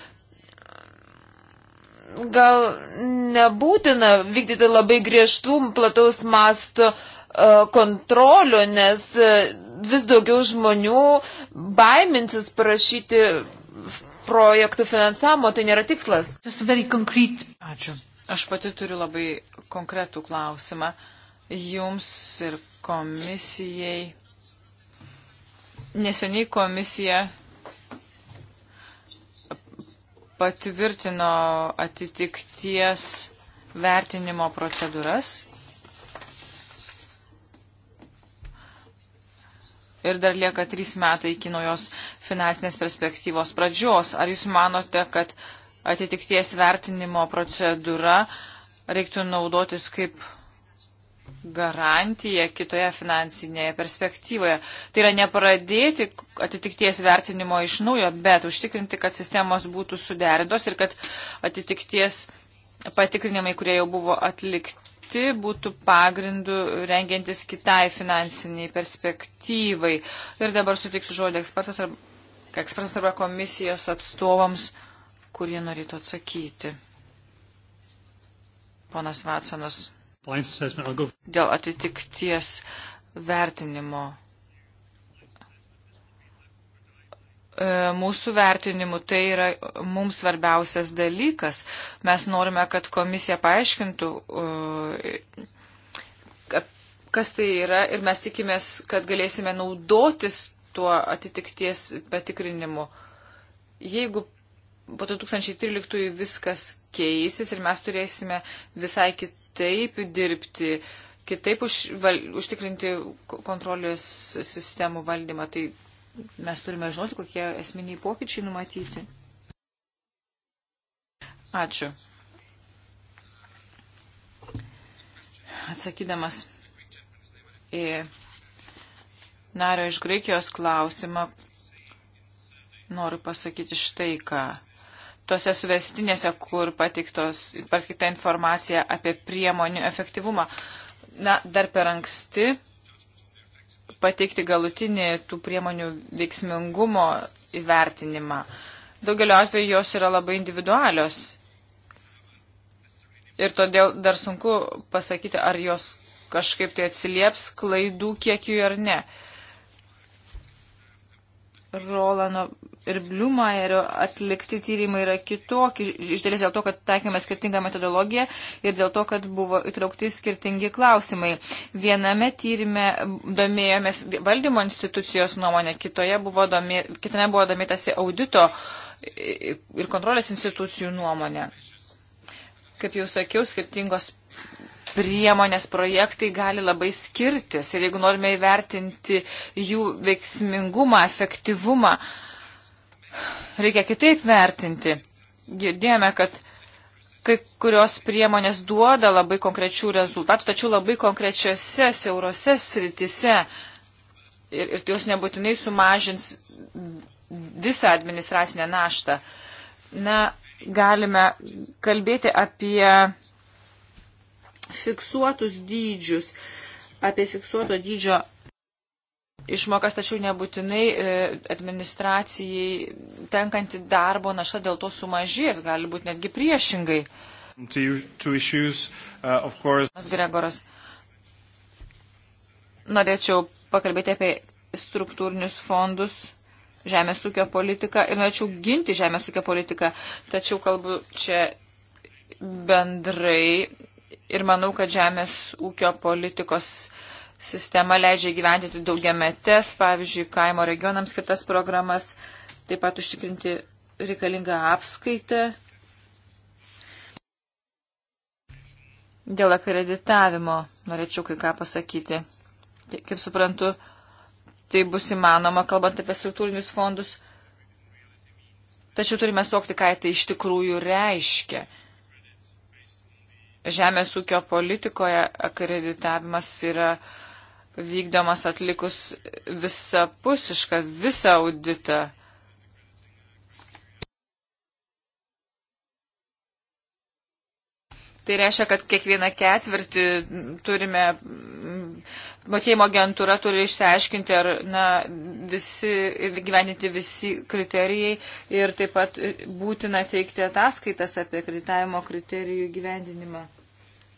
gal nebūtina vykdyti labai griežtų plataus masto e, kontrolių, nes e, vis daugiau žmonių baiminsis prašyti projektų finansavimo, tai nėra tikslas. Ačiū. Aš pati turiu labai konkretų klausimą jums ir komisijai. Neseniai komisija patvirtino atitikties vertinimo procedūras. Ir dar lieka trys metai iki naujos finansinės perspektyvos pradžios. Ar jūs manote, kad atitikties vertinimo procedūra reiktų naudotis kaip garantiją kitoje finansinėje perspektyvoje. Tai yra nepradėti atitikties vertinimo iš naujo, bet užtikrinti, kad sistemos būtų suderintos ir kad atitikties patikrinimai, kurie jau buvo atlikti, būtų pagrindu rengiantis kitai finansiniai perspektyvai. Ir dabar sutiksiu žodį ekspertas arba, ekspertas arba komisijos atstovams, kurie norėtų atsakyti. Ponas Vatsonas. Dėl atitikties vertinimo. E, mūsų vertinimu tai yra mums svarbiausias dalykas. Mes norime, kad komisija paaiškintų, e, kas tai yra ir mes tikimės, kad galėsime naudotis tuo atitikties patikrinimu. Jeigu po 2013 viskas keisis ir mes turėsime visai kitą kitaip dirbti, kitaip už, val, užtikrinti kontrolės sistemų valdymą. Tai mes turime žinoti, kokie esminiai pokyčiai numatyti. Ačiū. Atsakydamas į nario iš Graikijos klausimą, noriu pasakyti štai ką tose suvestinėse, kur pateikta informacija apie priemonių efektyvumą. Na, dar per anksti pateikti galutinį tų priemonių veiksmingumo įvertinimą. Daugelio atveju jos yra labai individualios. Ir todėl dar sunku pasakyti, ar jos kažkaip tai atsilieps klaidų kiekiu ar ne. Uh, Rolano ir Bliumajerio atlikti tyrimai yra kitokie, iš dėlės dėl to, kad taikėme skirtingą metodologiją ir dėl to, kad buvo įtraukti skirtingi klausimai. Viename tyrime domėjomės valdymo institucijos nuomonė, kitoje buvo domė, kitame buvo domėtasi audito ir kontrolės institucijų nuomonė. Kaip jau sakiau, skirtingos priemonės projektai gali labai skirtis ir jeigu norime įvertinti jų veiksmingumą, efektyvumą, reikia kitaip vertinti. Girdėjome, kad kai kurios priemonės duoda labai konkrečių rezultatų, tačiau labai konkrečiose, siaurose sritise ir, ir jos nebūtinai sumažins visą administracinę naštą. Na, galime kalbėti apie fiksuotus dydžius, apie fiksuoto dydžio išmokas, tačiau nebūtinai e, administracijai tenkanti darbo naša dėl to sumažės, gali būti netgi priešingai. Two issues, uh, Gregoras, norėčiau pakalbėti apie struktūrinius fondus žemės ūkio politiką ir norėčiau ginti žemės ūkio politiką, tačiau kalbu čia bendrai ir manau, kad žemės ūkio politikos sistema leidžia gyventi daugiametes, pavyzdžiui, kaimo regionams skirtas programas, taip pat užtikrinti reikalingą apskaitę dėl akreditavimo. Norėčiau kai ką pasakyti. Kaip suprantu, tai bus įmanoma, kalbant apie struktūrinius fondus. Tačiau turime suvokti, ką tai iš tikrųjų reiškia žemės ūkio politikoje akreditavimas yra vykdomas atlikus visapusišką, visą auditą. Tai reiškia, kad kiekvieną ketvirtį turime, mokėjimo agentūra turi išsiaiškinti, ar na, visi, gyveninti visi kriterijai ir taip pat būtina teikti ataskaitas apie kreditavimo kriterijų gyvendinimą.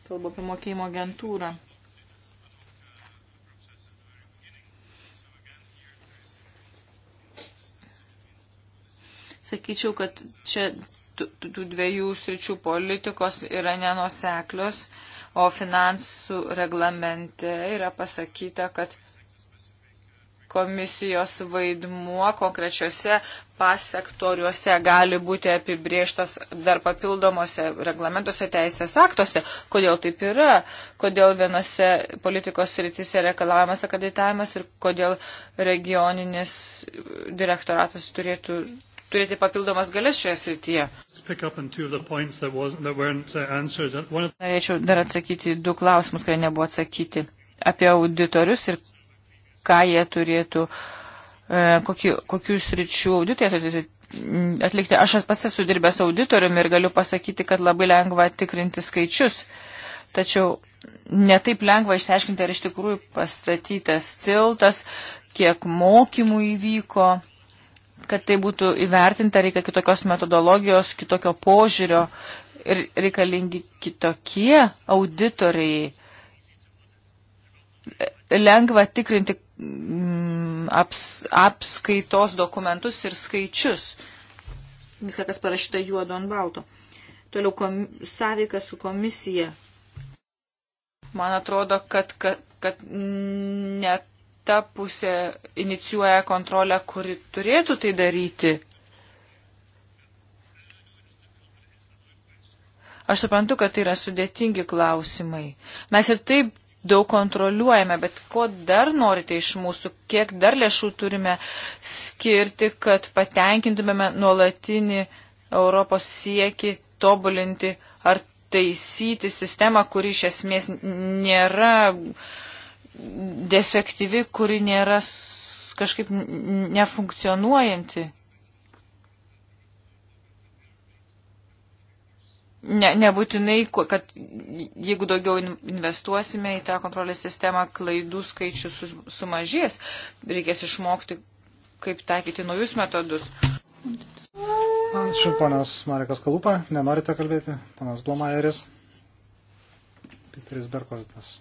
Kalbu apie mokėjimo agentūrą. Sakyčiau, kad čia tų dviejų sričių politikos yra nenuseklios, o finansų reglamente yra pasakyta, kad komisijos vaidmuo konkrečiose pasektoriuose gali būti apibrieštas dar papildomose reglamentuose teisės aktuose. Kodėl taip yra? Kodėl vienose politikos rytise reikalavimas akreditavimas ir kodėl regioninis direktoratas turėtų turėti papildomas galės šioje srityje. Uh, Norėčiau dar atsakyti du klausimus, kurie nebuvo atsakyti apie auditorius ir ką jie turėtų, kokį, e, kokius ryčių auditai atlikti. Aš pas esu dirbęs auditoriumi ir galiu pasakyti, kad labai lengva tikrinti skaičius. Tačiau netaip lengva išsiaiškinti, ar iš tikrųjų pastatytas tiltas, kiek mokymų įvyko. Kad tai būtų įvertinta, reikia kitokios metodologijos, kitokio požiūrio ir reikalingi kitokie auditoriai. Lengva tikrinti, Mm, aps, apskaitos dokumentus ir skaičius. Viską, kas parašyta juodo ant balto. Toliau kom, sąveika su komisija. Man atrodo, kad, kad, kad net ta pusė inicijuoja kontrolę, kuri turėtų tai daryti. Aš suprantu, kad tai yra sudėtingi klausimai. Mes ir taip daug kontroliuojame, bet ko dar norite iš mūsų, kiek dar lėšų turime skirti, kad patenkintumėme nuolatinį Europos sieki tobulinti ar taisyti sistemą, kuri iš esmės nėra defektyvi, kuri nėra kažkaip nefunkcionuojanti. ne, nebūtinai, kad jeigu daugiau investuosime į tą kontrolės sistemą, klaidų skaičius sumažės, reikės išmokti, kaip taikyti naujus metodus. Ačiū, ponas Marekas Kalupa, nenorite kalbėti, ponas Blomajeris, Piteris Berkovitas.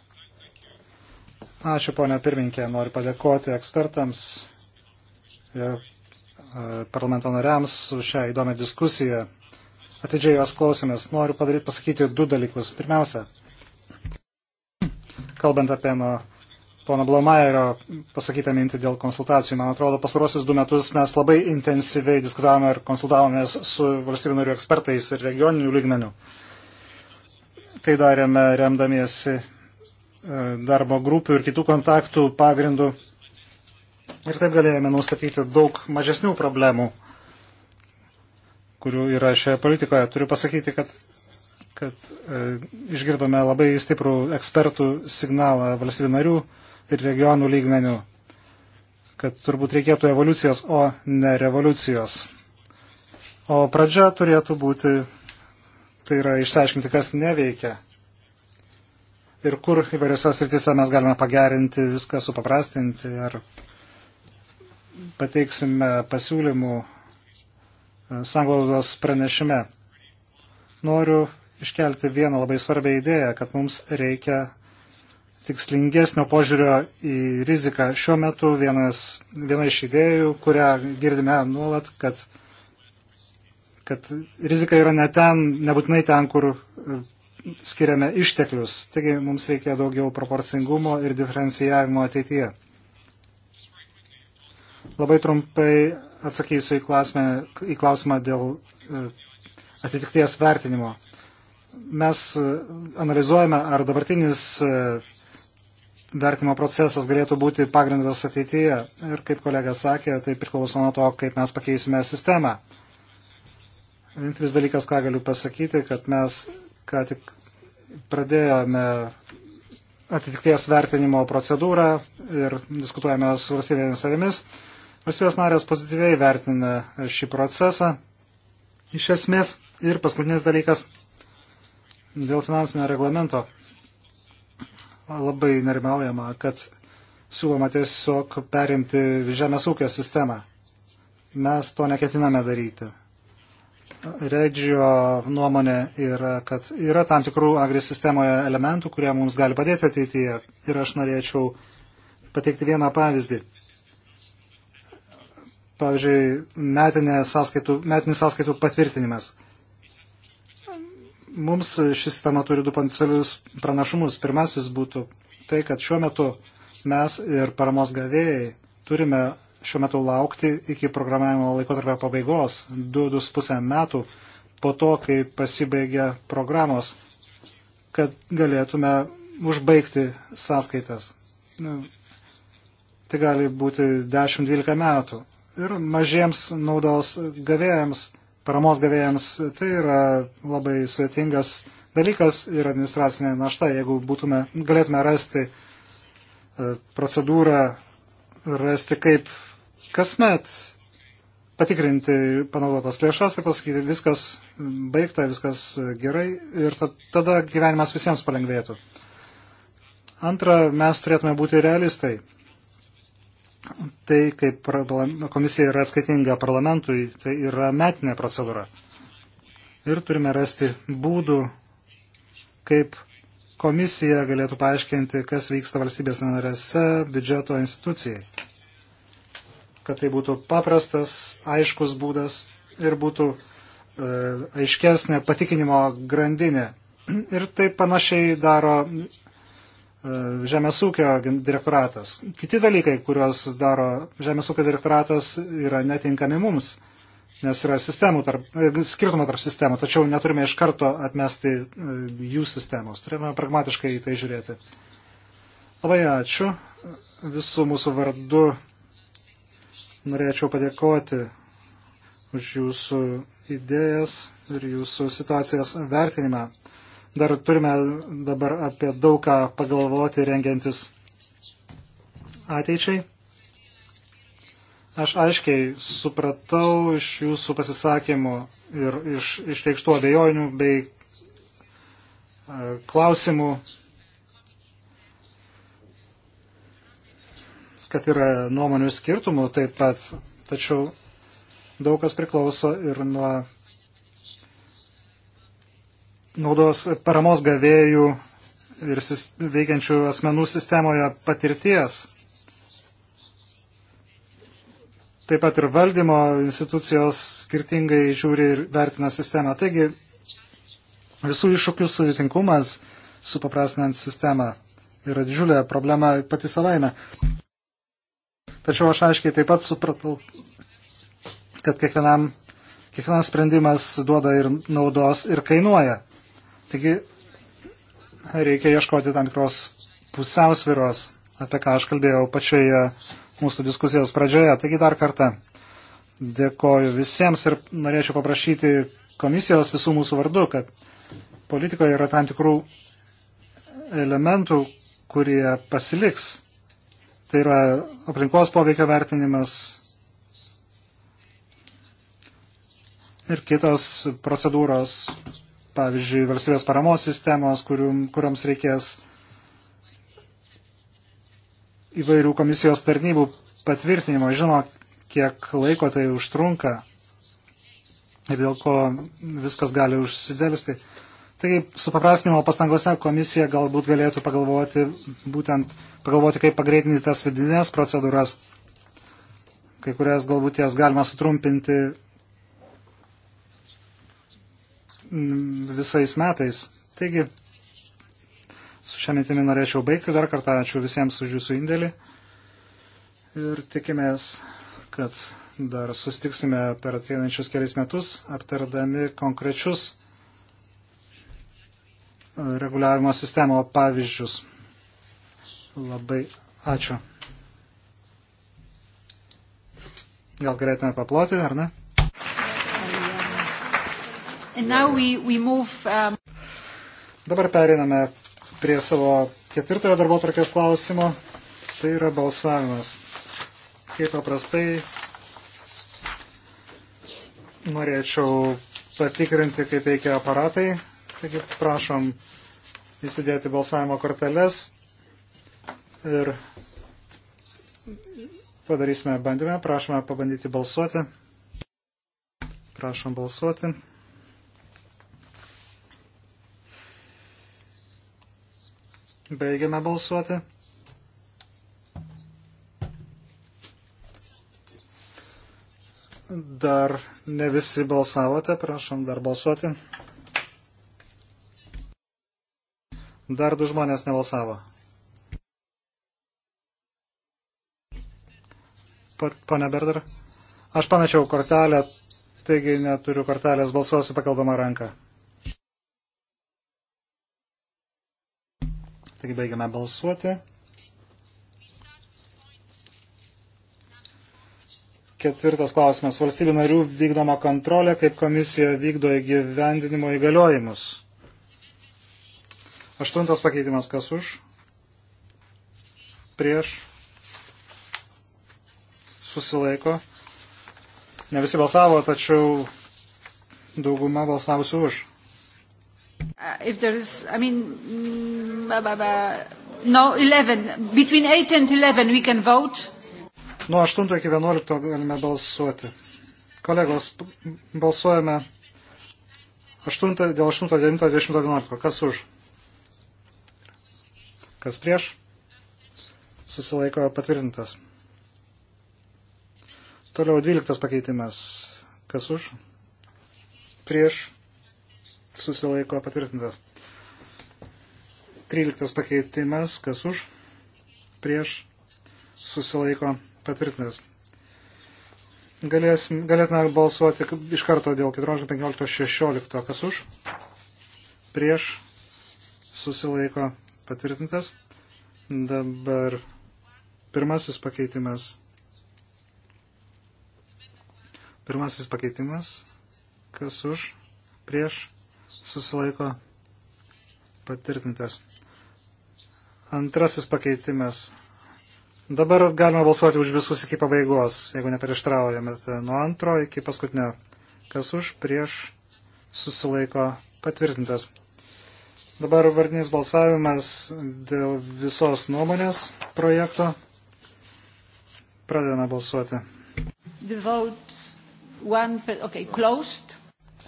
Ačiū, ponia pirminkė, noriu padėkoti ekspertams ir e, parlamento nariams už šią įdomią diskusiją atidžiai jos klausėmės. Noriu padaryti, pasakyti du dalykus. Pirmiausia, kalbant apie nuo pono Blomajerio pasakytą mintį dėl konsultacijų, man atrodo, pasaruosius du metus mes labai intensyviai diskutavome ir konsultavomės su valstybių narių ekspertais ir regioninių lygmenių. Tai darėme remdamiesi e, darbo grupių ir kitų kontaktų pagrindų. Ir taip galėjome nustatyti daug mažesnių problemų kurių yra šioje politikoje. Turiu pasakyti, kad, kad e, išgirdome labai stiprų ekspertų signalą valstybių narių ir regionų lygmenių, kad turbūt reikėtų evoliucijos, o ne revoliucijos. O pradžia turėtų būti, tai yra išsiaiškinti, kas neveikia ir kur įvairiose sritise mes galime pagerinti viską, supaprastinti ir pateiksime pasiūlymų sanglaudos pranešime. Noriu iškelti vieną labai svarbią idėją, kad mums reikia tikslingesnio požiūrio į riziką. Šiuo metu vienas, viena iš idėjų, kurią girdime nuolat, kad, kad rizika yra ne ten, nebūtinai ten, kur e, skiriame išteklius. Taigi mums reikia daugiau proporcingumo ir diferencijavimo ateityje. Labai trumpai atsakysiu į klausimą, į klausimą dėl e, atitikties vertinimo. Mes e, analizuojame, ar dabartinis e, vertimo procesas galėtų būti pagrindas ateityje. Ir kaip kolega sakė, tai priklauso nuo to, kaip mes pakeisime sistemą. Vienintelis dalykas, ką galiu pasakyti, kad mes ką tik pradėjome atitikties vertinimo procedūrą ir diskutuojame su valstybėmis savimis. Valstybės narės pozityviai vertina šį procesą. Iš esmės ir paskutinis dalykas dėl finansinio reglamento. Labai nerimaujama, kad siūloma tiesiog perimti žemės ūkio sistemą. Mes to neketiname daryti. Redžio nuomonė yra, kad yra tam tikrų agri sistemoje elementų, kurie mums gali padėti ateityje. Ir aš norėčiau pateikti vieną pavyzdį pavyzdžiui, sąskaitų, metinis sąskaitų patvirtinimas. Mums ši sistema turi du potencialius pranašumus. Pirmasis būtų tai, kad šiuo metu mes ir paramos gavėjai turime šiuo metu laukti iki programavimo laikotarpio pabaigos, 2-2,5 metų po to, kai pasibaigia programos, kad galėtume užbaigti sąskaitas. Nu, tai gali būti 10-12 metų ir mažiems naudos gavėjams, paramos gavėjams. Tai yra labai sudėtingas dalykas ir administracinė našta, jeigu būtume, galėtume rasti e, procedūrą, rasti kaip kasmet patikrinti panaudotas lėšas ir tai pasakyti, viskas baigta, viskas gerai ir tada gyvenimas visiems palengvėtų. Antra, mes turėtume būti realistai tai, kaip komisija yra atskaitinga parlamentui, tai yra metinė procedūra. Ir turime rasti būdų, kaip komisija galėtų paaiškinti, kas vyksta valstybės narėse biudžeto institucijai. Kad tai būtų paprastas, aiškus būdas ir būtų e, aiškesnė patikinimo grandinė. Ir tai panašiai daro E, Žemės ūkio direktoratas. Kiti dalykai, kuriuos daro Žemės ūkio direktoratas, yra netinkami mums, nes yra tarp, e, skirtumo tarp sistemų, tačiau neturime iš karto atmesti e, jų sistemos. Turime pragmatiškai į tai žiūrėti. Labai ačiū. Visų mūsų vardu norėčiau padėkoti už jūsų idėjas ir jūsų situacijos vertinimą. Dar turime dabar apie daug ką pagalvoti rengiantis ateičiai. Aš aiškiai supratau iš jūsų pasisakymų ir iš išreikštų abejonių bei e, klausimų, kad yra nuomonių skirtumų taip pat, tačiau daug kas priklauso ir nuo naudos paramos gavėjų ir veikiančių asmenų sistemoje patirties. Taip pat ir valdymo institucijos skirtingai žiūri ir vertina sistemą. Taigi visų iššūkių sudėtingumas, supaprastinant sistemą, yra didžiulė problema pati savaime. Tačiau aš aiškiai taip pat supratau, kad kiekvienam, kiekvienas sprendimas duoda ir naudos ir kainuoja. Taigi reikia ieškoti tam tikros pusiausviros, apie ką aš kalbėjau pačioje mūsų diskusijos pradžioje. Taigi dar kartą dėkoju visiems ir norėčiau paprašyti komisijos visų mūsų vardu, kad politikoje yra tam tikrų elementų, kurie pasiliks. Tai yra aplinkos poveikio vertinimas ir kitos procedūros pavyzdžiui, valstybės paramos sistemos, kurium, kuriams reikės įvairių komisijos tarnybų patvirtinimo. Žinoma, kiek laiko tai užtrunka ir dėl ko viskas gali užsidėlsti. Taigi, su paprastinimo pastangose komisija galbūt galėtų pagalvoti, būtent pagalvoti, kaip pagreitinti tas vidinės procedūras, kai kurias galbūt jas galima sutrumpinti Mm, visais metais. Taigi, su šią mintimį norėčiau baigti. Dar kartą ačiū visiems už jūsų indėlį. Ir tikimės, kad dar sustiksime per ateinančius keliais metus, aptardami konkrečius e, reguliavimo sistemo pavyzdžius. Labai ačiū. Gal galėtume paploti, ar ne? We, we move, um... Dabar periname prie savo ketvirtojo darbo tvarkės klausimo. Tai yra balsavimas. Kaip paprastai norėčiau patikrinti, kaip veikia aparatai. Taigi prašom įsidėti balsavimo korteles ir padarysime bandymę. Prašome pabandyti balsuoti. Prašom balsuoti. Baigiame balsuoti. Dar ne visi balsavote, prašom dar balsuoti. Dar du žmonės nebalsavo. Pane Berder, aš pamečiau kortelę, taigi neturiu kortelės, balsuosiu pakeldama ranką. Taigi baigiame balsuoti. Ketvirtas klausimas. Valstybių narių vykdoma kontrolė, kaip komisija vykdo įgyvendinimo įgaliojimus. Aštuntas pakeitimas. Kas už? Prieš. Susilaiko. Ne visi balsavo, tačiau dauguma balsavusių už. Uh, is, I mean, mm, no, 11, between 8 and 11 we can vote. Nuo 8 iki 11 galime balsuoti. Kolegos, balsuojame 8, dėl 8, 9, 10, 11. Kas už? Kas prieš? Susilaiko patvirtintas. Toliau 12 pakeitimas. Kas už? Prieš susilaiko patvirtintas. 13 pakeitimas, kas už, prieš, susilaiko patvirtintas. Galėsim, galėtume balsuoti iš karto dėl 14, 15, 16, kas už, prieš, susilaiko patvirtintas. Dabar pirmasis pakeitimas. Pirmasis pakeitimas, kas už, prieš, susilaiko patvirtintas. Antrasis pakeitimas. Dabar galima balsuoti už visus iki pabaigos, jeigu neprieštraujame, tai nuo antro iki paskutinio. Kas už, prieš, susilaiko patvirtintas. Dabar vardinis balsavimas dėl visos nuomonės projekto. Pradedame balsuoti. One, okay,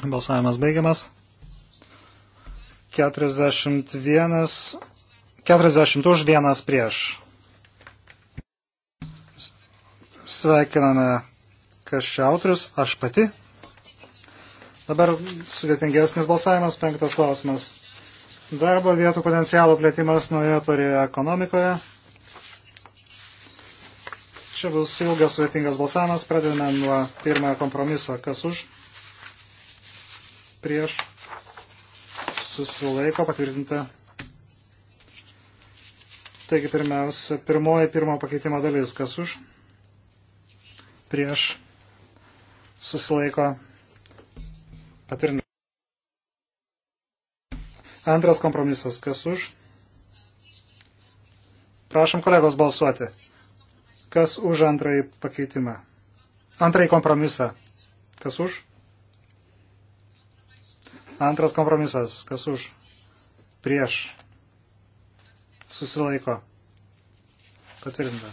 Balsavimas baigiamas. 41, 40 už vienas prieš. Sveikiname, kas čia autorius, aš pati. Dabar sudėtingesnis balsavimas, penktas klausimas. Darbo vietų potencialo plėtimas naujoje tvarėje ekonomikoje. Čia bus ilgas sudėtingas balsavimas, pradedame nuo pirmojo kompromiso, kas už, prieš susilaiko patvirtinta. Taigi pirmiausia, pirmoji pirmo pakeitimo dalis, kas už, prieš, susilaiko patvirtinta. Antras kompromisas, kas už. Prašom kolegos balsuoti. Kas už antrąjį pakeitimą? Antrąjį kompromisą. Kas už? Antras kompromisas, kas už, prieš, susilaiko, patvirtinta.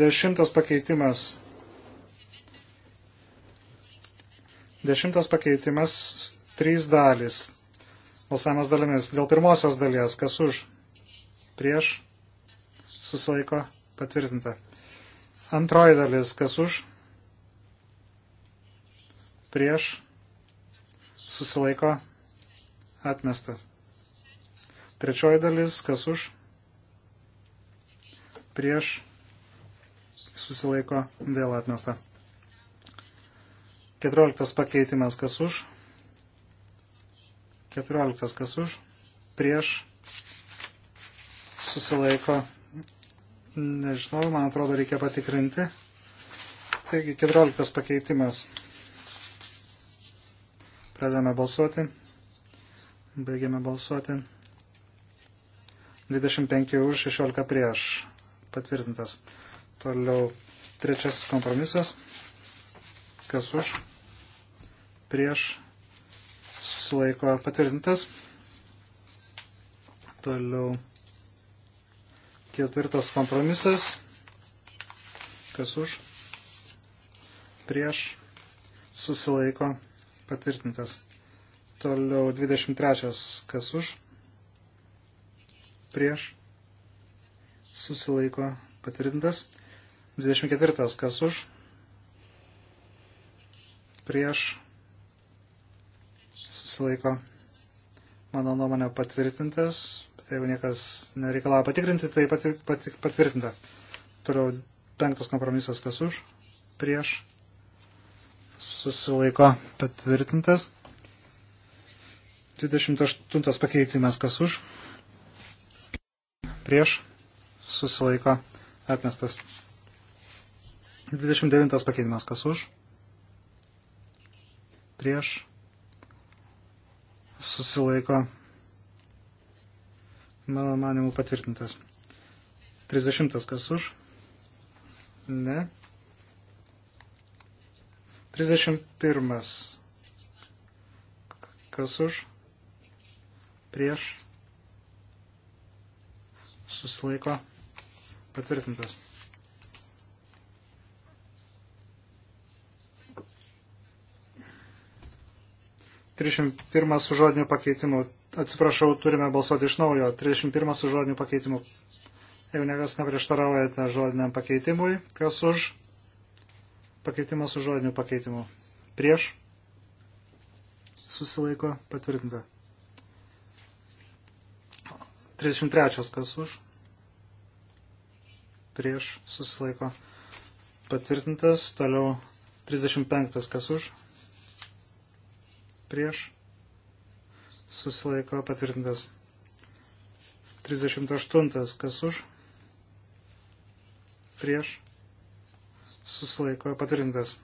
Dešimtas pakeitimas. Dešimtas pakeitimas, trys dalys. Balsavimas dalimis. Dėl pirmosios dalies, kas už, prieš, susilaiko, patvirtinta. Antroji dalis, kas už, prieš, susilaiko, atmesta. Trečioji dalis, kas už, prieš, susilaiko, vėl atmesta. Keturioliktas pakeitimas, kas už, keturioliktas, kas už, prieš, susilaiko, nežinau, man atrodo, reikia patikrinti. Taigi, keturioliktas pakeitimas. Pradame balsuoti. Baigiame balsuoti. 25 už, 16 prieš. Patvirtintas. Toliau trečias kompromisas. Kas už? Prieš. Susilaiko patvirtintas. Toliau ketvirtas kompromisas. Kas už? Prieš. Susilaiko patvirtintas patvirtintas. Toliau 23. Kas už? Prieš. Susilaiko patvirtintas. 24. Kas už? Prieš. Susilaiko. Mano nuomonė patvirtintas. Bet jeigu niekas nereikalavo patikrinti, tai pati, pati, patvirtinta. Toliau penktas kompromisas. Kas už? Prieš susilaiko patvirtintas. 28 pakeitimas kas už, prieš, susilaiko atmestas. 29 pakeitimas kas už, prieš, susilaiko, mano manimu, patvirtintas. 30 kas už, ne, 31. Kas už? Prieš? Susilaiko? Patvirtintas. Trisdešimt pirmas su žodiniu pakeitimu. Atsiprašau, turime balsuoti iš naujo. Trisdešimt pirmas su žodiniu pakeitimu. Jeigu niekas neprieštaraujate žodiniam pakeitimui, kas už? pakeitimas su žodiniu pakeitimu. Prieš susilaiko patvirtinta. 33 kas už. Prieš susilaiko patvirtintas. Toliau 35 kas už. Prieš susilaiko patvirtintas. 38 kas už. Prieš susilaiko patvirtintas.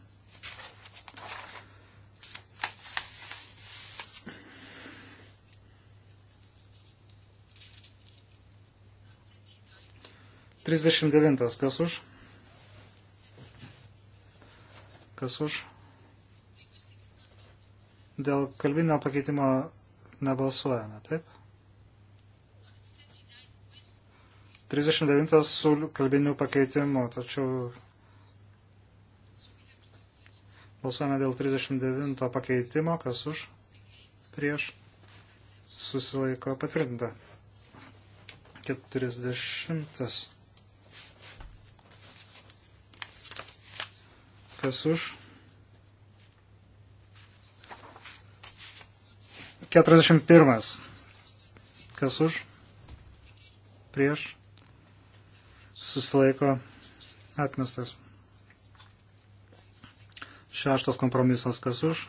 Trisdešimt devintas, kas už? Kas už? Dėl kalbinio pakeitimo nebalsuojame, taip? 39 su kalbiniu pakeitimu, tačiau Balsuojame dėl 39 pakeitimo, kas už, prieš, susilaiko patvirtinta. 40. Kas už? 41. Kas už? Prieš? Susilaiko atmestas. Šeštas kompromisas kas už.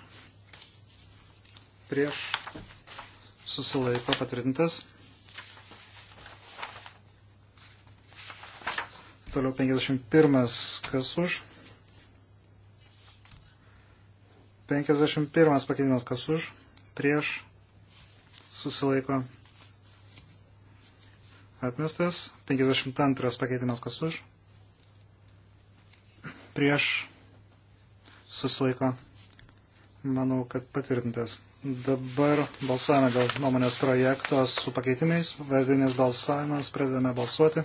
Prieš susilaiko patvirtintas. Toliau 51 kas už. 51 pakeitimas kas už. Prieš susilaiko atmestas. 52 pakeitimas kas už. Prieš susilaiko. Manau, kad patvirtintas. Dabar balsuojame dėl nuomonės projekto su pakeitimais. Vardinis balsavimas, pradedame balsuoti.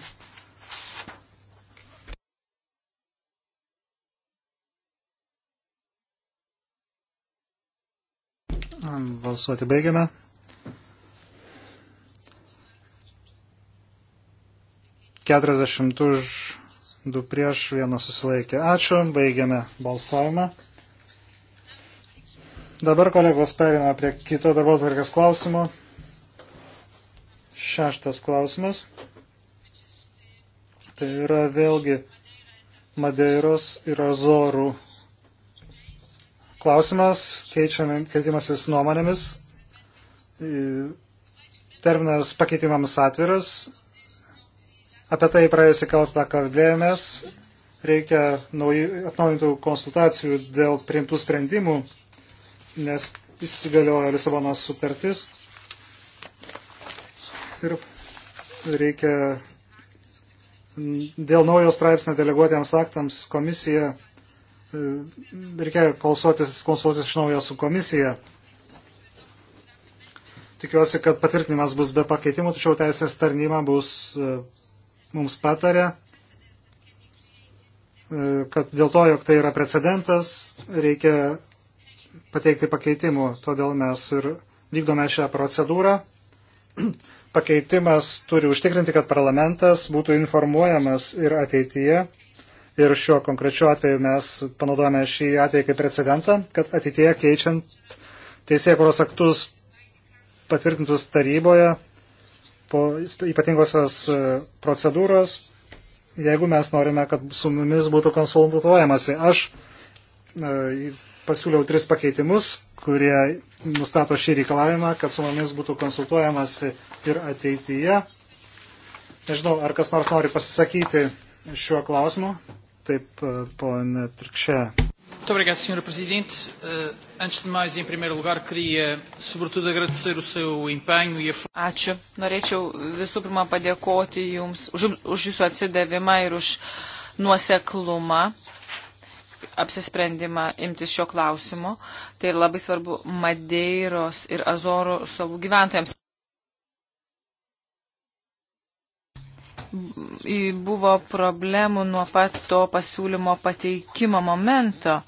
Balsuoti baigiame. Keturiasdešimt už du prieš, vienas susilaikė. Ačiū, baigiame balsavimą. Dabar kolegos perina prie kito darbo tvarkės klausimo. Šeštas klausimas. Tai yra vėlgi Madeiros ir Azorų klausimas, keitimasis nuomonėmis. Terminas pakeitimams atviras, Apie tai praėjusį kartą kalbėjomės. Reikia atnaujintų konsultacijų dėl priimtų sprendimų, nes įsigaliojo Lisabonos sutartis. Ir reikia dėl naujo straipsnio deleguotiems aktams komisija, e, reikia konsultuotis, konsultuotis iš naujo su komisija. Tikiuosi, kad patvirtinimas bus be pakeitimų, tačiau teisės tarnyba bus e, mums patarė, e, kad dėl to, jog tai yra precedentas, reikia pateikti pakeitimų. Todėl mes ir vykdome šią procedūrą. (clears throat) Pakeitimas turi užtikrinti, kad parlamentas būtų informuojamas ir ateityje. Ir šiuo konkrečiu atveju mes panaudojame šį atvejį kaip precedentą, kad ateityje keičiant teisėkuros aktus patvirtintus taryboje po ypatingosios e, procedūros, jeigu mes norime, kad su mumis būtų konsultuojamasi. Aš e, pasiūliau tris pakeitimus, kurie nustato šį reikalavimą, kad su mumis būtų konsultuojamasi ir ateityje. Nežinau, ar kas nors nori pasisakyti šiuo klausimu. Taip, e, ponė Trikšė. Muito obrigado, Sr. Presidente. Uh, antes de mais, em primeiro lugar, queria sobretudo agradecer o seu empenho e a... Ačiū. Norėčiau eh, visų pirma padėkoti Jums už, už Jūsų atsidavimą ir už nuoseklumą, apsisprendimą imtis šio klausimo. Tai labai svarbu Madeiros ir Azorų salų gyventojams. buvo problemų nuo pat to pasiūlymo pateikimo momento.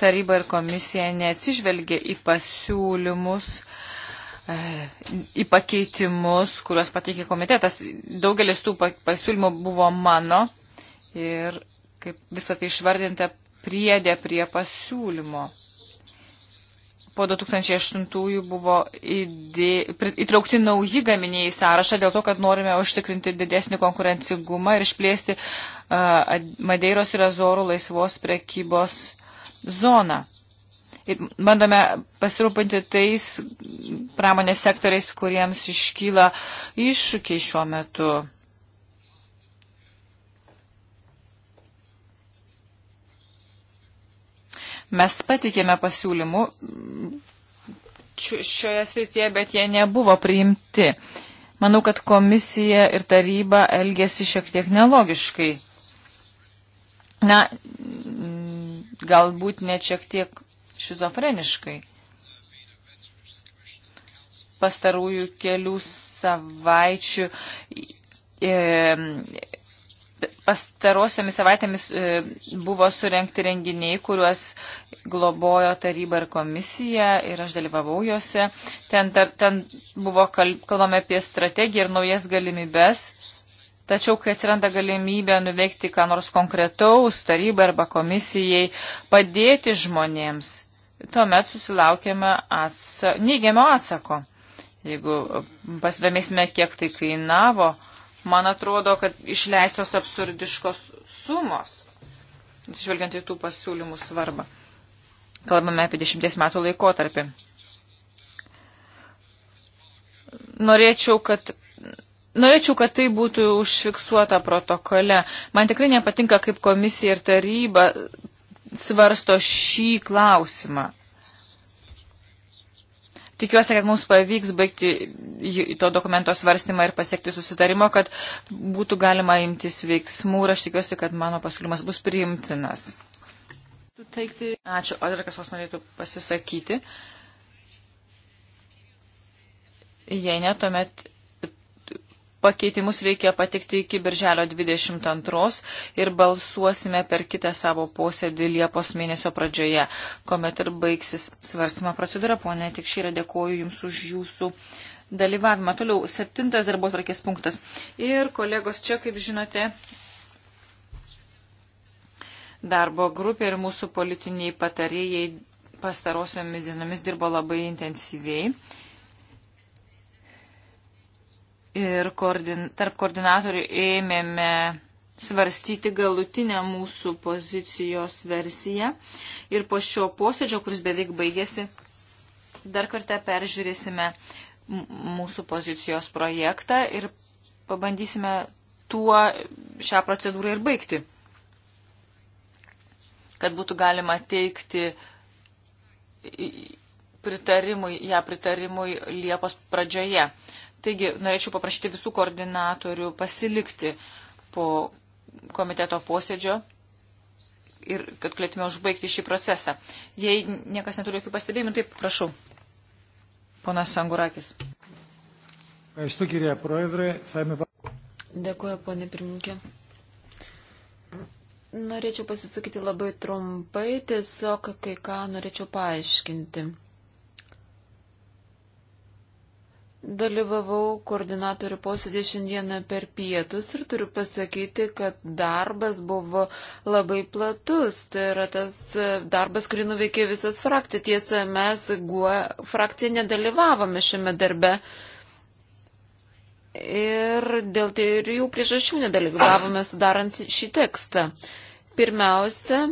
Taryba ir komisija neatsižvelgė į pasiūlymus, e, į pakeitimus, kuriuos pateikė komitetas. Daugelis tų pasiūlymų buvo mano ir kaip visą tai išvardinta priedė prie pasiūlymo po 2008 buvo įdė, įtraukti nauji gaminiai į sąrašą dėl to, kad norime užtikrinti didesnį konkurencingumą ir išplėsti uh, Madeiros ir Azorų laisvos prekybos zoną. Ir bandome pasirūpinti tais pramonės sektoriais, kuriems iškyla iššūkiai šiuo metu. Mes patikėme pasiūlymų šioje srityje, bet jie nebuvo priimti. Manau, kad komisija ir taryba elgėsi šiek tiek nelogiškai. Na, galbūt net šiek tiek šizofreniškai. Pastarųjų kelių savaičių e, pastarosiomis savaitėmis e, buvo surenkti renginiai, kuriuos globojo taryba ir komisija ir aš dalyvavau juose. Ten, tar, ten buvo kalbama apie strategiją ir naujas galimybės. Tačiau, kai atsiranda galimybė nuveikti ką nors konkretaus tarybai arba komisijai, padėti žmonėms, tuomet susilaukėme atsa neigiamo atsako. Jeigu pasidomėsime, kiek tai kainavo, Man atrodo, kad išleistos absurdiškos sumos, žvelgiant į tų pasiūlymų svarbą. Kalbame apie dešimties metų laikotarpį. Norėčiau, kad Norėčiau, kad tai būtų užfiksuota protokole. Man tikrai nepatinka, kaip komisija ir taryba svarsto šį klausimą. Tikiuosi, kad mums pavyks baigti to dokumento svarstymą ir pasiekti susitarimo, kad būtų galima imtis veiksmų ir aš tikiuosi, kad mano pasiūlymas bus priimtinas. Ačiū. O dar kas nors norėtų pasisakyti? Jei ne, tuomet Pakeitimus reikia patikti iki birželio 22 ir balsuosime per kitą savo posėdį Liepos mėnesio pradžioje, kuomet ir baigsis svarstymo procedūra. Pone, tik šį yra dėkoju Jums už Jūsų dalyvavimą. Toliau, septintas darbo tvarkės punktas. Ir kolegos čia, kaip žinote, darbo grupė ir mūsų politiniai patarėjai pastarosiamis dienomis dirbo labai intensyviai ir koordin, tarp koordinatorių ėmėme svarstyti galutinę mūsų pozicijos versiją ir po šio posėdžio, kuris beveik baigėsi, dar kartą peržiūrėsime mūsų pozicijos projektą ir pabandysime tuo šią procedūrą ir baigti, kad būtų galima teikti pritarimui, ją ja, pritarimui Liepos pradžioje. Taigi, norėčiau paprašyti visų koordinatorių pasilikti po komiteto posėdžio ir kad galėtume užbaigti šį procesą. Jei niekas neturi jokių pastebėjimų, taip prašau. Ponas Sangurakis. Dėkuoju, ponė pirmininkė. Norėčiau pasisakyti labai trumpai, tiesiog kai ką norėčiau paaiškinti. Dalyvavau koordinatorių posėdį šiandieną per pietus ir turiu pasakyti, kad darbas buvo labai platus. Tai yra tas e, darbas, kurį nuveikė visas frakcija. Tiesa, mes guo, frakcija nedalyvavome šiame darbe. Ir dėl trijų tai priežasčių nedalyvavome sudarant šį tekstą. Pirmiausia,